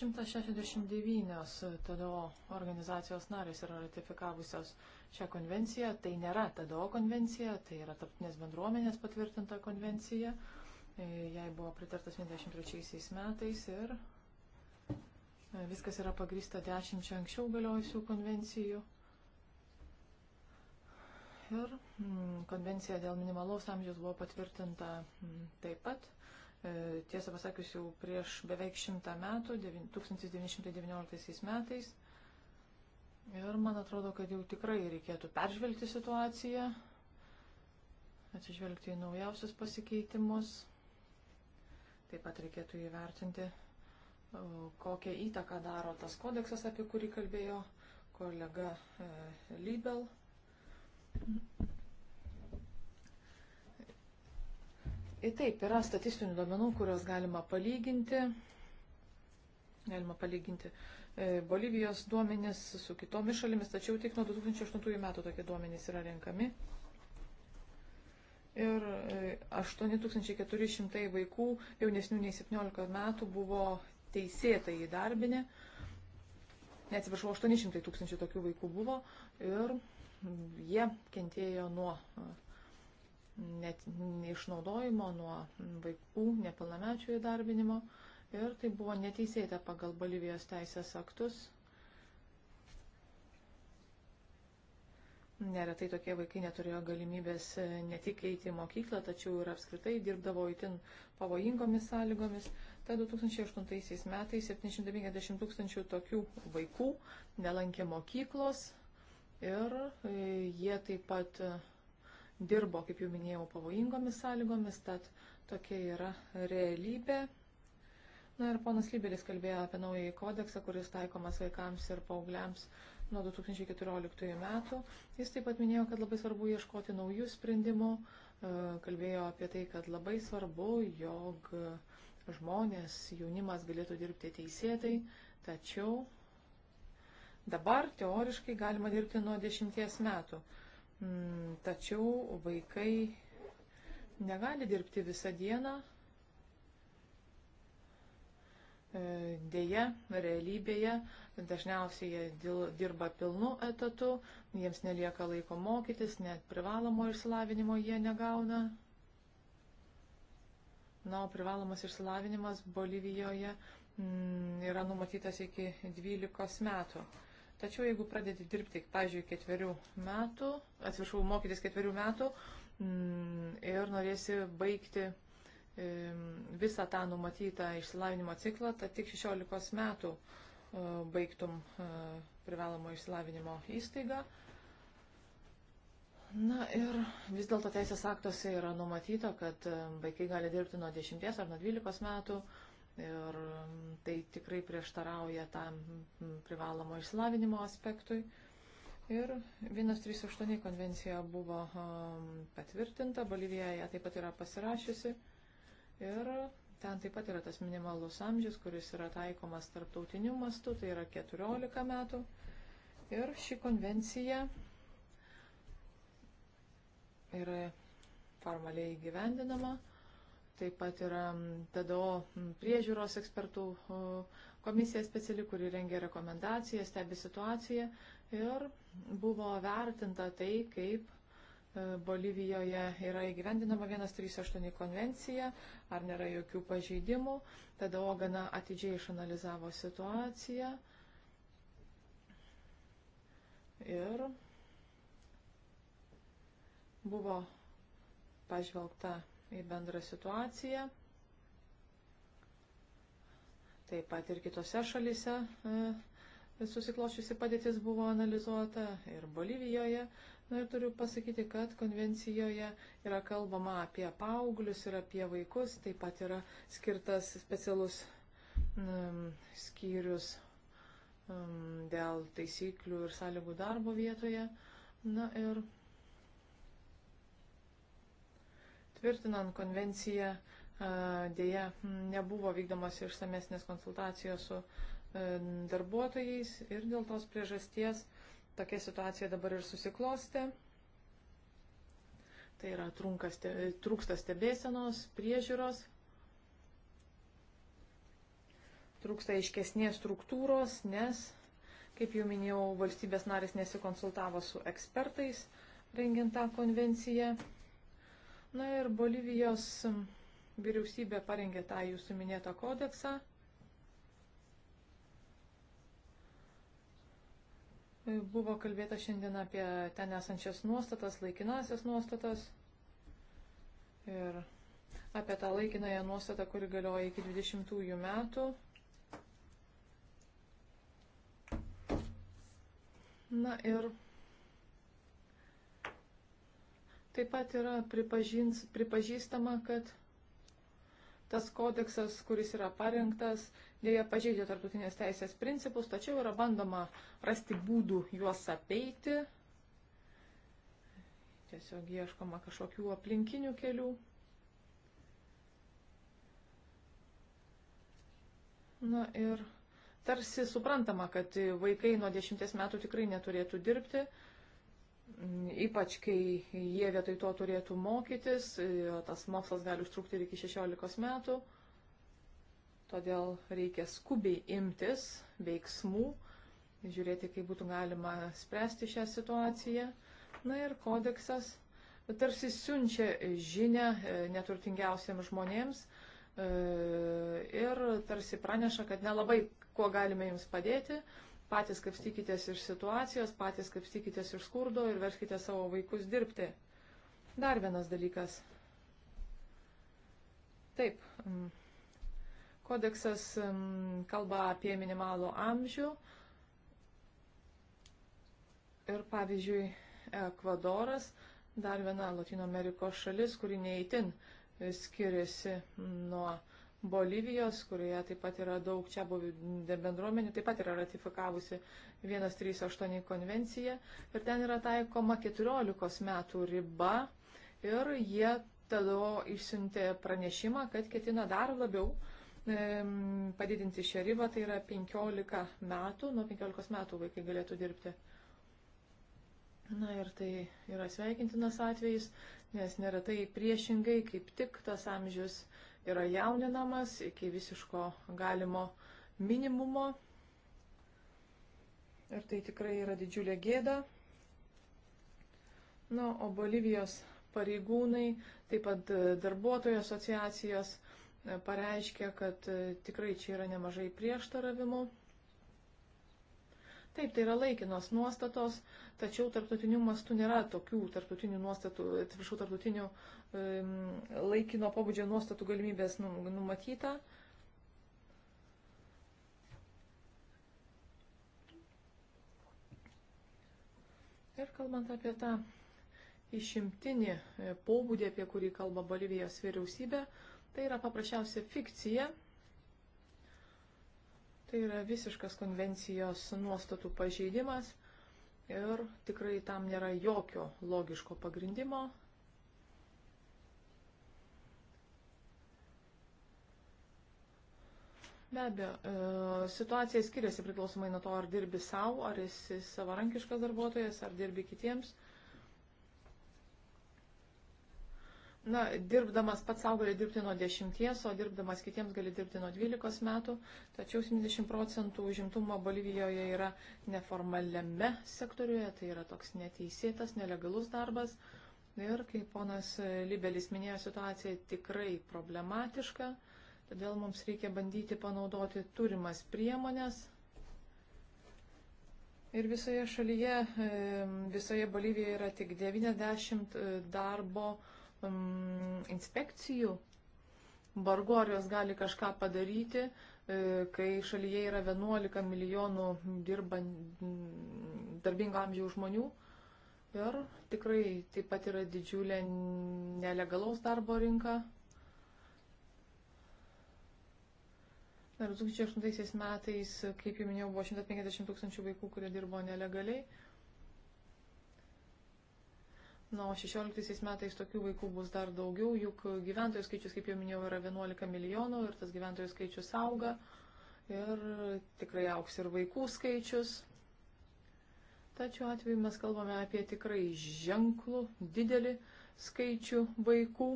[SPEAKER 3] Šimtas šešiasdešimt devynios TDO organizacijos narės yra ratifikavusios šią konvenciją. Tai nėra TDO konvencija, tai yra tarptinės bendruomenės patvirtinta konvencija. E, jai buvo pritartas 1993 metais ir e, viskas yra pagrįsta dešimčia anksčiau galiojusių konvencijų. Ir mm, konvencija dėl minimalaus amžiaus buvo patvirtinta mm, taip pat. E, tiesą pasakius, jau prieš beveik šimtą metų, 1919 metais, Ir man atrodo, kad jau tikrai reikėtų peržvelgti situaciją, atsižvelgti į naujausius pasikeitimus. Taip pat reikėtų įvertinti, kokią įtaką daro tas kodeksas, apie kurį kalbėjo kolega e, Lybel. Ir taip, yra statistinių duomenų, kuriuos galima palyginti. Galima palyginti uh, E, Bolivijos duomenis su kitomis šalimis, tačiau tik nuo 2008 metų tokie duomenys yra renkami. Ir 8400 e, vaikų jaunesnių nei 17 metų buvo teisėtai įdarbinę. Neatsiprašau, 800 tūkstančių tokių vaikų buvo ir jie kentėjo nuo e, net neišnaudojimo, nuo vaikų nepilnamečių įdarbinimo ir tai buvo neteisėta pagal Bolivijos teisės aktus. Neretai tokie vaikai neturėjo galimybės e, ne tik eiti į mokyklą, tačiau ir apskritai dirbdavo įtin pavojingomis sąlygomis. Ta 2008 metais 750 tūkstančių tokių vaikų nelankė mokyklos ir e, jie taip pat e, dirbo, kaip jau minėjau, pavojingomis sąlygomis, tad tokia yra realybė. Na ir ponas Lybelis kalbėjo apie naująjį kodeksą, kuris taikomas vaikams ir paaugliams nuo 2014 metų. Jis taip pat minėjo, kad labai svarbu ieškoti naujų sprendimų, e, kalbėjo apie tai, kad labai svarbu, jog žmonės, jaunimas galėtų dirbti teisėtai, tačiau dabar teoriškai galima dirbti nuo 10 metų. Mm, tačiau vaikai negali dirbti visą dieną E, Deja, realybėje dažniausiai jie dirba pilnu etatu, jiems nelieka laiko mokytis, net privalomo išsilavinimo jie negauna. Na, o privalomas išsilavinimas Bolivijoje mm, yra numatytas iki 12 metų. Tačiau jeigu pradedi dirbti, pavyzdžiui, ketverių metų, atsiprašau, mokytis ketverių metų mm, ir norėsi baigti visą tą numatytą išsilavinimo ciklą, tad tik 16 metų e, baigtum e, privalomo išsilavinimo įstaigą. Na ir vis dėlto teisės aktuose yra numatyta, kad e, vaikai gali dirbti nuo 10 ar nuo 12 metų ir tai tikrai prieštarauja tam privalomo išsilavinimo aspektui. Ir 138 konvencija buvo patvirtinta, Bolivija ją taip pat yra pasirašiusi. Ir ten taip pat yra tas minimalus amžius, kuris yra taikomas tarptautiniu mastu, tai yra 14 metų. Ir ši konvencija yra formaliai gyvendinama. Taip pat yra mm, TDO mm, priežiūros ekspertų komisija speciali, kuri rengia rekomendacijas, stebi situaciją ir buvo vertinta tai, kaip E, Bolivijoje yra įgyvendinama 138 konvencija, ar nėra jokių pažeidimų. Tada Ogana atidžiai išanalizavo situaciją. Ir buvo pažvelgta į bendrą situaciją. Taip pat ir kitose šalise susiklošiusi padėtis buvo analizuota ir Bolivijoje. Na ir turiu pasakyti, kad konvencijoje yra kalbama apie paauglius ir apie vaikus, taip pat yra skirtas specialus um, skyrius um, dėl taisyklių ir sąlygų darbo vietoje. Na ir tvirtinant konvenciją, dėja mm, nebuvo vykdomas išsamesnės konsultacijos su darbuotojais ir dėl tos priežasties uh, Tokia situacija dabar ir susiklosti. Tai yra ste, trūksta stebėsenos, priežiūros, trūksta aiškesnės struktūros, nes, kaip jau minėjau, valstybės narės nesikonsultavo su ekspertais rengiant tą konvenciją. Na ir Bolivijos vyriausybė parengė tą jūsų minėtą kodeksą. Buvo kalbėta šiandien apie ten esančias nuostatas, laikinasias nuostatas ir apie tą laikinąją nuostatą, kuri galioja iki 20 metų. Na ir taip pat yra pripažins, pripažįstama, kad Tas kodeksas, kuris yra parengtas, dėja pažeidžia tarptautinės teisės principus, tačiau yra bandoma rasti būdų juos apeiti. Tiesiog ieškoma kažkokių aplinkinių kelių. Na ir tarsi suprantama, kad vaikai nuo dešimties metų tikrai neturėtų dirbti, Ypač, kai jie vietoj to turėtų mokytis, tas mokslas gali užtrukti ir iki 16 metų. Todėl reikia skubiai imtis veiksmų, žiūrėti, kaip būtų galima spręsti šią situaciją. Na ir kodeksas tarsi siunčia žinę e, neturtingiausiems žmonėms e, ir tarsi praneša, kad nelabai kuo galime jums padėti, Patys kapstykitės iš situacijos, patys kapstykitės iš skurdo ir verskite savo vaikus dirbti. Dar vienas dalykas. Taip, mm, kodeksas mm, kalba apie minimalų amžių. Ir pavyzdžiui, Ekvadoras, dar viena Latino Amerikos šalis, kuri neįtin skiriasi nuo Bolivijos, kurioje taip pat yra daug čia bendruomenių, taip pat yra ratifikavusi 138 konvenciją ir ten yra taikoma 14 metų riba ir jie tada išsiuntė pranešimą, kad ketina dar labiau e, padidinti šią ribą, tai yra 15 metų, nuo 15 metų vaikai galėtų dirbti. Na ir tai yra sveikintinas atvejis, nes neretai priešingai kaip tik tas amžius yra jauninamas iki visiško galimo minimumo. Ir tai tikrai yra didžiulė gėda. Na, o Bolivijos pareigūnai, taip pat darbuotojų asociacijos pareiškė, kad tikrai čia yra nemažai prieštaravimų. Taip, tai yra laikinos nuostatos, tačiau tarptautiniu mastu nėra tokių tarptautinių nuostatų, atsiprašau, tarptautinių um, laikino pobūdžio nuostatų galimybės nu, numatyta. Ir kalbant apie tą išimtinį e, pobūdį, apie kurį kalba Bolivijos vyriausybė, tai yra paprasčiausia fikcija Tai yra visiškas konvencijos nuostatų pažeidimas ir tikrai tam nėra jokio logiško pagrindimo. Be abejo, e, situacija skiriasi priklausomai nuo to, ar dirbi savo, ar esi savarankiškas darbuotojas, ar dirbi kitiems. na, dirbdamas pats savo gali dirbti nuo 10, o dirbdamas kitiems gali dirbti nuo 12 metų, tačiau 70 procentų užimtumo Bolivijoje yra neformaliame sektoriuje, tai yra toks neteisėtas, nelegalus darbas. Ir kaip ponas Libelis minėjo, situacija tikrai problematiška, todėl mums reikia bandyti panaudoti turimas priemonės. Ir visoje šalyje, e, visoje Bolivijoje yra tik 90 e, darbo um, inspekcijų. Vargu ar jos gali kažką padaryti, e, kai šalyje yra 11 milijonų dirbant darbingo amžiaus žmonių. Ir tikrai taip pat yra didžiulė nelegalaus darbo rinka. Ir 2008 metais, kaip jau minėjau, buvo 150 tūkstančių vaikų, kurie dirbo nelegaliai. Na, o 16 metais tokių vaikų bus dar daugiau, juk gyventojų skaičius, kaip jau minėjau, yra 11 milijonų ir tas gyventojų skaičius auga ir tikrai auks ir vaikų skaičius. Tačiau atveju mes kalbame apie tikrai ženklų, didelį skaičių vaikų,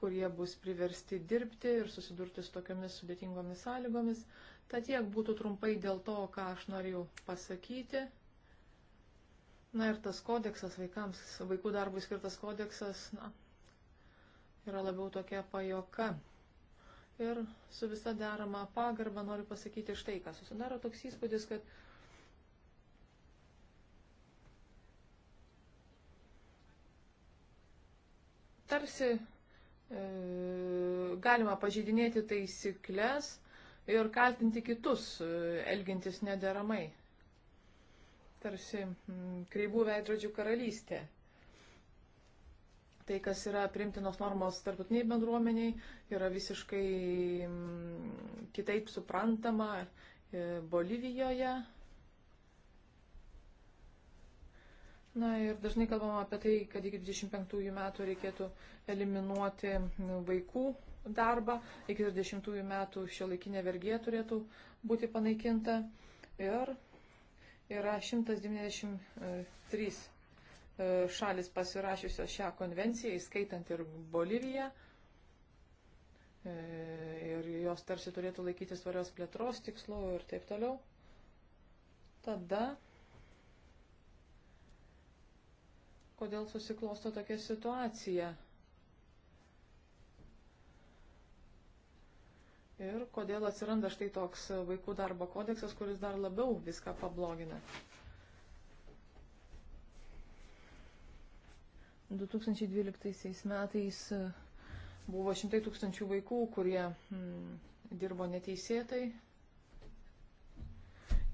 [SPEAKER 3] kurie bus priversti dirbti ir susidurti su tokiamis sudėtingomis sąlygomis. Tad tiek būtų trumpai dėl to, ką aš norėjau pasakyti. Na ir tas kodeksas vaikams, vaikų darbui skirtas kodeksas, na, yra labiau tokia pajoka. Ir su visa derama pagarba noriu pasakyti štai, kas susidaro toks įspūdis, kad tarsi e, galima pažeidinėti taisyklės ir kaltinti kitus, e, elgintis nederamai tarsi mm, kreivų veidrodžių karalystė. Tai, kas yra primtinos normos tarptautiniai bendruomeniai, yra visiškai mm, kitaip suprantama e, Bolivijoje. Na ir dažnai kalbama apie tai, kad iki 25 metų reikėtų eliminuoti mm, vaikų darbą, iki 30 metų šio laikinė vergė turėtų būti panaikinta. Ir yra 193 e, šalis pasirašiusios šią konvenciją, įskaitant ir Boliviją. E, ir jos tarsi turėtų laikytis tvarios plėtros tikslų ir taip toliau. Tada, kodėl susiklosto tokia situacija? Ir kodėl atsiranda štai toks vaikų darbo kodeksas, kuris dar labiau viską pablogina. 2012 metais buvo šimtai tūkstančių vaikų, kurie mm, dirbo neteisėtai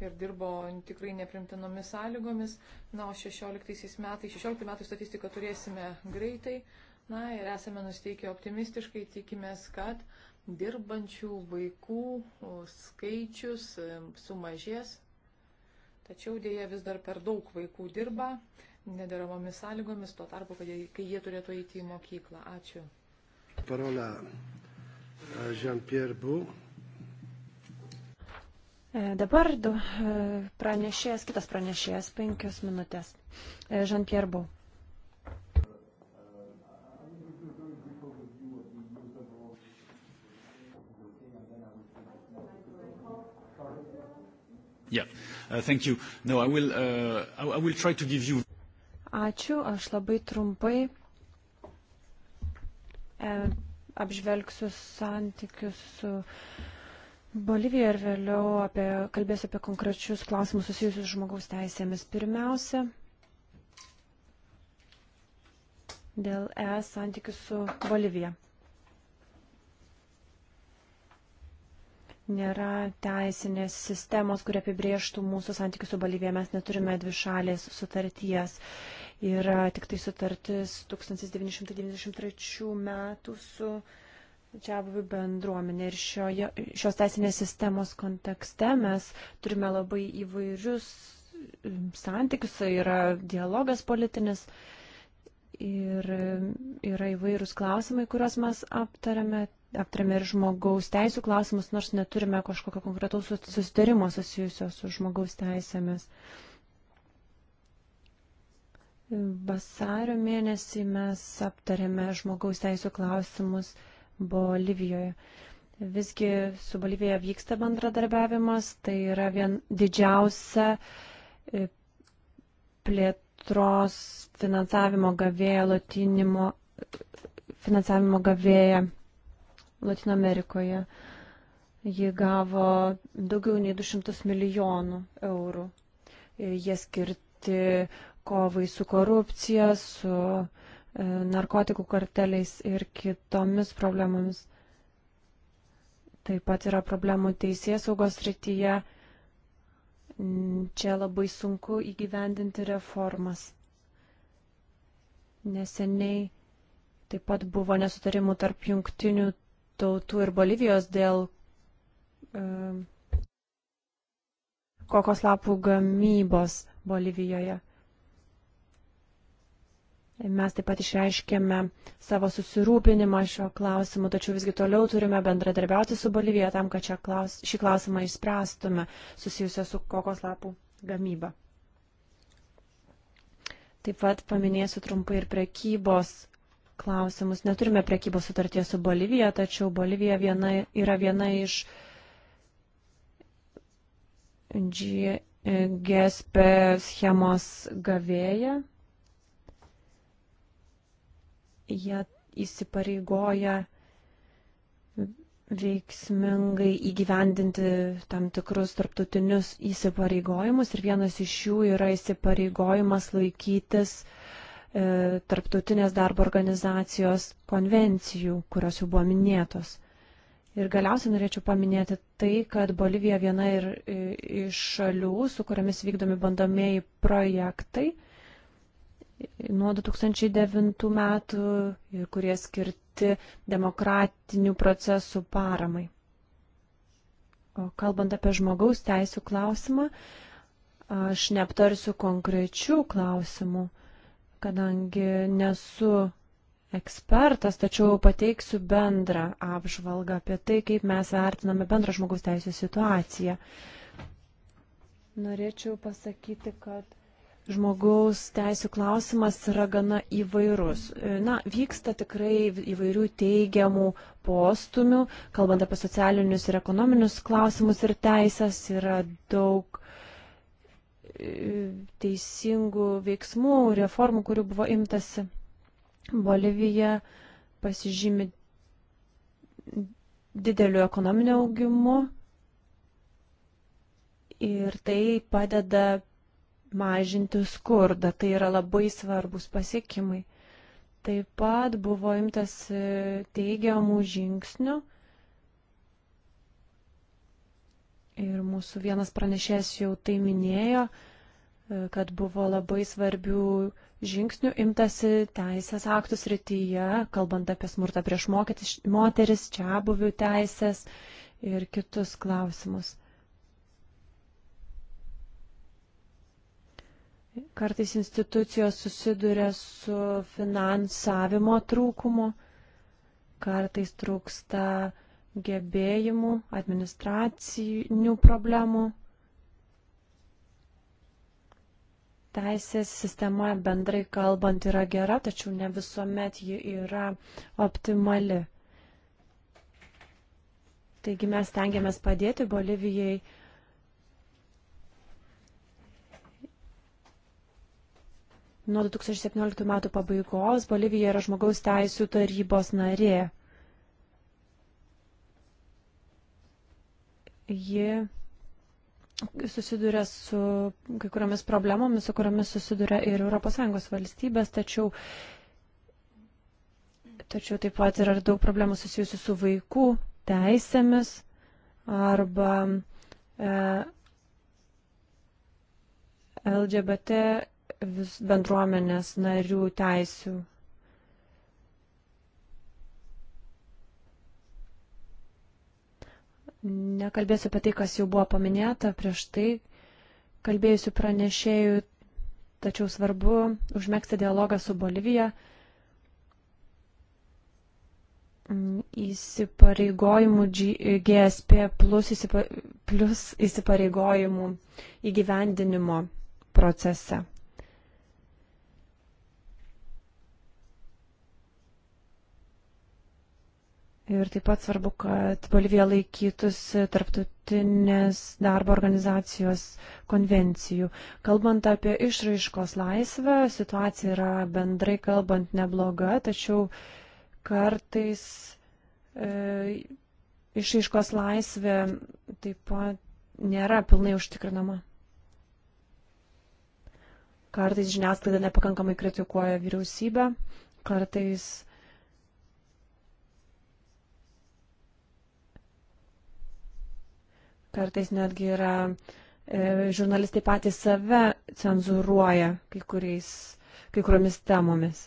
[SPEAKER 3] ir dirbo tikrai neprimtinomis sąlygomis. Na, o 16 metais, 16 metų statistiką turėsime greitai. Na ir esame nusteikę optimistiškai, tikimės, kad uh, dirbančių vaikų skaičius e, sumažės, tačiau dėja vis dar per daug vaikų dirba nederamomis sąlygomis, tuo tarpu, kai jie turėtų eiti į mokyklą. Ačiū.
[SPEAKER 1] Parola e, Jean-Pierre Bou.
[SPEAKER 4] E, dabar du pranešėjas, kitas pranešėjas, penkios minutės. Jean-Pierre Bou.
[SPEAKER 5] Uh, thank you. No, I will, uh, I will try to give you.
[SPEAKER 4] Ačiū, aš labai trumpai e, apžvelgsiu santykius su Bolivija ir vėliau apie, kalbėsiu apie konkrečius klausimus susijusius žmogaus teisėmis. Pirmiausia, dėl ES santykių su Bolivija. nėra teisinės sistemos, kurie apibrieštų mūsų santykių su Bolivija. Mes neturime dvi šalės sutarties. Yra tik tai sutartis 1993 metų su čia buvų bendruomenė. Ir šioje, šios teisinės sistemos kontekste mes turime labai įvairius um, santykius, tai yra dialogas politinis. Ir yra įvairūs klausimai, kuriuos mes aptarėme aptarėme ir žmogaus teisų klausimus, nors neturime kažkokio konkretaus susitarimo susijusio su žmogaus teisėmis. Vasario mėnesį mes aptarėme žmogaus teisų klausimus Bolivijoje. Visgi su Bolivija vyksta bendradarbiavimas, tai yra vien didžiausia e, plėtros finansavimo gavėja, latinimo finansavimo gavėja Latino Amerikoje. Ji gavo daugiau nei 200 milijonų eurų. Jie skirti kovai su korupcija, su e, narkotikų karteliais ir kitomis problemomis. Taip pat yra problemų teisės saugos rytyje. Čia labai sunku įgyvendinti reformas. Neseniai taip pat buvo nesutarimų tarp jungtinių tautų ir Bolivijos dėl e, kokos lapų gamybos Bolivijoje. Mes taip pat išreiškėme savo susirūpinimą šiuo klausimu, tačiau visgi toliau turime bendradarbiauti su Bolivija tam, kad klaus, šį klausimą išspręstume susijusią su kokos lapų gamyba. Taip pat paminėsiu trumpai ir prekybos klausimus. Neturime priekybos sutarties su Bolivija, tačiau Bolivija viena, yra viena iš GSP schemos gavėja. Jie įsipareigoja veiksmingai įgyvendinti tam tikrus tarptautinius įsipareigojimus ir vienas iš jų yra įsipareigojimas laikytis uh, E, tarptautinės darbo organizacijos konvencijų, kurios jau buvo minėtos. Ir galiausiai norėčiau paminėti tai, kad Bolivija viena ir e, iš šalių, su kuriamis vykdomi bandomieji projektai nuo 2009 metų, kurie skirti demokratinių procesų paramai. O kalbant apie žmogaus teisų klausimą, aš neaptarsiu konkrečių klausimų kadangi nesu ekspertas, tačiau pateiksiu bendrą apžvalgą apie tai, kaip mes vertiname bendrą žmogaus teisų situaciją. Norėčiau pasakyti, kad žmogaus teisų klausimas yra gana įvairus. Na, vyksta tikrai įvairių teigiamų postumių, kalbant apie socialinius ir ekonominius klausimus ir teisės, yra daug teisingų veiksmų, reformų, kurių buvo imtasi. Bolivija pasižymi dideliu ekonominiu augimu ir tai padeda mažinti skurdą. Tai yra labai svarbus pasiekimai. Taip pat buvo imtas teigiamų žingsnių Ir mūsų vienas pranešėjas jau tai minėjo, kad buvo labai svarbių žingsnių imtasi teisės aktus rytyje, kalbant apie smurtą prieš moteris, čia buvių teisės ir kitus klausimus. Kartais institucijos susiduria su finansavimo trūkumu, kartais trūksta uh, gebėjimų, administracinių problemų. Teisės sistema bendrai kalbant yra gera, tačiau ne visuomet ji yra optimali. Taigi mes tengiamės padėti Bolivijai Nuo 2017 metų pabaigos Bolivija yra žmogaus teisų tarybos narė. ji susiduria su kai kuriomis problemomis, su kuriomis susiduria ir ES valstybės, tačiau, tačiau taip pat yra daug problemų susijusių su vaikų teisėmis arba e, LGBT bendruomenės narių teisų Nekalbėsiu apie tai, kas jau buvo paminėta prieš tai, kalbėjusių pranešėjų, tačiau svarbu užmėgsti dialogą su Bolivija. Mm, įsipareigojimų GSP plus, įsipa, plus įsipareigojimų įgyvendinimo procese. Ir taip pat svarbu, kad Bolivija laikytųsi tarptautinės darbo organizacijos konvencijų. Kalbant apie išraiškos laisvę, situacija yra bendrai kalbant nebloga, tačiau kartais e, išraiškos laisvė taip pat nėra pilnai užtikrinama. Kartais žiniasklaida nepakankamai kritikuoja vyriausybę, kartais Kartais netgi yra e, žurnalistai patys save cenzūruoja kai, kuriais, kai kuriomis temomis.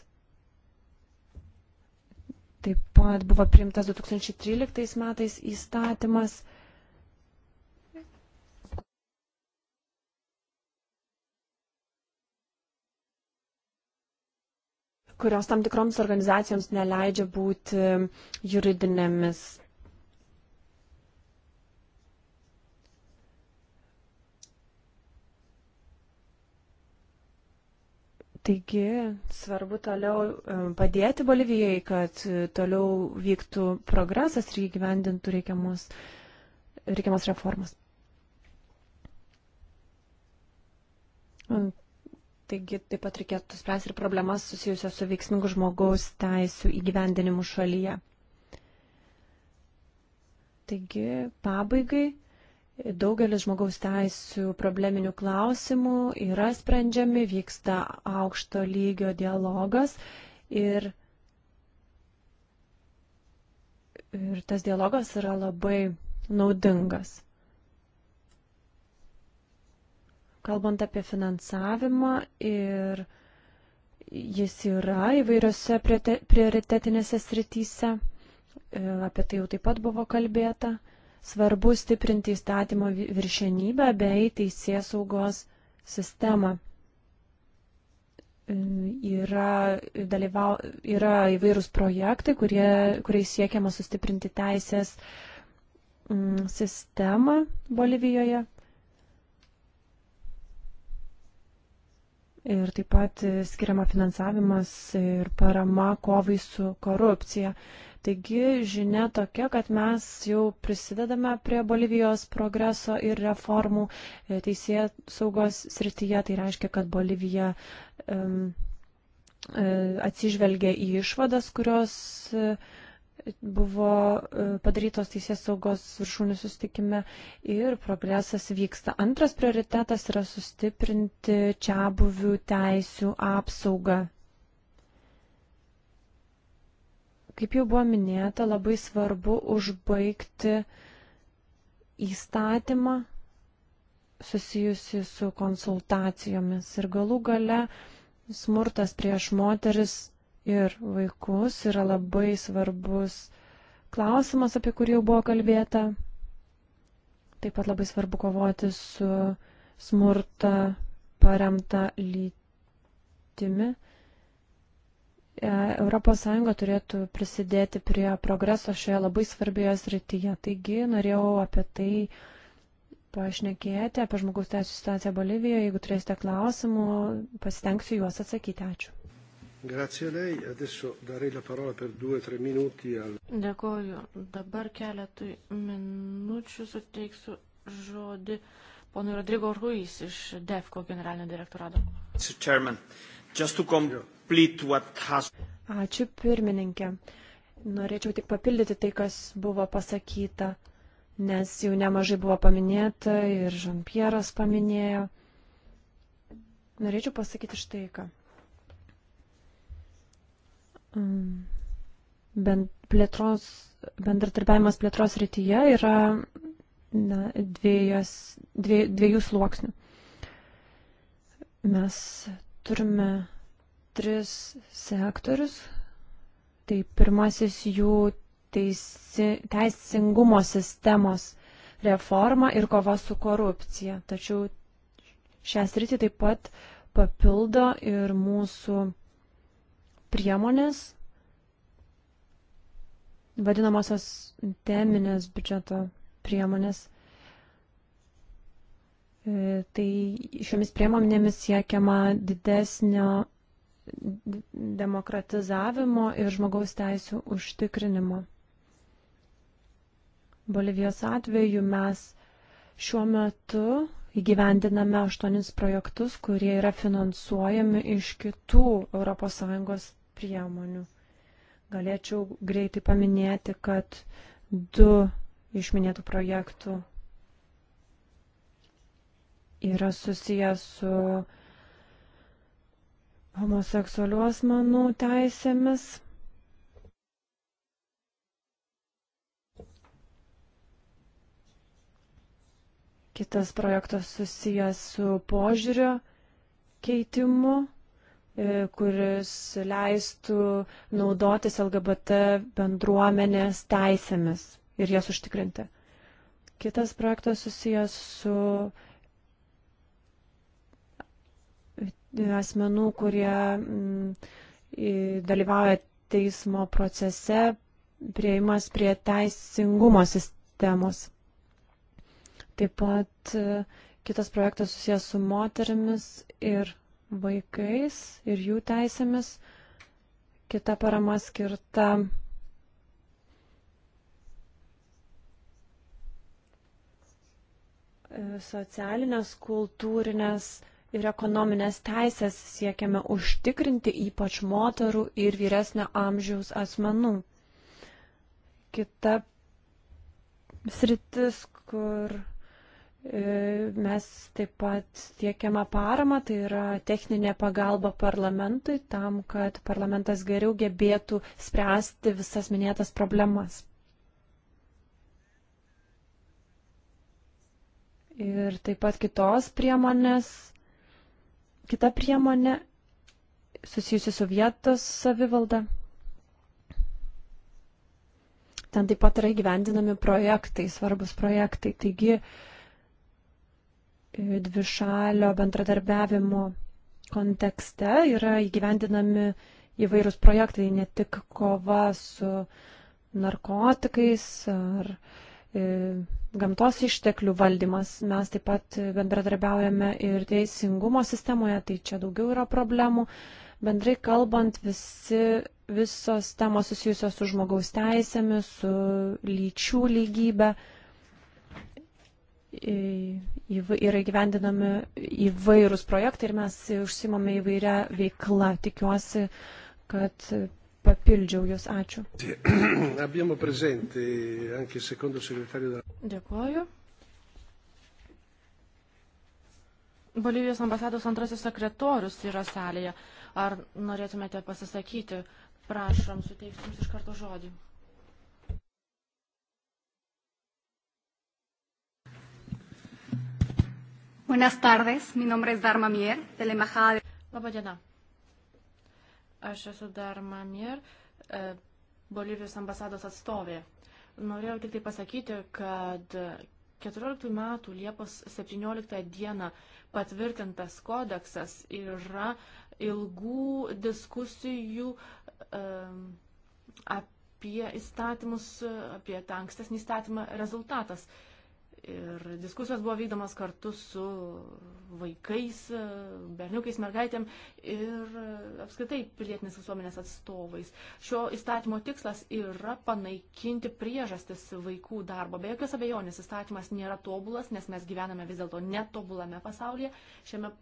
[SPEAKER 4] Taip pat buvo priimtas 2013 metais įstatymas. kurios tam tikroms organizacijoms neleidžia būti juridinėmis Taigi svarbu toliau e, padėti Bolivijai, kad e, toliau vyktų progresas ir įgyvendintų reikiamus, reikiamas reformas. E, taigi taip pat reikėtų spręsti ir problemas susijusios su veiksmingu žmogaus teisų įgyvendinimu šalyje. Taigi pabaigai Daugelis žmogaus teisų probleminių klausimų yra sprendžiami, vyksta aukšto lygio dialogas ir, ir tas dialogas yra labai naudingas. Kalbant apie finansavimą ir jis yra įvairiose prioritetinėse srityse, apie tai jau taip pat buvo kalbėta. Svarbu stiprinti įstatymo viršenybę bei teisės saugos sistemą. E, yra, dalyvau, yra įvairūs projektai, kurie, kuriais siekiama sustiprinti teisės mm, sistemą Bolivijoje. Ir taip pat skiriama finansavimas ir parama kovai su korupcija. Taigi žinia tokia, kad mes jau prisidedame prie Bolivijos progreso ir reformų e, teisėje saugos srityje. Tai reiškia, kad Bolivija um, e, atsižvelgia į išvadas, kurios e, buvo padarytos teisės saugos viršūnių sustikime ir progresas vyksta. Antras prioritetas yra sustiprinti čia buvių teisių apsaugą Kaip jau buvo minėta, labai svarbu užbaigti įstatymą susijusi su konsultacijomis ir galų gale smurtas prieš moteris ir vaikus yra labai svarbus klausimas, apie kurį jau buvo kalbėta. Taip pat labai svarbu kovoti su smurta paremta lytimi. ES turėtų prisidėti prie progreso šioje labai svarbioje srityje. Taigi norėjau apie tai pašnekėti, apie žmogaus teisų situaciją Bolivijoje. Jeigu turėsite klausimų, pasitengsiu juos atsakyti. Ačiū. Dėkoju.
[SPEAKER 2] Dabar keletui minučių suteiksiu žodį ponui
[SPEAKER 4] Rodrigo Ruiz iš DEFCO generalinio direktorado.
[SPEAKER 5] Mr. Chairman, uh, Has...
[SPEAKER 4] Ačiū pirmininkė. Norėčiau tik papildyti tai, kas buvo pasakyta, nes jau nemažai buvo paminėta ir Žampieras paminėjo. Norėčiau pasakyti štai ką. Mm. Bent plėtros, bendratarpiavimas plėtros rytyje yra na, dviejas, dvie, dviejų sluoksnių. Mes turime tris sektorius. Tai pirmasis jų teisi, teisingumo sistemos reforma ir kova su korupcija. Tačiau šią sritį taip pat papildo ir mūsų priemonės, vadinamosios teminės biudžeto priemonės. E, tai šiomis priemonėmis siekiama didesnio demokratizavimo ir žmogaus teisų užtikrinimo. Bolivijos atveju mes šiuo metu įgyvendiname aštuonis projektus, kurie yra finansuojami iš kitų ES priemonių. Galėčiau greitai paminėti, kad du iš minėtų projektų yra susijęs su homoseksualių asmenų teisėmis. Kitas projektas susijęs su požiūrio keitimu, e, kuris leistų naudotis LGBT bendruomenės teisėmis ir jas užtikrinti. Kitas projektas susijęs su asmenų, kurie mm, dalyvauja teismo procese, prieimas prie teisingumo sistemos. Taip pat e, kitas projektas susijęs su moterimis ir vaikais ir jų teisėmis. Kita parama skirta e, socialinės, kultūrinės ir ekonominės teisės siekiame užtikrinti ypač moterų ir vyresnio amžiaus asmenų. Kita sritis, kur e, mes taip pat tiekiame paramą, tai yra techninė pagalba parlamentui tam, kad parlamentas geriau gebėtų spręsti visas minėtas problemas. Ir taip pat kitos priemonės kita priemonė susijusi su vietos savivalda. Ten taip pat yra įgyvendinami projektai, svarbus projektai. Taigi e, dvišalio bendradarbiavimo kontekste yra įgyvendinami įvairūs projektai, ne tik kova su narkotikais ar uh, E, gamtos išteklių valdymas. Mes taip pat bendradarbiaujame ir teisingumo sistemoje, tai čia daugiau yra problemų. Bendrai kalbant, visi, visos temos susijusios su žmogaus teisėmis, su lyčių lygybė yra įgyvendinami įvairūs projektai ir mes užsimame įvairią veiklą. Tikiuosi, kad papildžiau jūs. Ačiū.
[SPEAKER 1] <clears throat>
[SPEAKER 4] Dėkuoju.
[SPEAKER 2] Bolivijos ambasados antrasis sekretorius yra salėje. Ar norėtumėte pasisakyti? Prašom, suteiksiu jums iš karto žodį. Buenas tardes, mi nombre es Darma Mier, de la Embajada de... Labadiena. Aš esu dar Mamier, e, Bolivijos ambasados atstovė. Norėjau tik tai pasakyti, kad 14 metų Liepos 17 dieną patvirtintas kodeksas yra ilgų diskusijų e, apie įstatymus, apie tą ankstesnį įstatymą rezultatas. Uh, Ir diskusijos buvo vykdomas kartu su vaikais, e, berniukais, mergaitėm ir apskritai pilietinės visuomenės atstovais. Šio įstatymo tikslas yra panaikinti priežastis vaikų darbo. Be jokios abejonės įstatymas nėra tobulas, nes mes gyvename vis dėlto netobulame pasaulyje. Šiame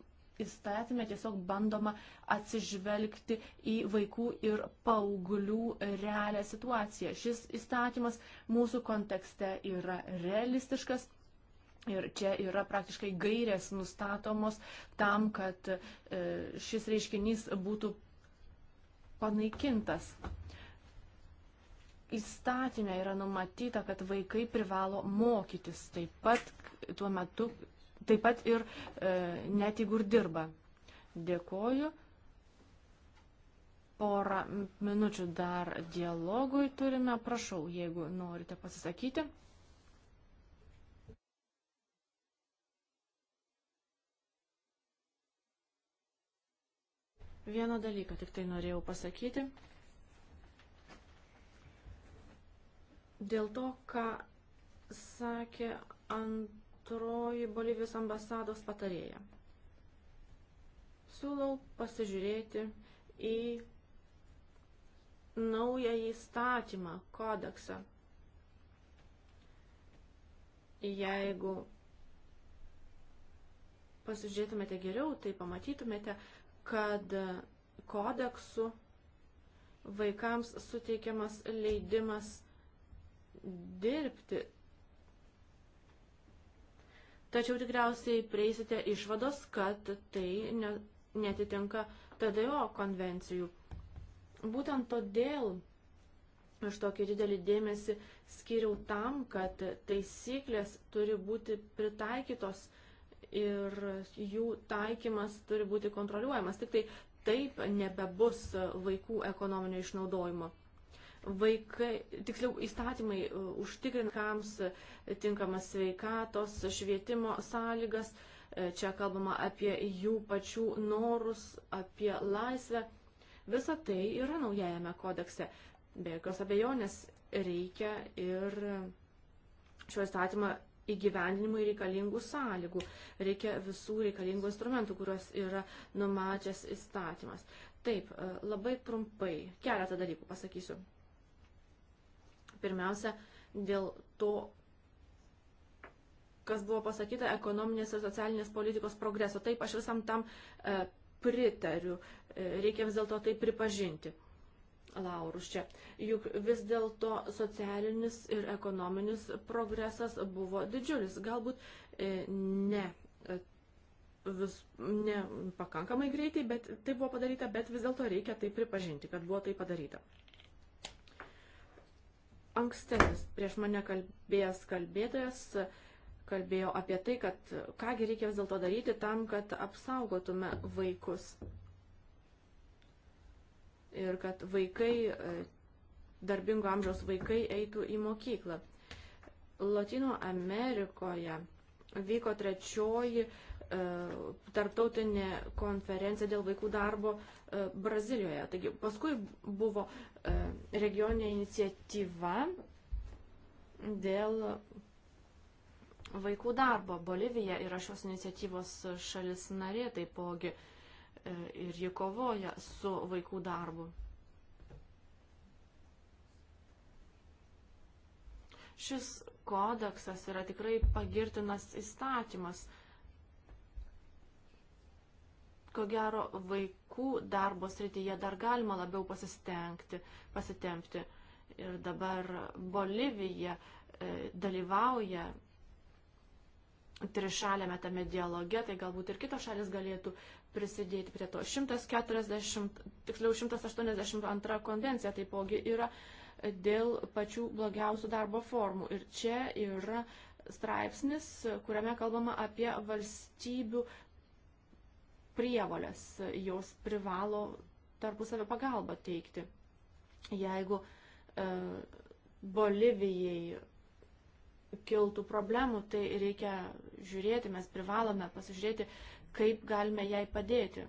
[SPEAKER 2] įstatymė tiesiog bandoma atsižvelgti į vaikų ir paauglių realią situaciją. Šis įstatymas mūsų kontekste yra realistiškas. Ir čia yra praktiškai gairės nustatomos tam, kad e, šis reiškinys būtų panaikintas. Įstatymė yra numatyta, kad vaikai privalo mokytis taip pat tuo metu, taip pat ir e, net jeigu ir dirba. Dėkoju. Porą minučių dar dialogui turime. Prašau, jeigu norite pasisakyti. Vieną dalyką tik tai norėjau pasakyti. Dėl to, ką sakė Antanas antroji Bolivijos ambasados patarėja. Siūlau pasižiūrėti į naują įstatymą, kodeksą. Jeigu pasižiūrėtumėte geriau, tai pamatytumėte, kad kodeksu vaikams suteikiamas leidimas dirbti Tačiau tikriausiai prieisite išvados, kad tai ne, netitinka TDO konvencijų. Būtent todėl aš tokį didelį dėmesį skiriau tam, kad taisyklės turi būti pritaikytos ir jų taikymas turi būti kontroliuojamas. Tik tai taip nebebus vaikų ekonominio išnaudojimo. Vaikai, tiksliau, įstatymai e, užtikrinkams e, tinkamas sveikatos, švietimo sąlygas. E, čia kalbama apie jų pačių norus, apie laisvę. Visa tai yra naujajame kodekse. Be jokios abejonės reikia ir šio įstatymą įgyvendinimui reikalingų sąlygų, reikia visų reikalingų instrumentų, kuriuos yra numačęs įstatymas. Taip, labai trumpai keletą dalykų pasakysiu. Pirmiausia, dėl to, kas buvo pasakyta, ekonominės ir socialinės politikos progreso. Taip, aš visam tam e, pritariu. E, reikia vis dėlto tai pripažinti. Laurus čia. Juk vis dėlto socialinis ir ekonominis progresas buvo didžiulis. Galbūt e, ne e, vis nepakankamai greitai, bet tai buvo padaryta, bet vis dėlto reikia tai pripažinti, kad buvo tai padaryta. Ankstesnis prieš mane kalbėjęs kalbėtojas kalbėjo apie tai, kad kągi reikia vis dėlto daryti tam, kad apsaugotume vaikus. Ir kad vaikai, e, darbingo amžiaus vaikai eitų į mokyklą. Latino Amerikoje vyko trečioji uh, E, tarptautinė konferencija dėl vaikų darbo e, Brazilijoje. Taigi paskui buvo e, regioninė iniciatyva dėl vaikų darbo. Bolivija yra šios iniciatyvos šalis narė taipogi ir ji kovoja su vaikų darbu. Šis kodeksas yra tikrai pagirtinas įstatymas – ko gero vaikų darbo srityje dar galima labiau pasistengti, pasitempti. Ir dabar Bolivija e, dalyvauja trišalėme tame dialoge, tai galbūt ir kitos šalis galėtų prisidėti prie to. 140, tiksliau 182 konvencija taipogi yra dėl pačių blogiausių darbo formų. Ir čia yra straipsnis, kuriame kalbama apie valstybių prievolės, jos privalo tarpusavio pagalbą teikti. Jeigu e, Bolivijai kiltų problemų, tai reikia žiūrėti, mes privalome pasižiūrėti, kaip galime jai padėti.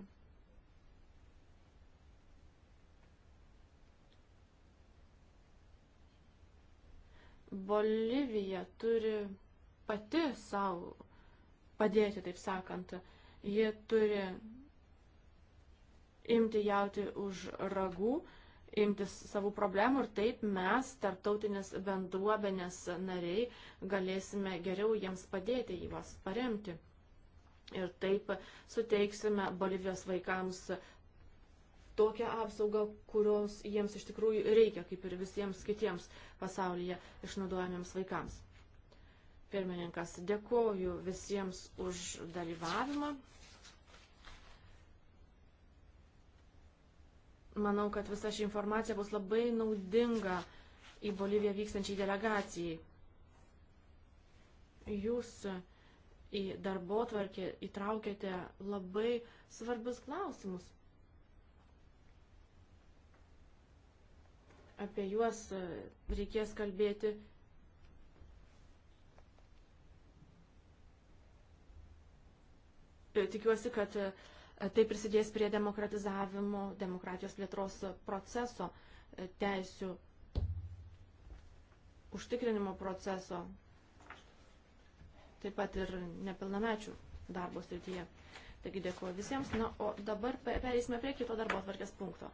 [SPEAKER 2] Bolivija turi pati savo padėti, taip sakant, Jie turi imti jauti už ragų, imtis savų problemų ir taip mes, tarptautinės bendruomenės nariai, galėsime geriau jiems padėti, juos paremti. Ir taip suteiksime Bolivijos vaikams tokią apsaugą, kurios jiems iš tikrųjų reikia, kaip ir visiems kitiems pasaulyje išnaudojamiems vaikams. Pirmininkas, dėkoju visiems už dalyvavimą. Manau, kad visa ši informacija bus labai naudinga į Boliviją vykstančiai delegacijai. Jūs į darbo tvarkį įtraukėte labai svarbius klausimus. Apie juos reikės kalbėti tikiuosi, kad e, tai prisidės prie demokratizavimo, demokratijos plėtros e, proceso, e, teisių užtikrinimo proceso, taip pat ir nepilnamečių darbo srityje. Taigi dėkuoju visiems. Na, o dabar pereisime prie kito darbo atvarkės punkto.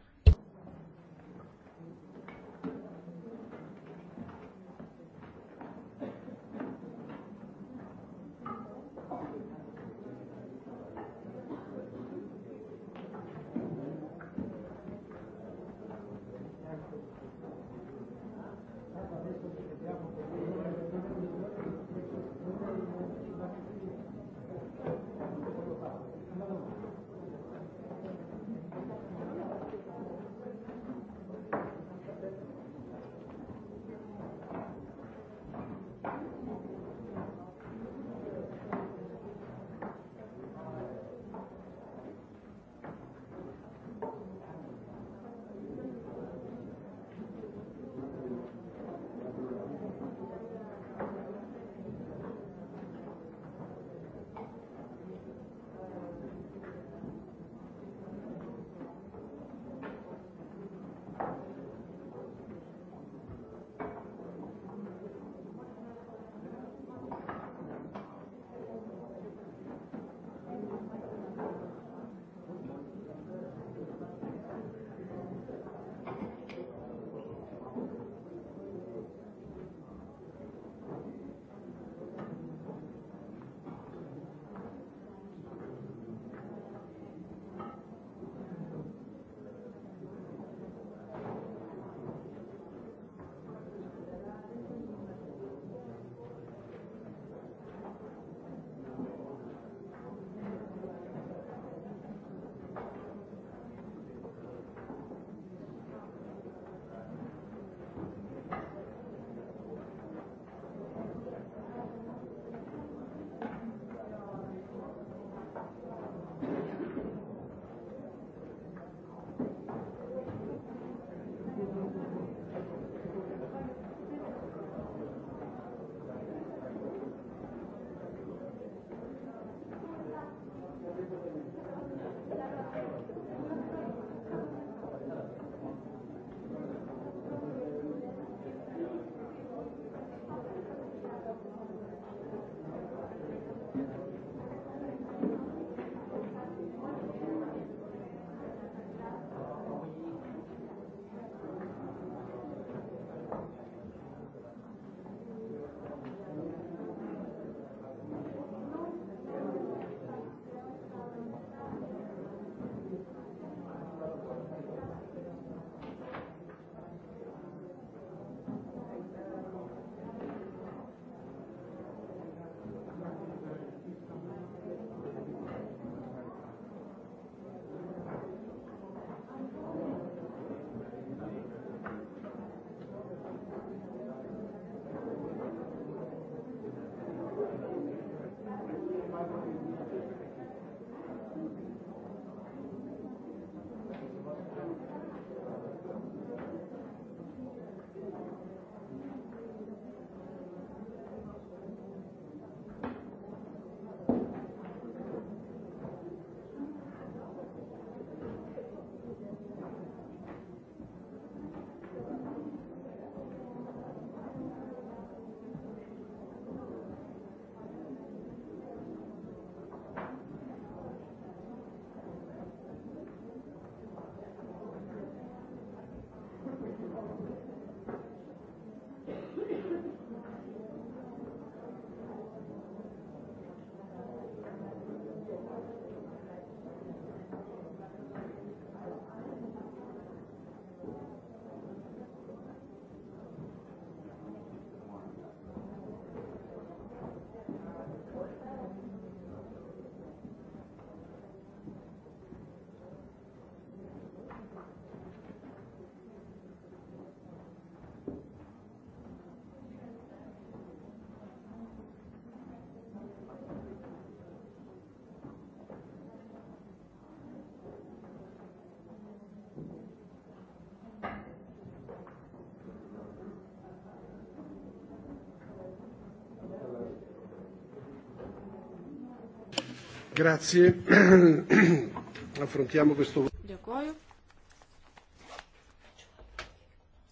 [SPEAKER 1] Grazie. <clears throat> Affrontiamo questo.
[SPEAKER 2] Dėkoju.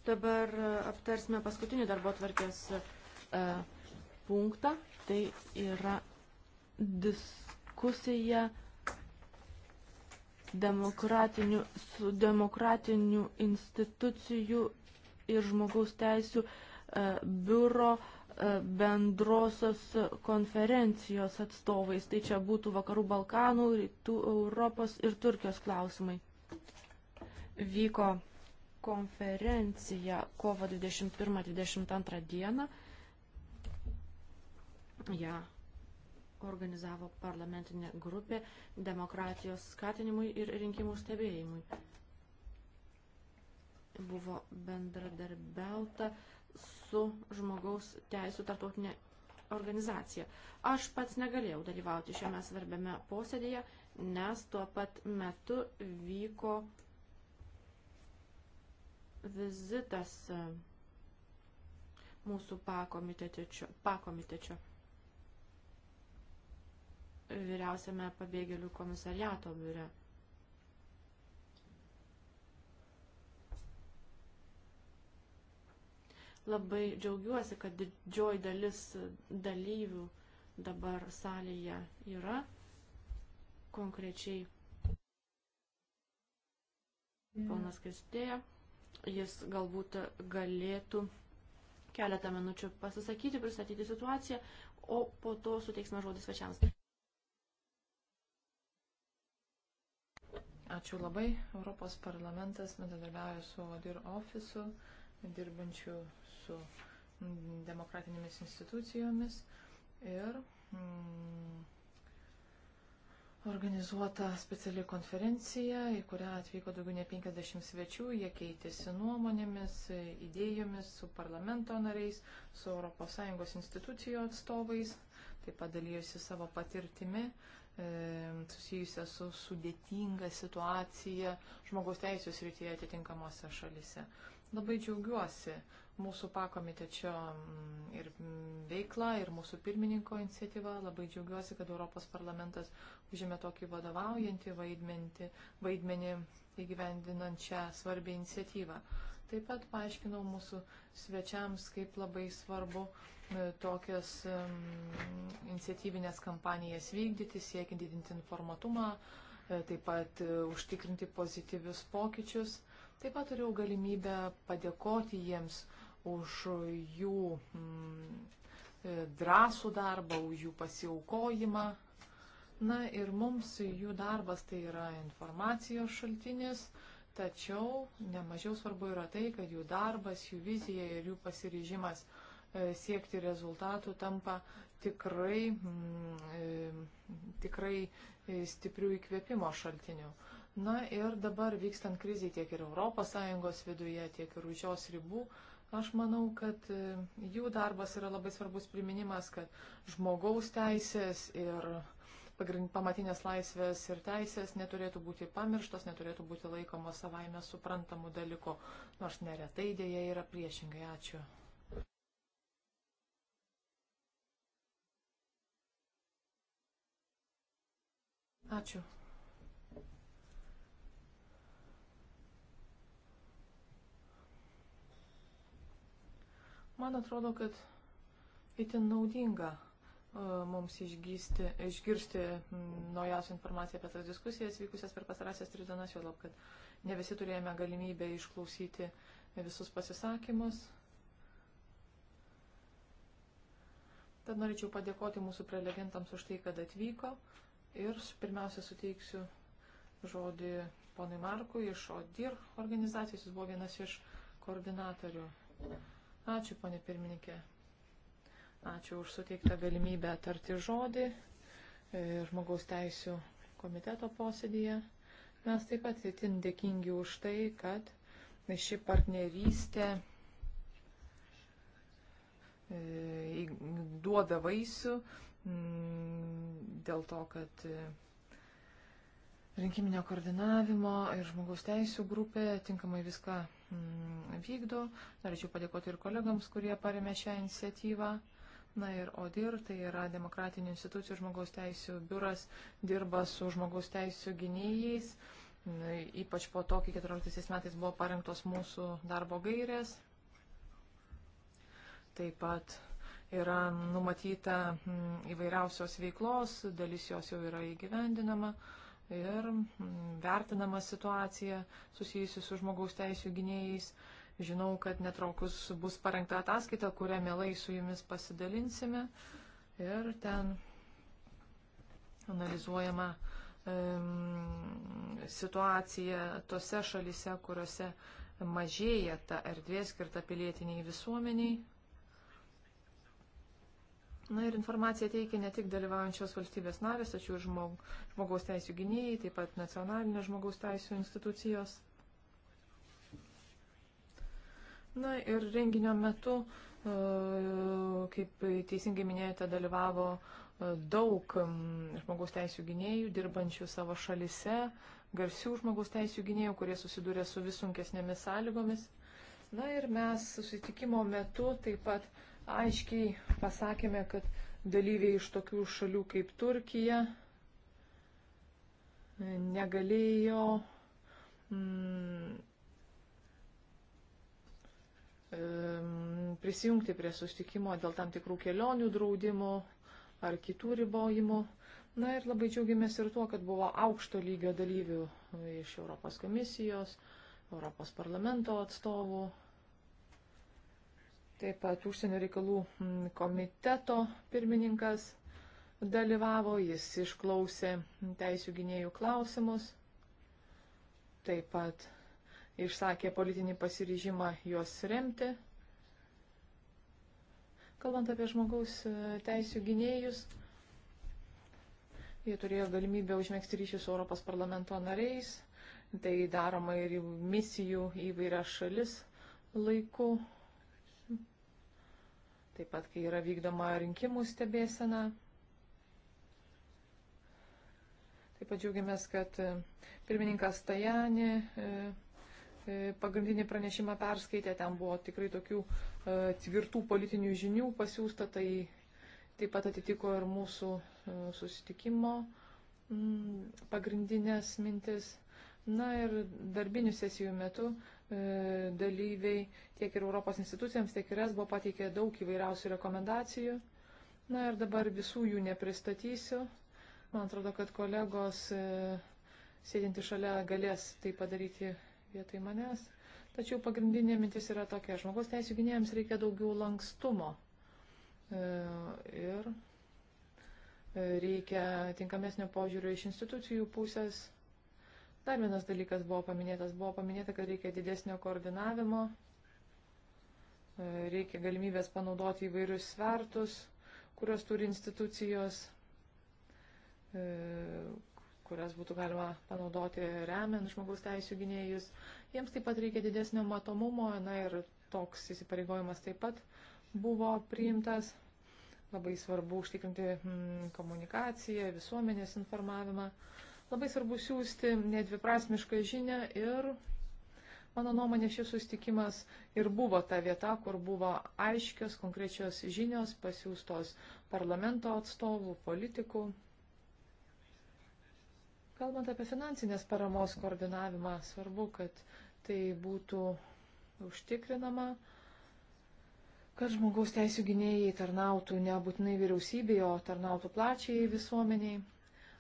[SPEAKER 2] Dabar e, aptarsime paskutinį darbo tvarkės e, punktą. Tai yra diskusija demokratinių, su demokratinių institucijų ir žmogaus teisų e, biuro uh, E, bendrosios konferencijos atstovais. Tai čia būtų Vakarų Balkanų, Rytų Europos ir Turkijos klausimai. Vyko konferencija kovo 21-22 dieną. Ja organizavo parlamentinė grupė demokratijos skatinimui ir rinkimų stebėjimui. Buvo bendradarbiauta uh, su žmogaus teisų tarptautinė organizacija. Aš pats negalėjau dalyvauti šiame svarbiame posėdėje, nes tuo pat metu vyko vizitas e, mūsų pakomitečio, pakomitečio vyriausiame pabėgėlių komisariato biure. Labai džiaugiuosi, kad didžioji dalis dalyvių dabar salėje yra konkrečiai. Ponas Kristėja, jis galbūt galėtų keletą minučių pasisakyti, pristatyti situaciją, o po to suteiksime žodį svečiams.
[SPEAKER 3] Ačiū labai. Europos parlamentas bendradarbiauja su ODIR ofisu dirbančių su demokratinėmis institucijomis ir mm, organizuota speciali konferencija, į kurią atvyko daugiau nei 50 svečių, jie keitėsi nuomonėmis, idėjomis su parlamento nariais, su ES institucijų atstovais, taip pat dalyjosi savo patirtimi e, susijusią su sudėtinga situacija žmogaus teisės rytyje atitinkamuose šalise. Labai džiaugiuosi mūsų pakomitečio mm, ir mm, veikla, ir mūsų pirmininko iniciatyva. Labai džiaugiuosi, kad Europos parlamentas užėmė tokį vadovaujantį vaidmenį, vaidmenį įgyvendinant šią svarbią iniciatyvą. Taip pat paaiškinau mūsų svečiams, kaip labai svarbu e, tokias mm, iniciatyvinės kampanijas vykdyti, siekiant didinti informatumą, e, taip pat e, užtikrinti pozityvius pokyčius. Taip pat turėjau galimybę padėkoti jiems už jų mm, e, drąsų darbą, už jų pasiaukojimą. Na ir mums jų darbas tai yra informacijos šaltinis, tačiau nemažiau svarbu yra tai, kad jų darbas, jų vizija ir jų pasiryžimas e, siekti rezultatų tampa tikrai, mm, e, tikrai stiprių įkvėpimo šaltinių. Na ir dabar vykstant kriziai tiek ir ES viduje, tiek ir už jos ribų, aš manau, kad e, jų darbas yra labai svarbus priminimas, kad žmogaus teisės ir pamatinės laisvės ir teisės neturėtų būti pamirštos, neturėtų būti laikomos savaime suprantamų dalykų, nors neretai dėja yra priešingai. Ačiū. Ačiū. Man atrodo, kad itin naudinga e, mums išgysti, išgirsti naujausią informaciją apie tas diskusijas vykusias per pasarasias tris dienas, jo lab, kad ne visi turėjome galimybę išklausyti visus pasisakymus. Tad norėčiau padėkoti mūsų prelegentams už tai, kad atvyko ir pirmiausia suteiksiu žodį ponui Markui iš ODIR organizacijos, jis buvo vienas iš koordinatorių. Ačiū, ponė pirmininkė. Ačiū už suteiktą galimybę tarti žodį žmogaus teisų komiteto posėdėje. Mes taip pat itin dėkingi už tai, kad ši partnerystė e, duoda vaisių mm, dėl to, kad e, rinkiminio koordinavimo ir žmogaus teisų grupė tinkamai viską Mm, vykdo. Norėčiau padėkoti ir kolegams, kurie paremė šią iniciatyvą. Na ir ODIR, tai yra demokratinių institucijų žmogaus teisų biuras, dirba su žmogaus teisų gynėjais. Ypač po to, kai 14 metais buvo parengtos mūsų darbo gairės. Taip pat yra numatyta mm, įvairiausios veiklos, dalis jos jau yra įgyvendinama. Uh, ir mm, vertinama situacija susijusi su žmogaus teisų gynėjais. Žinau, kad netrukus bus parengta ataskaita, kurią mielai su jumis pasidalinsime. Ir ten analizuojama um, situacija tose šalise, kuriuose mažėja ta erdvė skirta pilietiniai visuomeniai. Na ir informaciją teikia ne tik dalyvaujančios valstybės narės, tačiau ir žmog, žmogaus teisų gynėjai, taip pat nacionalinės žmogaus teisų institucijos. Na ir renginio metu, e, kaip teisingai minėjote, dalyvavo e, daug žmogaus teisų gynėjų, dirbančių savo šalise, garsių žmogaus teisų gynėjų, kurie susidūrė su vis sunkesnėmis sąlygomis. Na ir mes susitikimo metu taip pat uh, aiškiai pasakėme, kad dalyviai iš tokių šalių kaip Turkija negalėjo mm, prisijungti prie sustikimo dėl tam tikrų kelionių draudimo ar kitų ribojimų. Na ir labai džiaugiamės ir tuo, kad buvo aukšto lygio dalyvių iš Europos komisijos, Europos parlamento atstovų, Taip pat užsienio reikalų komiteto pirmininkas dalyvavo, jis išklausė teisų gynėjų klausimus, taip pat išsakė politinį pasiryžimą juos remti. Kalbant apie žmogaus e, teisų gynėjus, jie turėjo galimybę užmėgsti ryšį su Europos parlamento nariais, tai daroma ir misijų įvairias šalis laiku taip pat kai yra vykdoma rinkimų stebėsena. Taip pat džiaugiamės, kad e, pirmininkas Tajani e, e, pagrindinį pranešimą perskaitė, ten buvo tikrai tokių tvirtų politinių žinių pasiūsta, tai taip pat atitiko ir mūsų susitikimo pagrindinės mintis. Na ir darbinių sesijų metu E, dalyviai tiek ir Europos institucijams, tiek ir es buvo pateikė daug įvairiausių rekomendacijų. Na ir dabar visų jų nepristatysiu. Man atrodo, kad kolegos e, sėdinti šalia galės tai padaryti vietoj manęs. Tačiau pagrindinė mintis yra tokia, žmogaus teisų gynėjams reikia daugiau lankstumo e, ir reikia tinkamesnio požiūrio iš institucijų pusės Dar vienas dalykas buvo paminėtas. Buvo paminėta, kad reikia didesnio koordinavimo, e, reikia galimybės panaudoti įvairius svertus, kurios turi institucijos, e, kurias būtų galima panaudoti remiant žmogaus teisų gynėjus. Jiems taip pat reikia didesnio matomumo, na ir toks įsipareigojimas taip pat buvo priimtas. Labai svarbu užtikrinti mm, komunikaciją, visuomenės informavimą. Uh, Labai svarbu siūsti nedviprasmišką žinę ir, mano nuomonė, šis sustikimas ir buvo ta vieta, kur buvo aiškios, konkrečios žinios pasiūstos parlamento atstovų, politikų. Kalbant apie finansinės paramos koordinavimą, svarbu, kad tai būtų užtikrinama kad žmogaus teisų gynėjai tarnautų nebūtinai vyriausybėje, o tarnautų plačiai visuomeniai.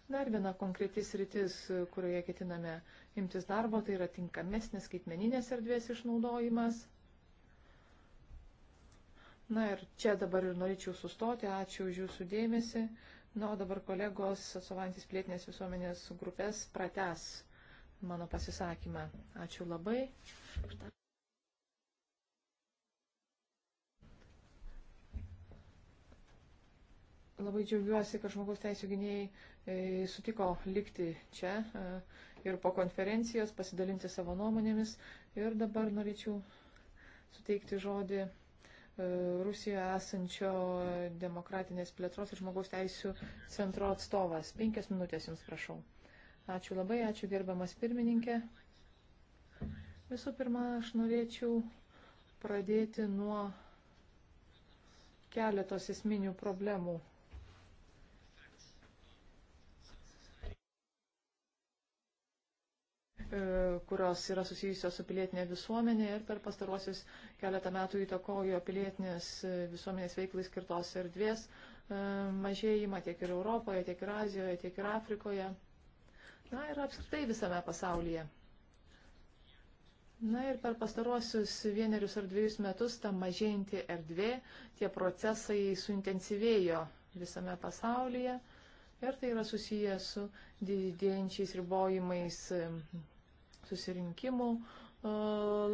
[SPEAKER 3] Dar viena konkretis rytis, kurioje ketiname imtis darbo, tai yra tinkamesnis skaitmeninės erdvės išnaudojimas. Na ir čia dabar ir norėčiau sustoti. Ačiū už jūsų dėmesį. Na, o dabar kolegos atsovantis plėtinės visuomenės grupės prates mano pasisakymą. Ačiū labai. Labai džiaugiuosi, kad žmogaus teisų gynėjai e, sutiko likti čia e, ir po konferencijos pasidalinti savo nuomonėmis. Ir dabar norėčiau suteikti žodį e, Rusijoje esančio demokratinės plėtros ir žmogaus teisų centro atstovas. Penkias minutės jums prašau. Ačiū labai, ačiū gerbiamas pirmininkė. Visų pirma, aš norėčiau pradėti nuo keletos esminių problemų E, kurios yra susijusios su pilietinė visuomenė ir per pastaruosius keletą metų įtakojo pilietinės e, visuomenės veiklai skirtos erdvės e, mažėjimą tiek ir Europoje, tiek ir Azijoje, tiek ir Afrikoje. Na ir apskritai visame pasaulyje. Na ir per pastaruosius vienerius ar dviejus metus ta mažėjanti erdvė, tie procesai suintensyvėjo visame pasaulyje. Ir tai yra susiję su didėjančiais ribojimais susirinkimų e,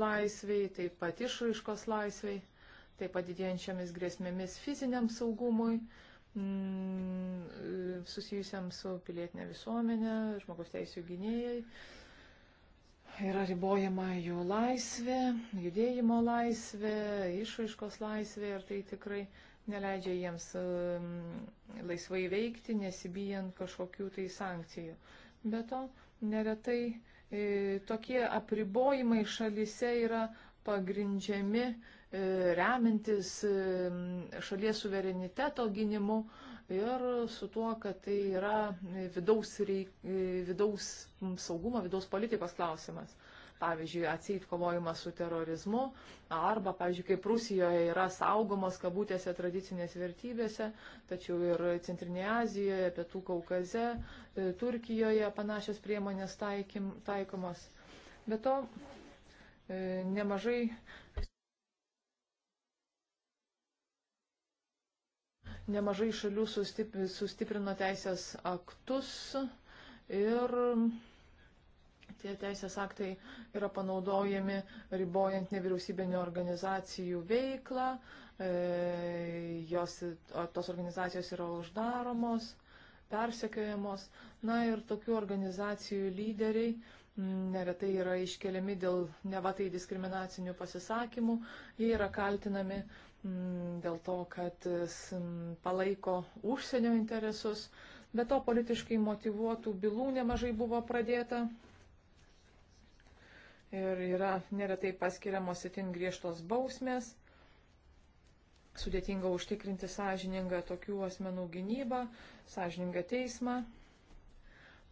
[SPEAKER 3] laisviai, taip pat išraiškos laisviai, taip pat didėjančiamis grėsmėmis fiziniam saugumui, mm, susijusiam su pilietinė visuomenė, žmogaus teisų gynėjai. Yra ribojama jų laisvė, judėjimo laisvė, išraiškos laisvė ir tai tikrai neleidžia jiems mm, laisvai veikti, nesibijant kažkokių tai sankcijų. Be to, neretai E, tokie apribojimai šalise yra pagrindžiami e, remintis e, šalies suvereniteto gynimu ir su tuo, kad tai yra vidaus, reik, vidaus saugumo, vidaus politikos klausimas pavyzdžiui, atseit kovojimas su terorizmu, arba, pavyzdžiui, kaip Rusijoje yra saugomos kabutėse tradicinės vertybėse, tačiau ir Centrinėje Azijoje, Pietų Kaukaze, e, Turkijoje panašios priemonės taikim, taikomos. Be to, e, nemažai. Nemažai šalių sustiprino teisės aktus ir tie teisės aktai yra panaudojami ribojant nevyriausybinio organizacijų veiklą, e, jos, tos organizacijos yra uždaromos, persekiojamos. Na ir tokių organizacijų lyderiai neretai yra iškeliami dėl nevatai diskriminacinių pasisakymų, jie yra kaltinami dėl to, kad palaiko užsienio interesus, bet to politiškai motivuotų bylų nemažai buvo pradėta ir yra neretai paskiriamos itin griežtos bausmės. Sudėtinga užtikrinti sąžiningą tokių asmenų gynybą, sąžiningą teismą.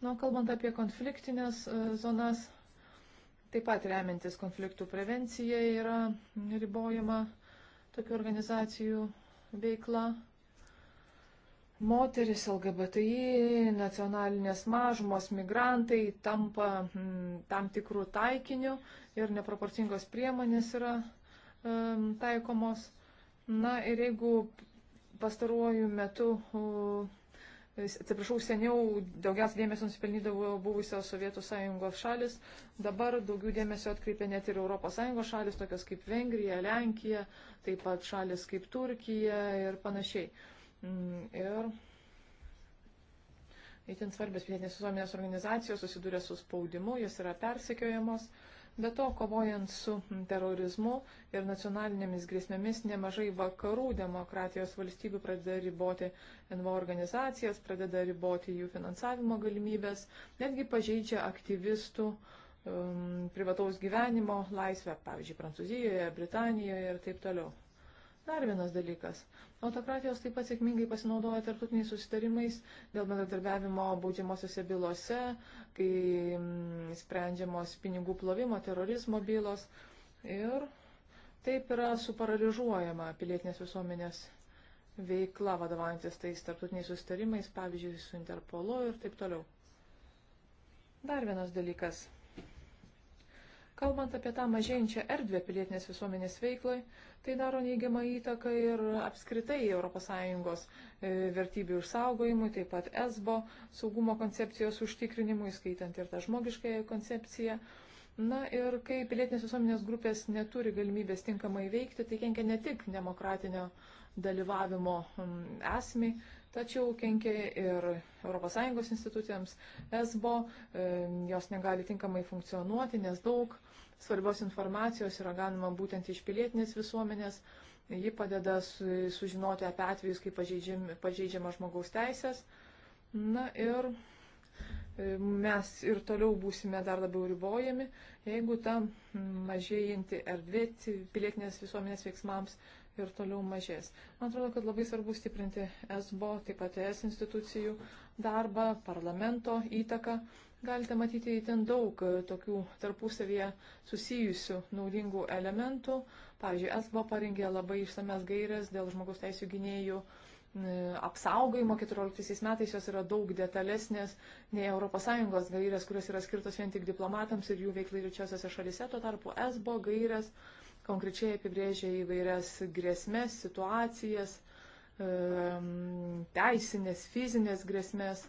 [SPEAKER 3] Na, nu, kalbant apie konfliktinės e, zonas, taip pat remiantis konfliktų prevencija yra ribojama tokių organizacijų veikla. Moteris, LGBTI, nacionalinės mažumos, migrantai tampa mm, tam tikrų taikinių ir neproporcingos priemonės yra mm, taikomos. Na ir jeigu pastaruoju metu mm, atsiprašau, seniau daugiausia dėmesio nusipelnydavo buvusios Sovietų sąjungos šalis, dabar daugiau dėmesio atkreipia net ir Europos sąjungos šalis, tokios kaip Vengrija, Lenkija, taip pat šalis kaip Turkija ir panašiai. Mm, ir įtin svarbios pilietinės visuomenės organizacijos susiduria su spaudimu, jos yra persekiojamos. Be to, kovojant su terorizmu ir nacionalinėmis grėsmėmis, nemažai vakarų demokratijos valstybių pradeda riboti NVO organizacijas, pradeda riboti jų finansavimo galimybės, netgi pažeidžia aktyvistų um, privataus gyvenimo laisvę, pavyzdžiui, Prancūzijoje, Britanijoje ir taip toliau. Dar vienas dalykas. Autokratijos taip pat sėkmingai pasinaudoja tarptautiniais susitarimais dėl bendradarbiavimo baudžiamosiose bylose, kai mm, sprendžiamos pinigų plovimo, terorizmo bylos. Ir taip yra suparaližuojama pilietinės visuomenės veikla vadovantis tais tarptautiniais susitarimais, pavyzdžiui, su Interpolu ir taip toliau. Dar vienas dalykas. Kalbant apie tą mažėjančią erdvę pilietinės visuomenės veiklai, tai daro neigiamą įtaką ir apskritai ES e, vertybių išsaugojimui, taip pat ESBO saugumo koncepcijos užtikrinimui, skaitant ir tą žmogiškąją koncepciją. Na ir kai pilietinės visuomenės grupės neturi galimybės tinkamai veikti, tai kenkia ne tik demokratinio dalyvavimo esmį, tačiau kenkia ir ES institucijams ESBO, e, jos negali tinkamai funkcionuoti, nes daug svarbios informacijos yra galima būtent iš pilietinės visuomenės, ji padeda sužinoti apie atvejus, kai pažeidžiama žmogaus teisės. Na ir e, mes ir toliau būsime dar labiau ribojami, jeigu ta mažėjanti erdvė pilietinės visuomenės veiksmams ir toliau mažės. Man atrodo, kad labai svarbu stiprinti SBO, taip pat ES institucijų darbą, parlamento įtaką. Galite matyti įtin daug tokių tarpusavėje susijusių naudingų elementų. Pavyzdžiui, SBO parengė labai išsames gairias dėl žmogaus teisų gynėjų apsaugojimo 14 metais jos yra daug detalesnės nei ES gairės, kurios yra skirtos vien tik diplomatams ir jų veiklai ryčiosiose šalise. Tuo tarpu ESBO gairės uh, konkrečiai apibrėžia įvairias grėsmės, situacijas, teisinės, fizinės grėsmės.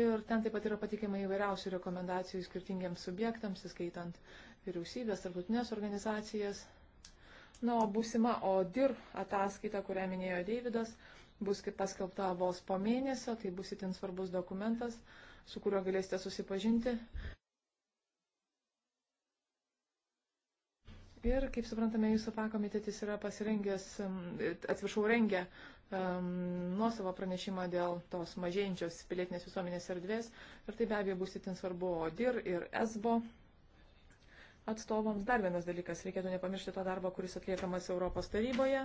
[SPEAKER 3] Ir ten taip pat yra patikima įvairiausių rekomendacijų skirtingiems subjektams, įskaitant vyriausybės, tarptautinės organizacijas. Na, o būsima ODIR ataskaita, kurią minėjo Deividas, bus kaip paskelbta vos po mėnesio, tai bus itin svarbus dokumentas, su kuriuo galėsite susipažinti. Ir, kaip suprantame, jūsų pakomitetis yra pasirengęs, atsiprašau, rengia um, nuosavą pranešimą dėl tos mažėjančios pilietinės visuomenės erdvės. Ir tai be abejo bus itin svarbu ODIR ir ESBO atstovams. Dar vienas dalykas, reikėtų nepamiršti to darbo, kuris atliekamas Europos taryboje.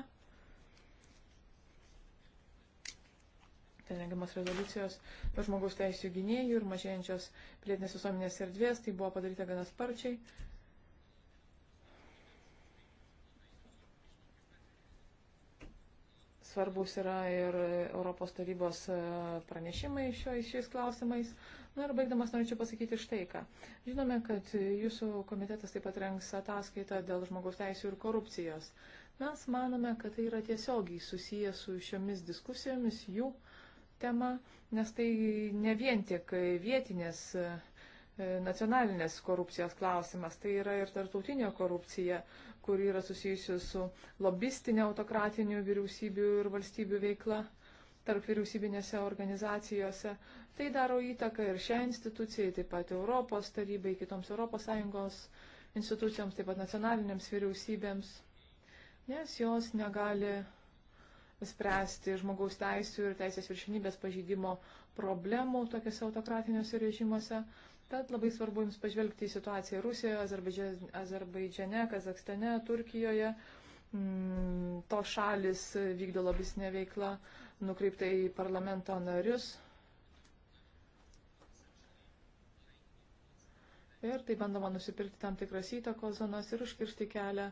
[SPEAKER 3] Ten rengiamas rezoliucijos žmogaus teisų gynėjų ir mažėjančios pilietinės visuomenės erdvės. Tai buvo padaryta gana sparčiai. svarbus yra ir Europos tarybos e, pranešimai šio, šiais klausimais. Na ir baigdamas norėčiau pasakyti štai ką. Žinome, kad jūsų komitetas taip pat rengs ataskaitą dėl žmogaus teisų ir korupcijos. Mes manome, kad tai yra tiesiogiai susiję su šiomis diskusijomis, jų tema, nes tai ne vien tik vietinės e, nacionalinės korupcijos klausimas, tai yra ir tartautinė korupcija, kuri yra susijusi su lobistinė autokratinių vyriausybių ir valstybių veikla tarp vyriausybinėse organizacijose. Tai daro įtaką ir šią instituciją, taip pat Europos tarybai, kitoms ES institucijoms, taip pat nacionalinėms vyriausybėms, nes jos negali spręsti žmogaus teisų ir teisės viršinybės pažydimo problemų tokiuose autokratiniuose režimuose. Tad labai svarbu jums pažvelgti į situaciją Rusijoje, Azerbaidžiane, Kazakstane, Turkijoje. Mm, to šalis vykdo lobisnė veikla nukreipta į parlamento narius. Ir tai bandoma nusipirkti tam tikras įtakos zonas ir užkirsti kelią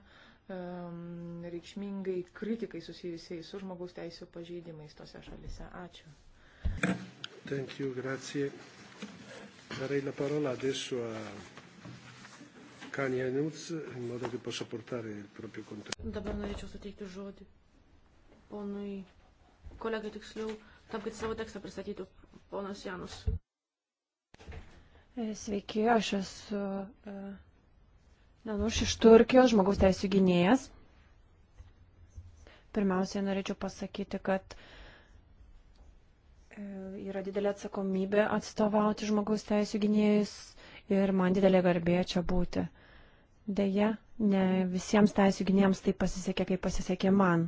[SPEAKER 3] um, reikšmingai kritikai susijusiai su žmogaus teisų pažeidimais tose šalise. Ačiū.
[SPEAKER 1] Thank you, grazie. Darei la parola adesso a Kani Anuz, in modo che possa portare il proprio contributo.
[SPEAKER 2] Dabar norėčiau suteikti žodį ponui kolegai tiksliau, tam, kad savo tekstą pristatytų ponas Janus.
[SPEAKER 4] E, sveiki, aš esu e, Nanuš iš Turkijos, žmogaus teisų gynėjas. Pirmiausiai norėčiau pasakyti, kad uh, Yra didelė atsakomybė atstovauti žmogaus teisų gynėjus ir man didelė garbė čia būti. Deja, ne visiems teisų gynėjams tai pasisekė, kaip pasisekė man.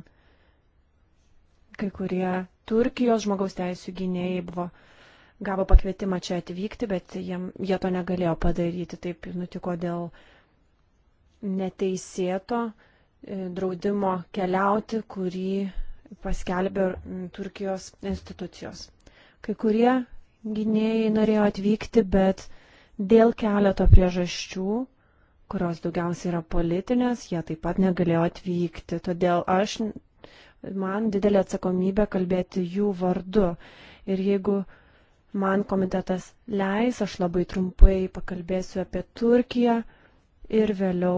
[SPEAKER 4] Kai kurie Turkijos žmogaus teisų gynėjai buvo, gavo pakvietimą čia atvykti, bet jiem, jie to negalėjo padaryti. Taip nutiko dėl neteisėto e, draudimo keliauti, kurį paskelbė Turkijos institucijos. Kai kurie gynėjai norėjo atvykti, bet dėl keleto priežasčių, kurios daugiausiai yra politinės, jie taip pat negalėjo atvykti. Todėl aš, man didelė atsakomybė kalbėti jų vardu. Ir jeigu man komitetas leis, aš labai trumpai pakalbėsiu apie Turkiją ir vėliau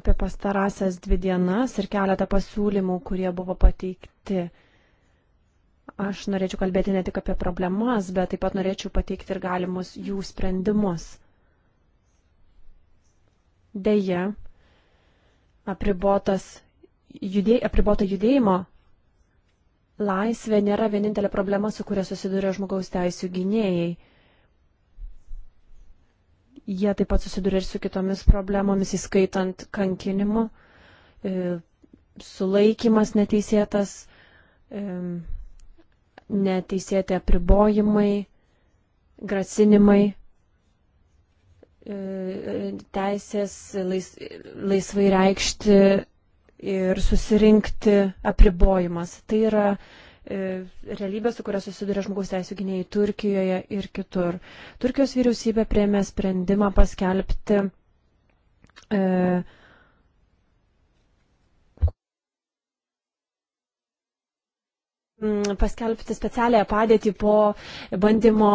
[SPEAKER 4] apie pastarąsias dvi dienas ir keletą pasiūlymų, kurie buvo pateikti. Aš norėčiau kalbėti ne tik apie problemas, bet taip pat norėčiau pateikti ir galimus jų sprendimus. Deja, apribotas judėj, apribota judėjimo laisvė nėra vienintelė problema, su kuria susiduria žmogaus teisų gynėjai. Jie taip pat susiduria ir su kitomis problemomis, įskaitant kankinimu, e, sulaikimas neteisėtas, neteisėti apribojimai, grasinimai, e, teisės lais, laisvai reikšti ir susirinkti apribojimas. Tai yra e, realybė, su kuria susiduria žmogaus teisų gynėjai Turkijoje ir kitur. Turkijos vyriausybė prieėmė sprendimą paskelbti e, Mm, paskelbti specialiąją padėtį po bandymo,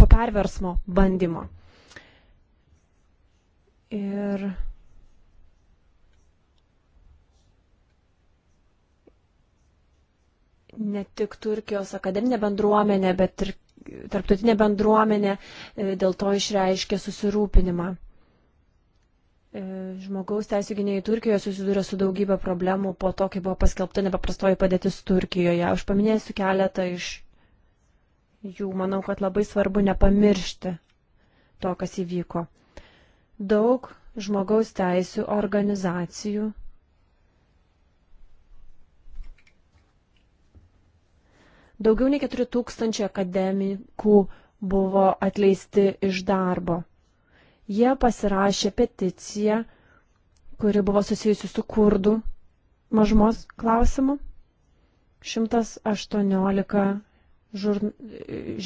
[SPEAKER 4] po perversmo bandymo. Ir ne tik Turkijos akademinė bendruomenė, bet ir tarptautinė bendruomenė e, dėl to išreiškė susirūpinimą. E, žmogaus teisų gynėjai Turkijoje susidūrė su daugybė problemų po to, kai buvo paskelbta nepaprastoji padėtis Turkijoje. Aš paminėsiu keletą iš jų. Manau, kad labai svarbu nepamiršti to, kas įvyko. Daug žmogaus teisų organizacijų Daugiau nei 4000 akademikų buvo atleisti iš darbo. Jie pasirašė peticiją, kuri buvo susijusi su kurdų mažmos klausimu. 118 žur...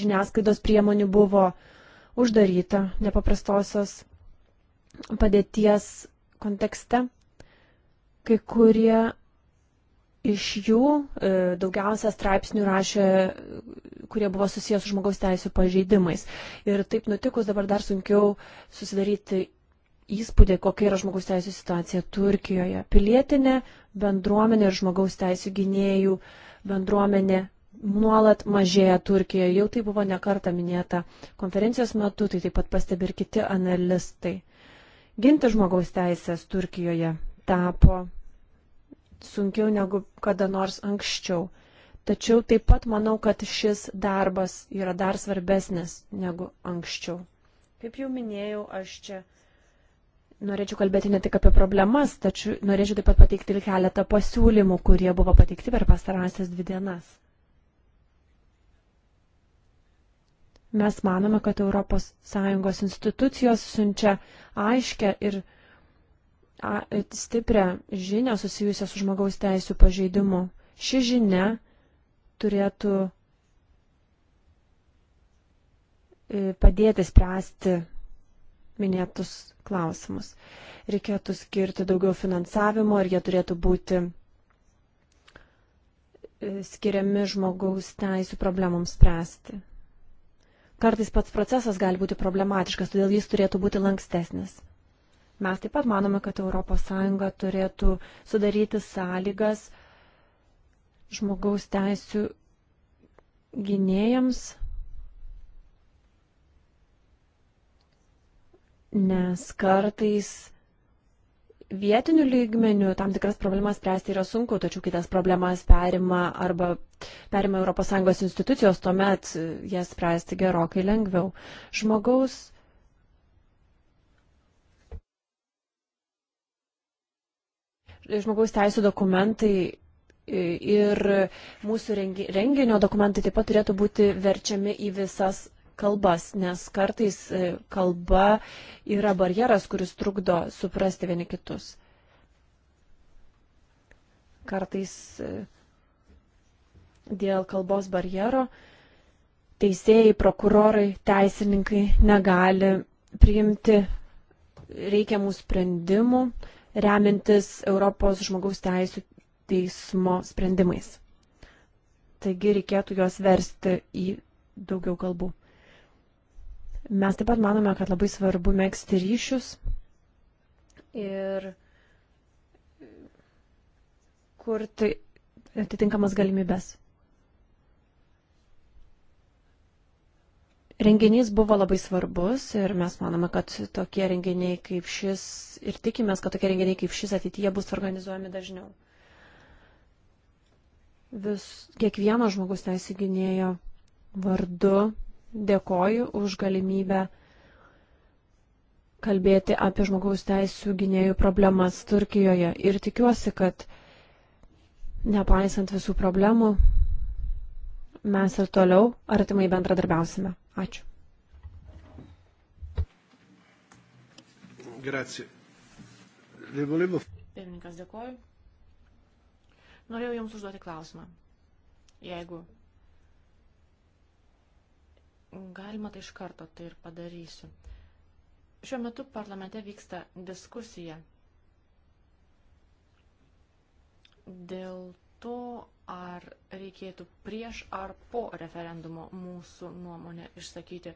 [SPEAKER 4] žiniasklaidos priemonių buvo uždaryta nepaprastosios padėties kontekste. Kai kurie Iš jų e, daugiausia straipsnių rašė, kurie buvo susijęs su žmogaus teisų pažeidimais. Ir taip nutikus dabar dar sunkiau susidaryti įspūdį, kokia yra žmogaus teisų situacija Turkijoje. Pilietinė bendruomenė ir žmogaus teisų gynėjų bendruomenė nuolat mažėja Turkijoje. Jau tai buvo nekarta minėta konferencijos metu, tai taip pat pastebi ir kiti analistai. Ginti žmogaus teisės Turkijoje tapo sunkiau negu kada nors anksčiau. Tačiau taip pat manau, kad šis darbas yra dar svarbesnis negu anksčiau. Kaip jau minėjau, aš čia norėčiau kalbėti ne tik apie problemas, tačiau norėčiau taip pat pateikti ir keletą pasiūlymų, kurie buvo pateikti per pastarąsias dvi dienas. Mes manome, kad ES institucijos siunčia aiškę ir stiprią žinią susijusią su žmogaus teisų pažeidimu. Ši žinia turėtų e, padėti spręsti minėtus klausimus. Reikėtų skirti daugiau finansavimo ir jie turėtų būti e, skiriami žmogaus teisų problemams spręsti. Kartais pats procesas gali būti problematiškas, todėl jis turėtų būti lankstesnis. Mes taip pat manome, kad ES turėtų sudaryti sąlygas žmogaus teisų gynėjams, nes kartais vietiniu lygmeniu tam tikras problemas spręsti yra sunku, tačiau kitas problemas perima arba perima ES institucijos, tuomet jas spręsti gerokai lengviau. Žmogaus žmogaus teisų dokumentai e, ir mūsų renginio dokumentai taip pat turėtų būti verčiami į visas kalbas, nes kartais e, kalba yra barjeras, kuris trukdo suprasti vieni kitus. Kartais e, dėl kalbos barjero teisėjai, prokurorai, teisininkai negali priimti reikiamų sprendimų, remintis Europos žmogaus teisų teismo sprendimais. Taigi reikėtų juos versti į daugiau kalbų. Mes taip pat manome, kad labai svarbu mėgsti ryšius ir kurti atitinkamas galimybės. Renginys buvo labai svarbus ir mes manome, kad tokie renginiai kaip šis ir tikimės, kad tokie renginiai kaip šis ateityje bus organizuojami dažniau. Vis kiekvienas žmogus teisė gynėjo vardu. Dėkoju už galimybę kalbėti apie žmogaus teisų gynėjų problemas Turkijoje ir tikiuosi, kad nepaisant visų problemų, mes ir toliau artimai bendradarbiausime. Ačiū.
[SPEAKER 1] Grazie.
[SPEAKER 2] Pirmininkas, dėkoju. Norėjau Jums užduoti klausimą. Jeigu galima, tai iš karto tai ir padarysiu. Šiuo metu parlamente vyksta diskusija dėl to, ar reikėtų prieš ar po referendumo mūsų nuomonę išsakyti.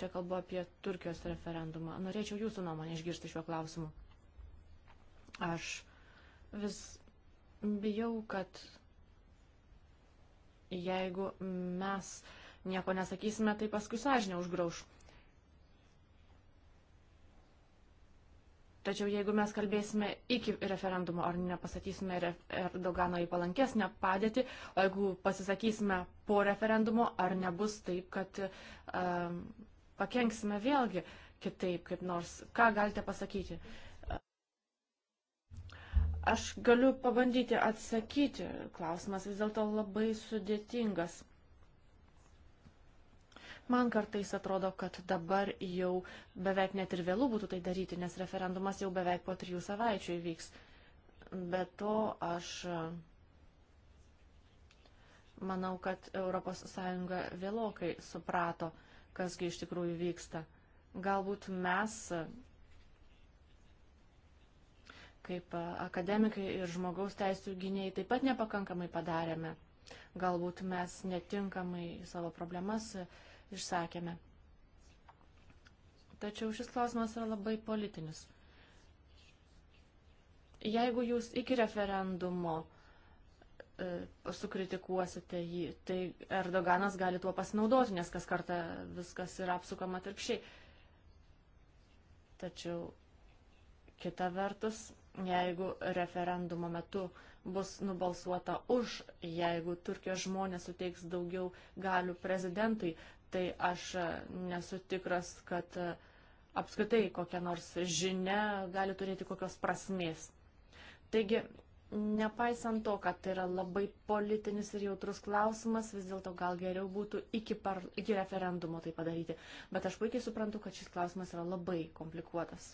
[SPEAKER 2] Čia kalbu apie Turkijos referendumą. Norėčiau jūsų nuomonę išgirsti šiuo klausimu. Aš vis bijau, kad jeigu mes nieko nesakysime, tai paskui sąžinė užgrauž. Tačiau jeigu mes kalbėsime iki referendumo, ar nepasakysime Erdogano į palankesnę padėtį, o jeigu pasisakysime po referendumo, ar nebus taip, kad um, pakenksime vėlgi kitaip, kaip nors. Ką galite pasakyti? Aš galiu pabandyti atsakyti. Klausimas vis dėlto labai sudėtingas. Man kartais atrodo, kad dabar jau beveik net ir vėlų būtų tai daryti, nes referendumas jau beveik po trijų savaičių įvyks. Be to aš e, manau, kad ES vėlokai suprato, kasgi iš tikrųjų vyksta. Galbūt mes, e, kaip e, akademikai ir žmogaus teisų gynėjai, taip pat nepakankamai padarėme. Galbūt mes netinkamai savo problemas išsakėme. Tačiau šis klausimas yra labai politinis. Jeigu jūs iki referendumo e, sukritikuosite jį, tai Erdoganas gali tuo pasinaudoti, nes kas kartą viskas yra apsukama atvirkščiai. Tačiau kita vertus, jeigu referendumo metu bus nubalsuota už, jeigu Turkijos žmonės suteiks daugiau galių prezidentui, tai aš nesu tikras, kad apskritai kokia nors žinia gali turėti kokios prasmės. Taigi, nepaisant to, kad tai yra labai politinis ir jautrus klausimas, vis dėlto gal geriau būtų iki, par, iki referendumo tai padaryti. Bet aš puikiai suprantu, kad šis klausimas yra labai komplikuotas.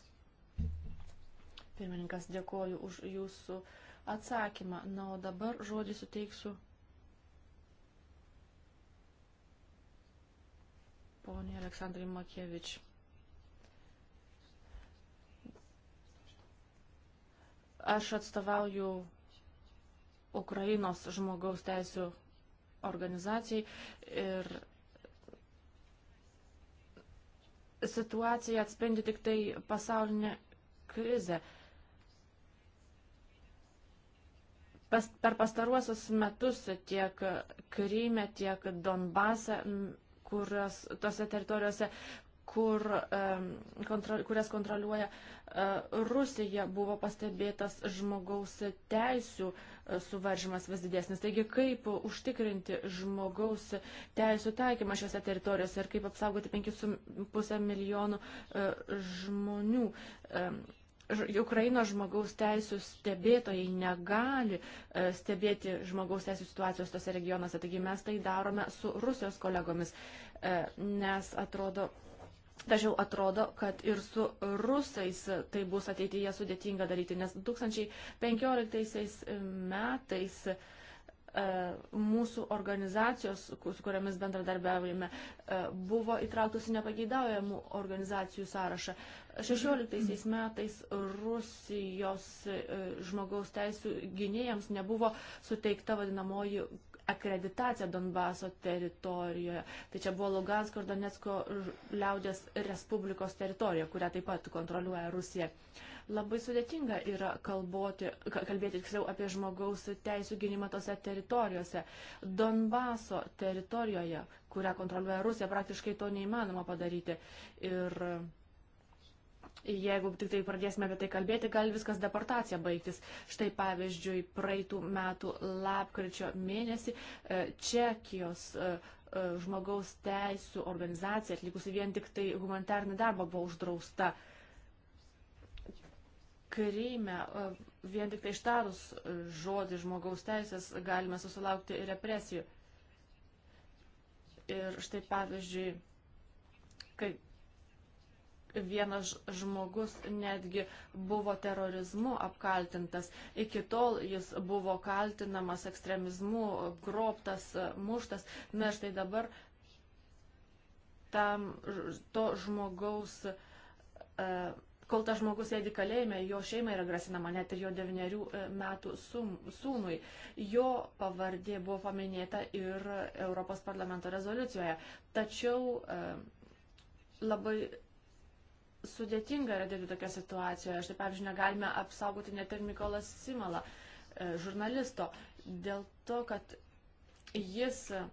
[SPEAKER 2] Pirmininkas, dėkoju už jūsų atsakymą. Na, o dabar žodį suteiksiu poniai Aleksandrai Makievič. Aš atstovauju Ukrainos žmogaus teisų organizacijai ir situacija atspindi tik tai pasaulinę krizę. Pas, per pastaruosius metus tiek Kryme, tiek Donbase kurios, tose teritorijose, kur, kontrol, kurias kontroliuoja e, Rusija, buvo pastebėtas žmogaus teisų e, suvaržymas vis didesnis. Taigi, kaip užtikrinti žmogaus teisų taikymą šiuose teritorijose ir kaip apsaugoti 5,5 milijonų e, žmonių Ukrainos žmogaus teisų stebėtojai negali e, stebėti žmogaus teisų situacijos tose regionuose. Taigi mes tai darome su Rusijos kolegomis, e, nes atrodo. Tačiau atrodo, kad ir su rusais tai bus ateityje sudėtinga daryti, nes 2015 metais E, mūsų organizacijos, su kuriamis bendradarbiavime, e, buvo įtrauktos į nepageidaujamų organizacijų sąrašą. 16 metais Rusijos e, žmogaus teisų gynėjams nebuvo suteikta vadinamoji akreditaciją Donbaso teritorijoje. Tai čia buvo Lugansko ir Donetsko liaudės Respublikos teritorija, kurią taip pat kontroliuoja Rusija. Labai sudėtinga yra kalboti, kalbėti tiksliau apie žmogaus teisų gynimą tose teritorijose. Donbaso teritorijoje, kurią kontroliuoja Rusija, praktiškai to neįmanoma padaryti. Ir Jeigu tik tai pradėsime apie tai kalbėti, gali viskas deportacija baigtis. Štai pavyzdžiui, praeitų metų lapkričio mėnesį e, Čekijos e, e, žmogaus teisų organizacija atlikusi vien tik tai humanitarnį darbą buvo uždrausta. Kryme vien tik tai ištarus žodį žmogaus teisės galime susilaukti represijų. Ir štai pavyzdžiui, kai vienas žmogus netgi buvo terorizmu apkaltintas. Iki tol jis buvo kaltinamas ekstremizmu, grobtas, muštas. Na štai dabar tam, to žmogaus, e, kol tas žmogus sėdi kalėjime, jo šeima yra grasinama, net ir jo devyniarių e, metų sūnui. Jo pavardė buvo paminėta ir Europos parlamento rezoliucijoje. Tačiau e, labai sudėtinga yra dirbti tokia situacijoje. Štai, pavyzdžiui, negalime apsaugoti net ir Mikolas Simala, e, žurnalisto, dėl to, kad jis e,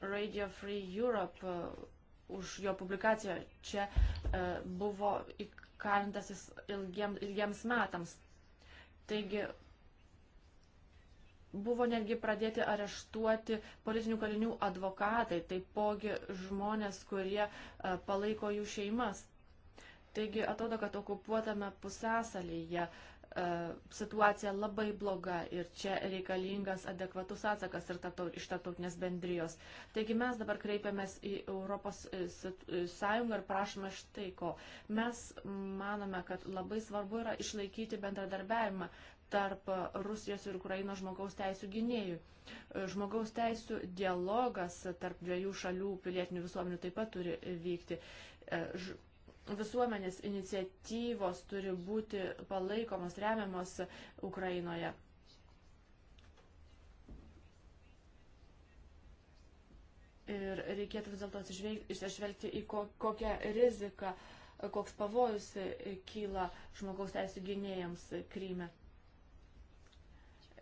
[SPEAKER 2] Radio Free Europe e, už jo publikaciją čia buvo įkalintas ilgiems, ilgiems metams. Taigi buvo netgi pradėti areštuoti politinių kalinių advokatai, taipogi žmonės, kurie e, palaiko jų šeimas. Taigi atrodo, kad okupuotame pusęsalyje e, situacija labai bloga ir čia reikalingas adekvatus atsakas ir tato, iš tarptautinės bendrijos. Taigi mes dabar kreipiamės į Europos e, Sąjungą ir prašome štai ko. Mes manome, kad labai svarbu yra išlaikyti bendradarbiavimą tarp Rusijos ir Ukrainos žmogaus teisų gynėjų. Žmogaus teisų dialogas tarp dviejų šalių pilietinių visuomenių taip pat turi vykti. E, ž visuomenės iniciatyvos turi būti palaikomos, remiamos Ukrainoje. Ir reikėtų vis dėlto išsižvelgti į ko, kokią riziką, koks pavojus kyla žmogaus teisų gynėjams Kryme.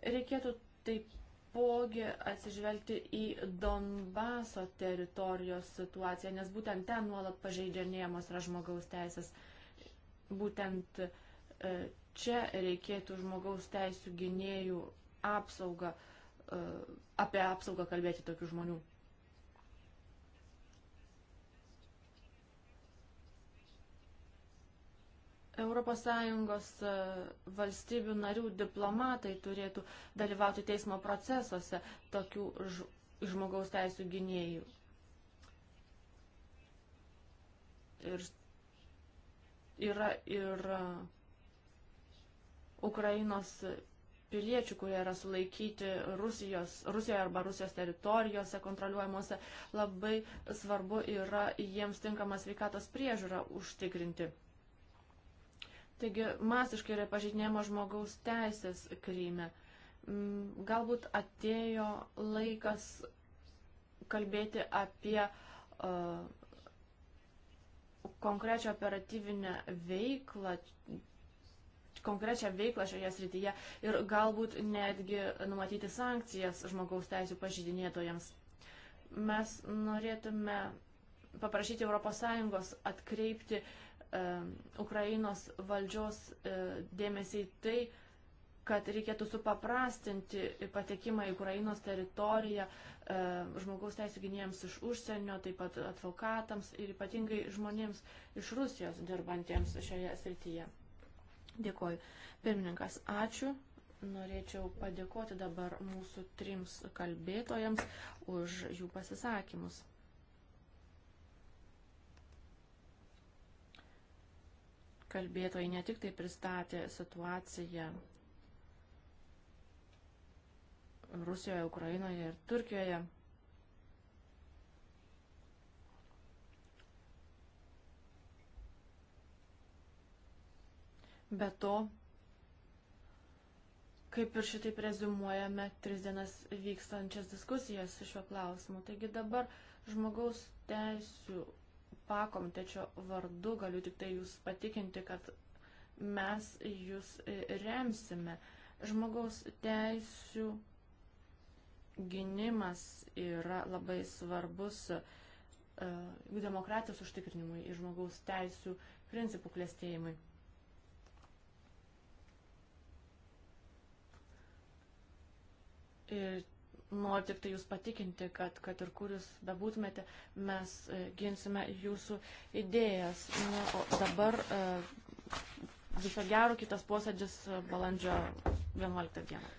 [SPEAKER 2] Reikėtų taipogi atsižvelgti į Donbaso teritorijos situaciją, nes būtent ten nuolat pažeidžianėjamos yra žmogaus teisės. Būtent e, čia reikėtų žmogaus teisų gynėjų apsaugą, e, apie apsaugą kalbėti tokių žmonių. ES e, valstybių narių diplomatai turėtų dalyvauti teismo procesuose tokių žmogaus teisų gynėjų. Ir yra ir e, Ukrainos piliečių, kurie yra sulaikyti Rusijos, Rusijoje arba Rusijos teritorijose kontroliuojamuose, labai svarbu yra jiems tinkamas sveikatos priežiūra užtikrinti. Taigi masiškai yra pažydinėjama žmogaus teisės kryme. Mm, galbūt atėjo laikas kalbėti apie uh, konkrečią operatyvinę veiklą, konkrečią veiklą šioje srityje ir galbūt netgi numatyti sankcijas žmogaus teisų pažydinėtojams. Mes norėtume paprašyti ES atkreipti uh, E, Ukrainos valdžios e, dėmesį tai, kad reikėtų supaprastinti patekimą į Ukrainos teritoriją e, žmogaus teisų gynėjams iš užsienio, taip pat advokatams ir ypatingai žmonėms iš Rusijos dirbantiems šioje srityje. Dėkoju. Pirmininkas, ačiū. Norėčiau padėkoti dabar mūsų trims kalbėtojams už jų pasisakymus. kalbėtojai ne tik tai pristatė situaciją Rusijoje, Ukrainoje ir Turkijoje. Be to, kaip ir šitai prezumuojame, tris dienas vykstančias diskusijas šiuo klausimu. Taigi dabar žmogaus teisų pakomtečio vardu galiu tik tai jūs patikinti, kad mes jūs e, remsime. Žmogaus teisų gynimas yra labai svarbus uh, demokratijos užtikrinimui ir žmogaus teisų principų klėstėjimui. Ir noriu tik tai jūs patikinti, kad, kad ir kur jūs bebūtumėte, mes e, ginsime jūsų idėjas. Na, o dabar e, viso gero kitas posėdžis e, balandžio 11 dieną.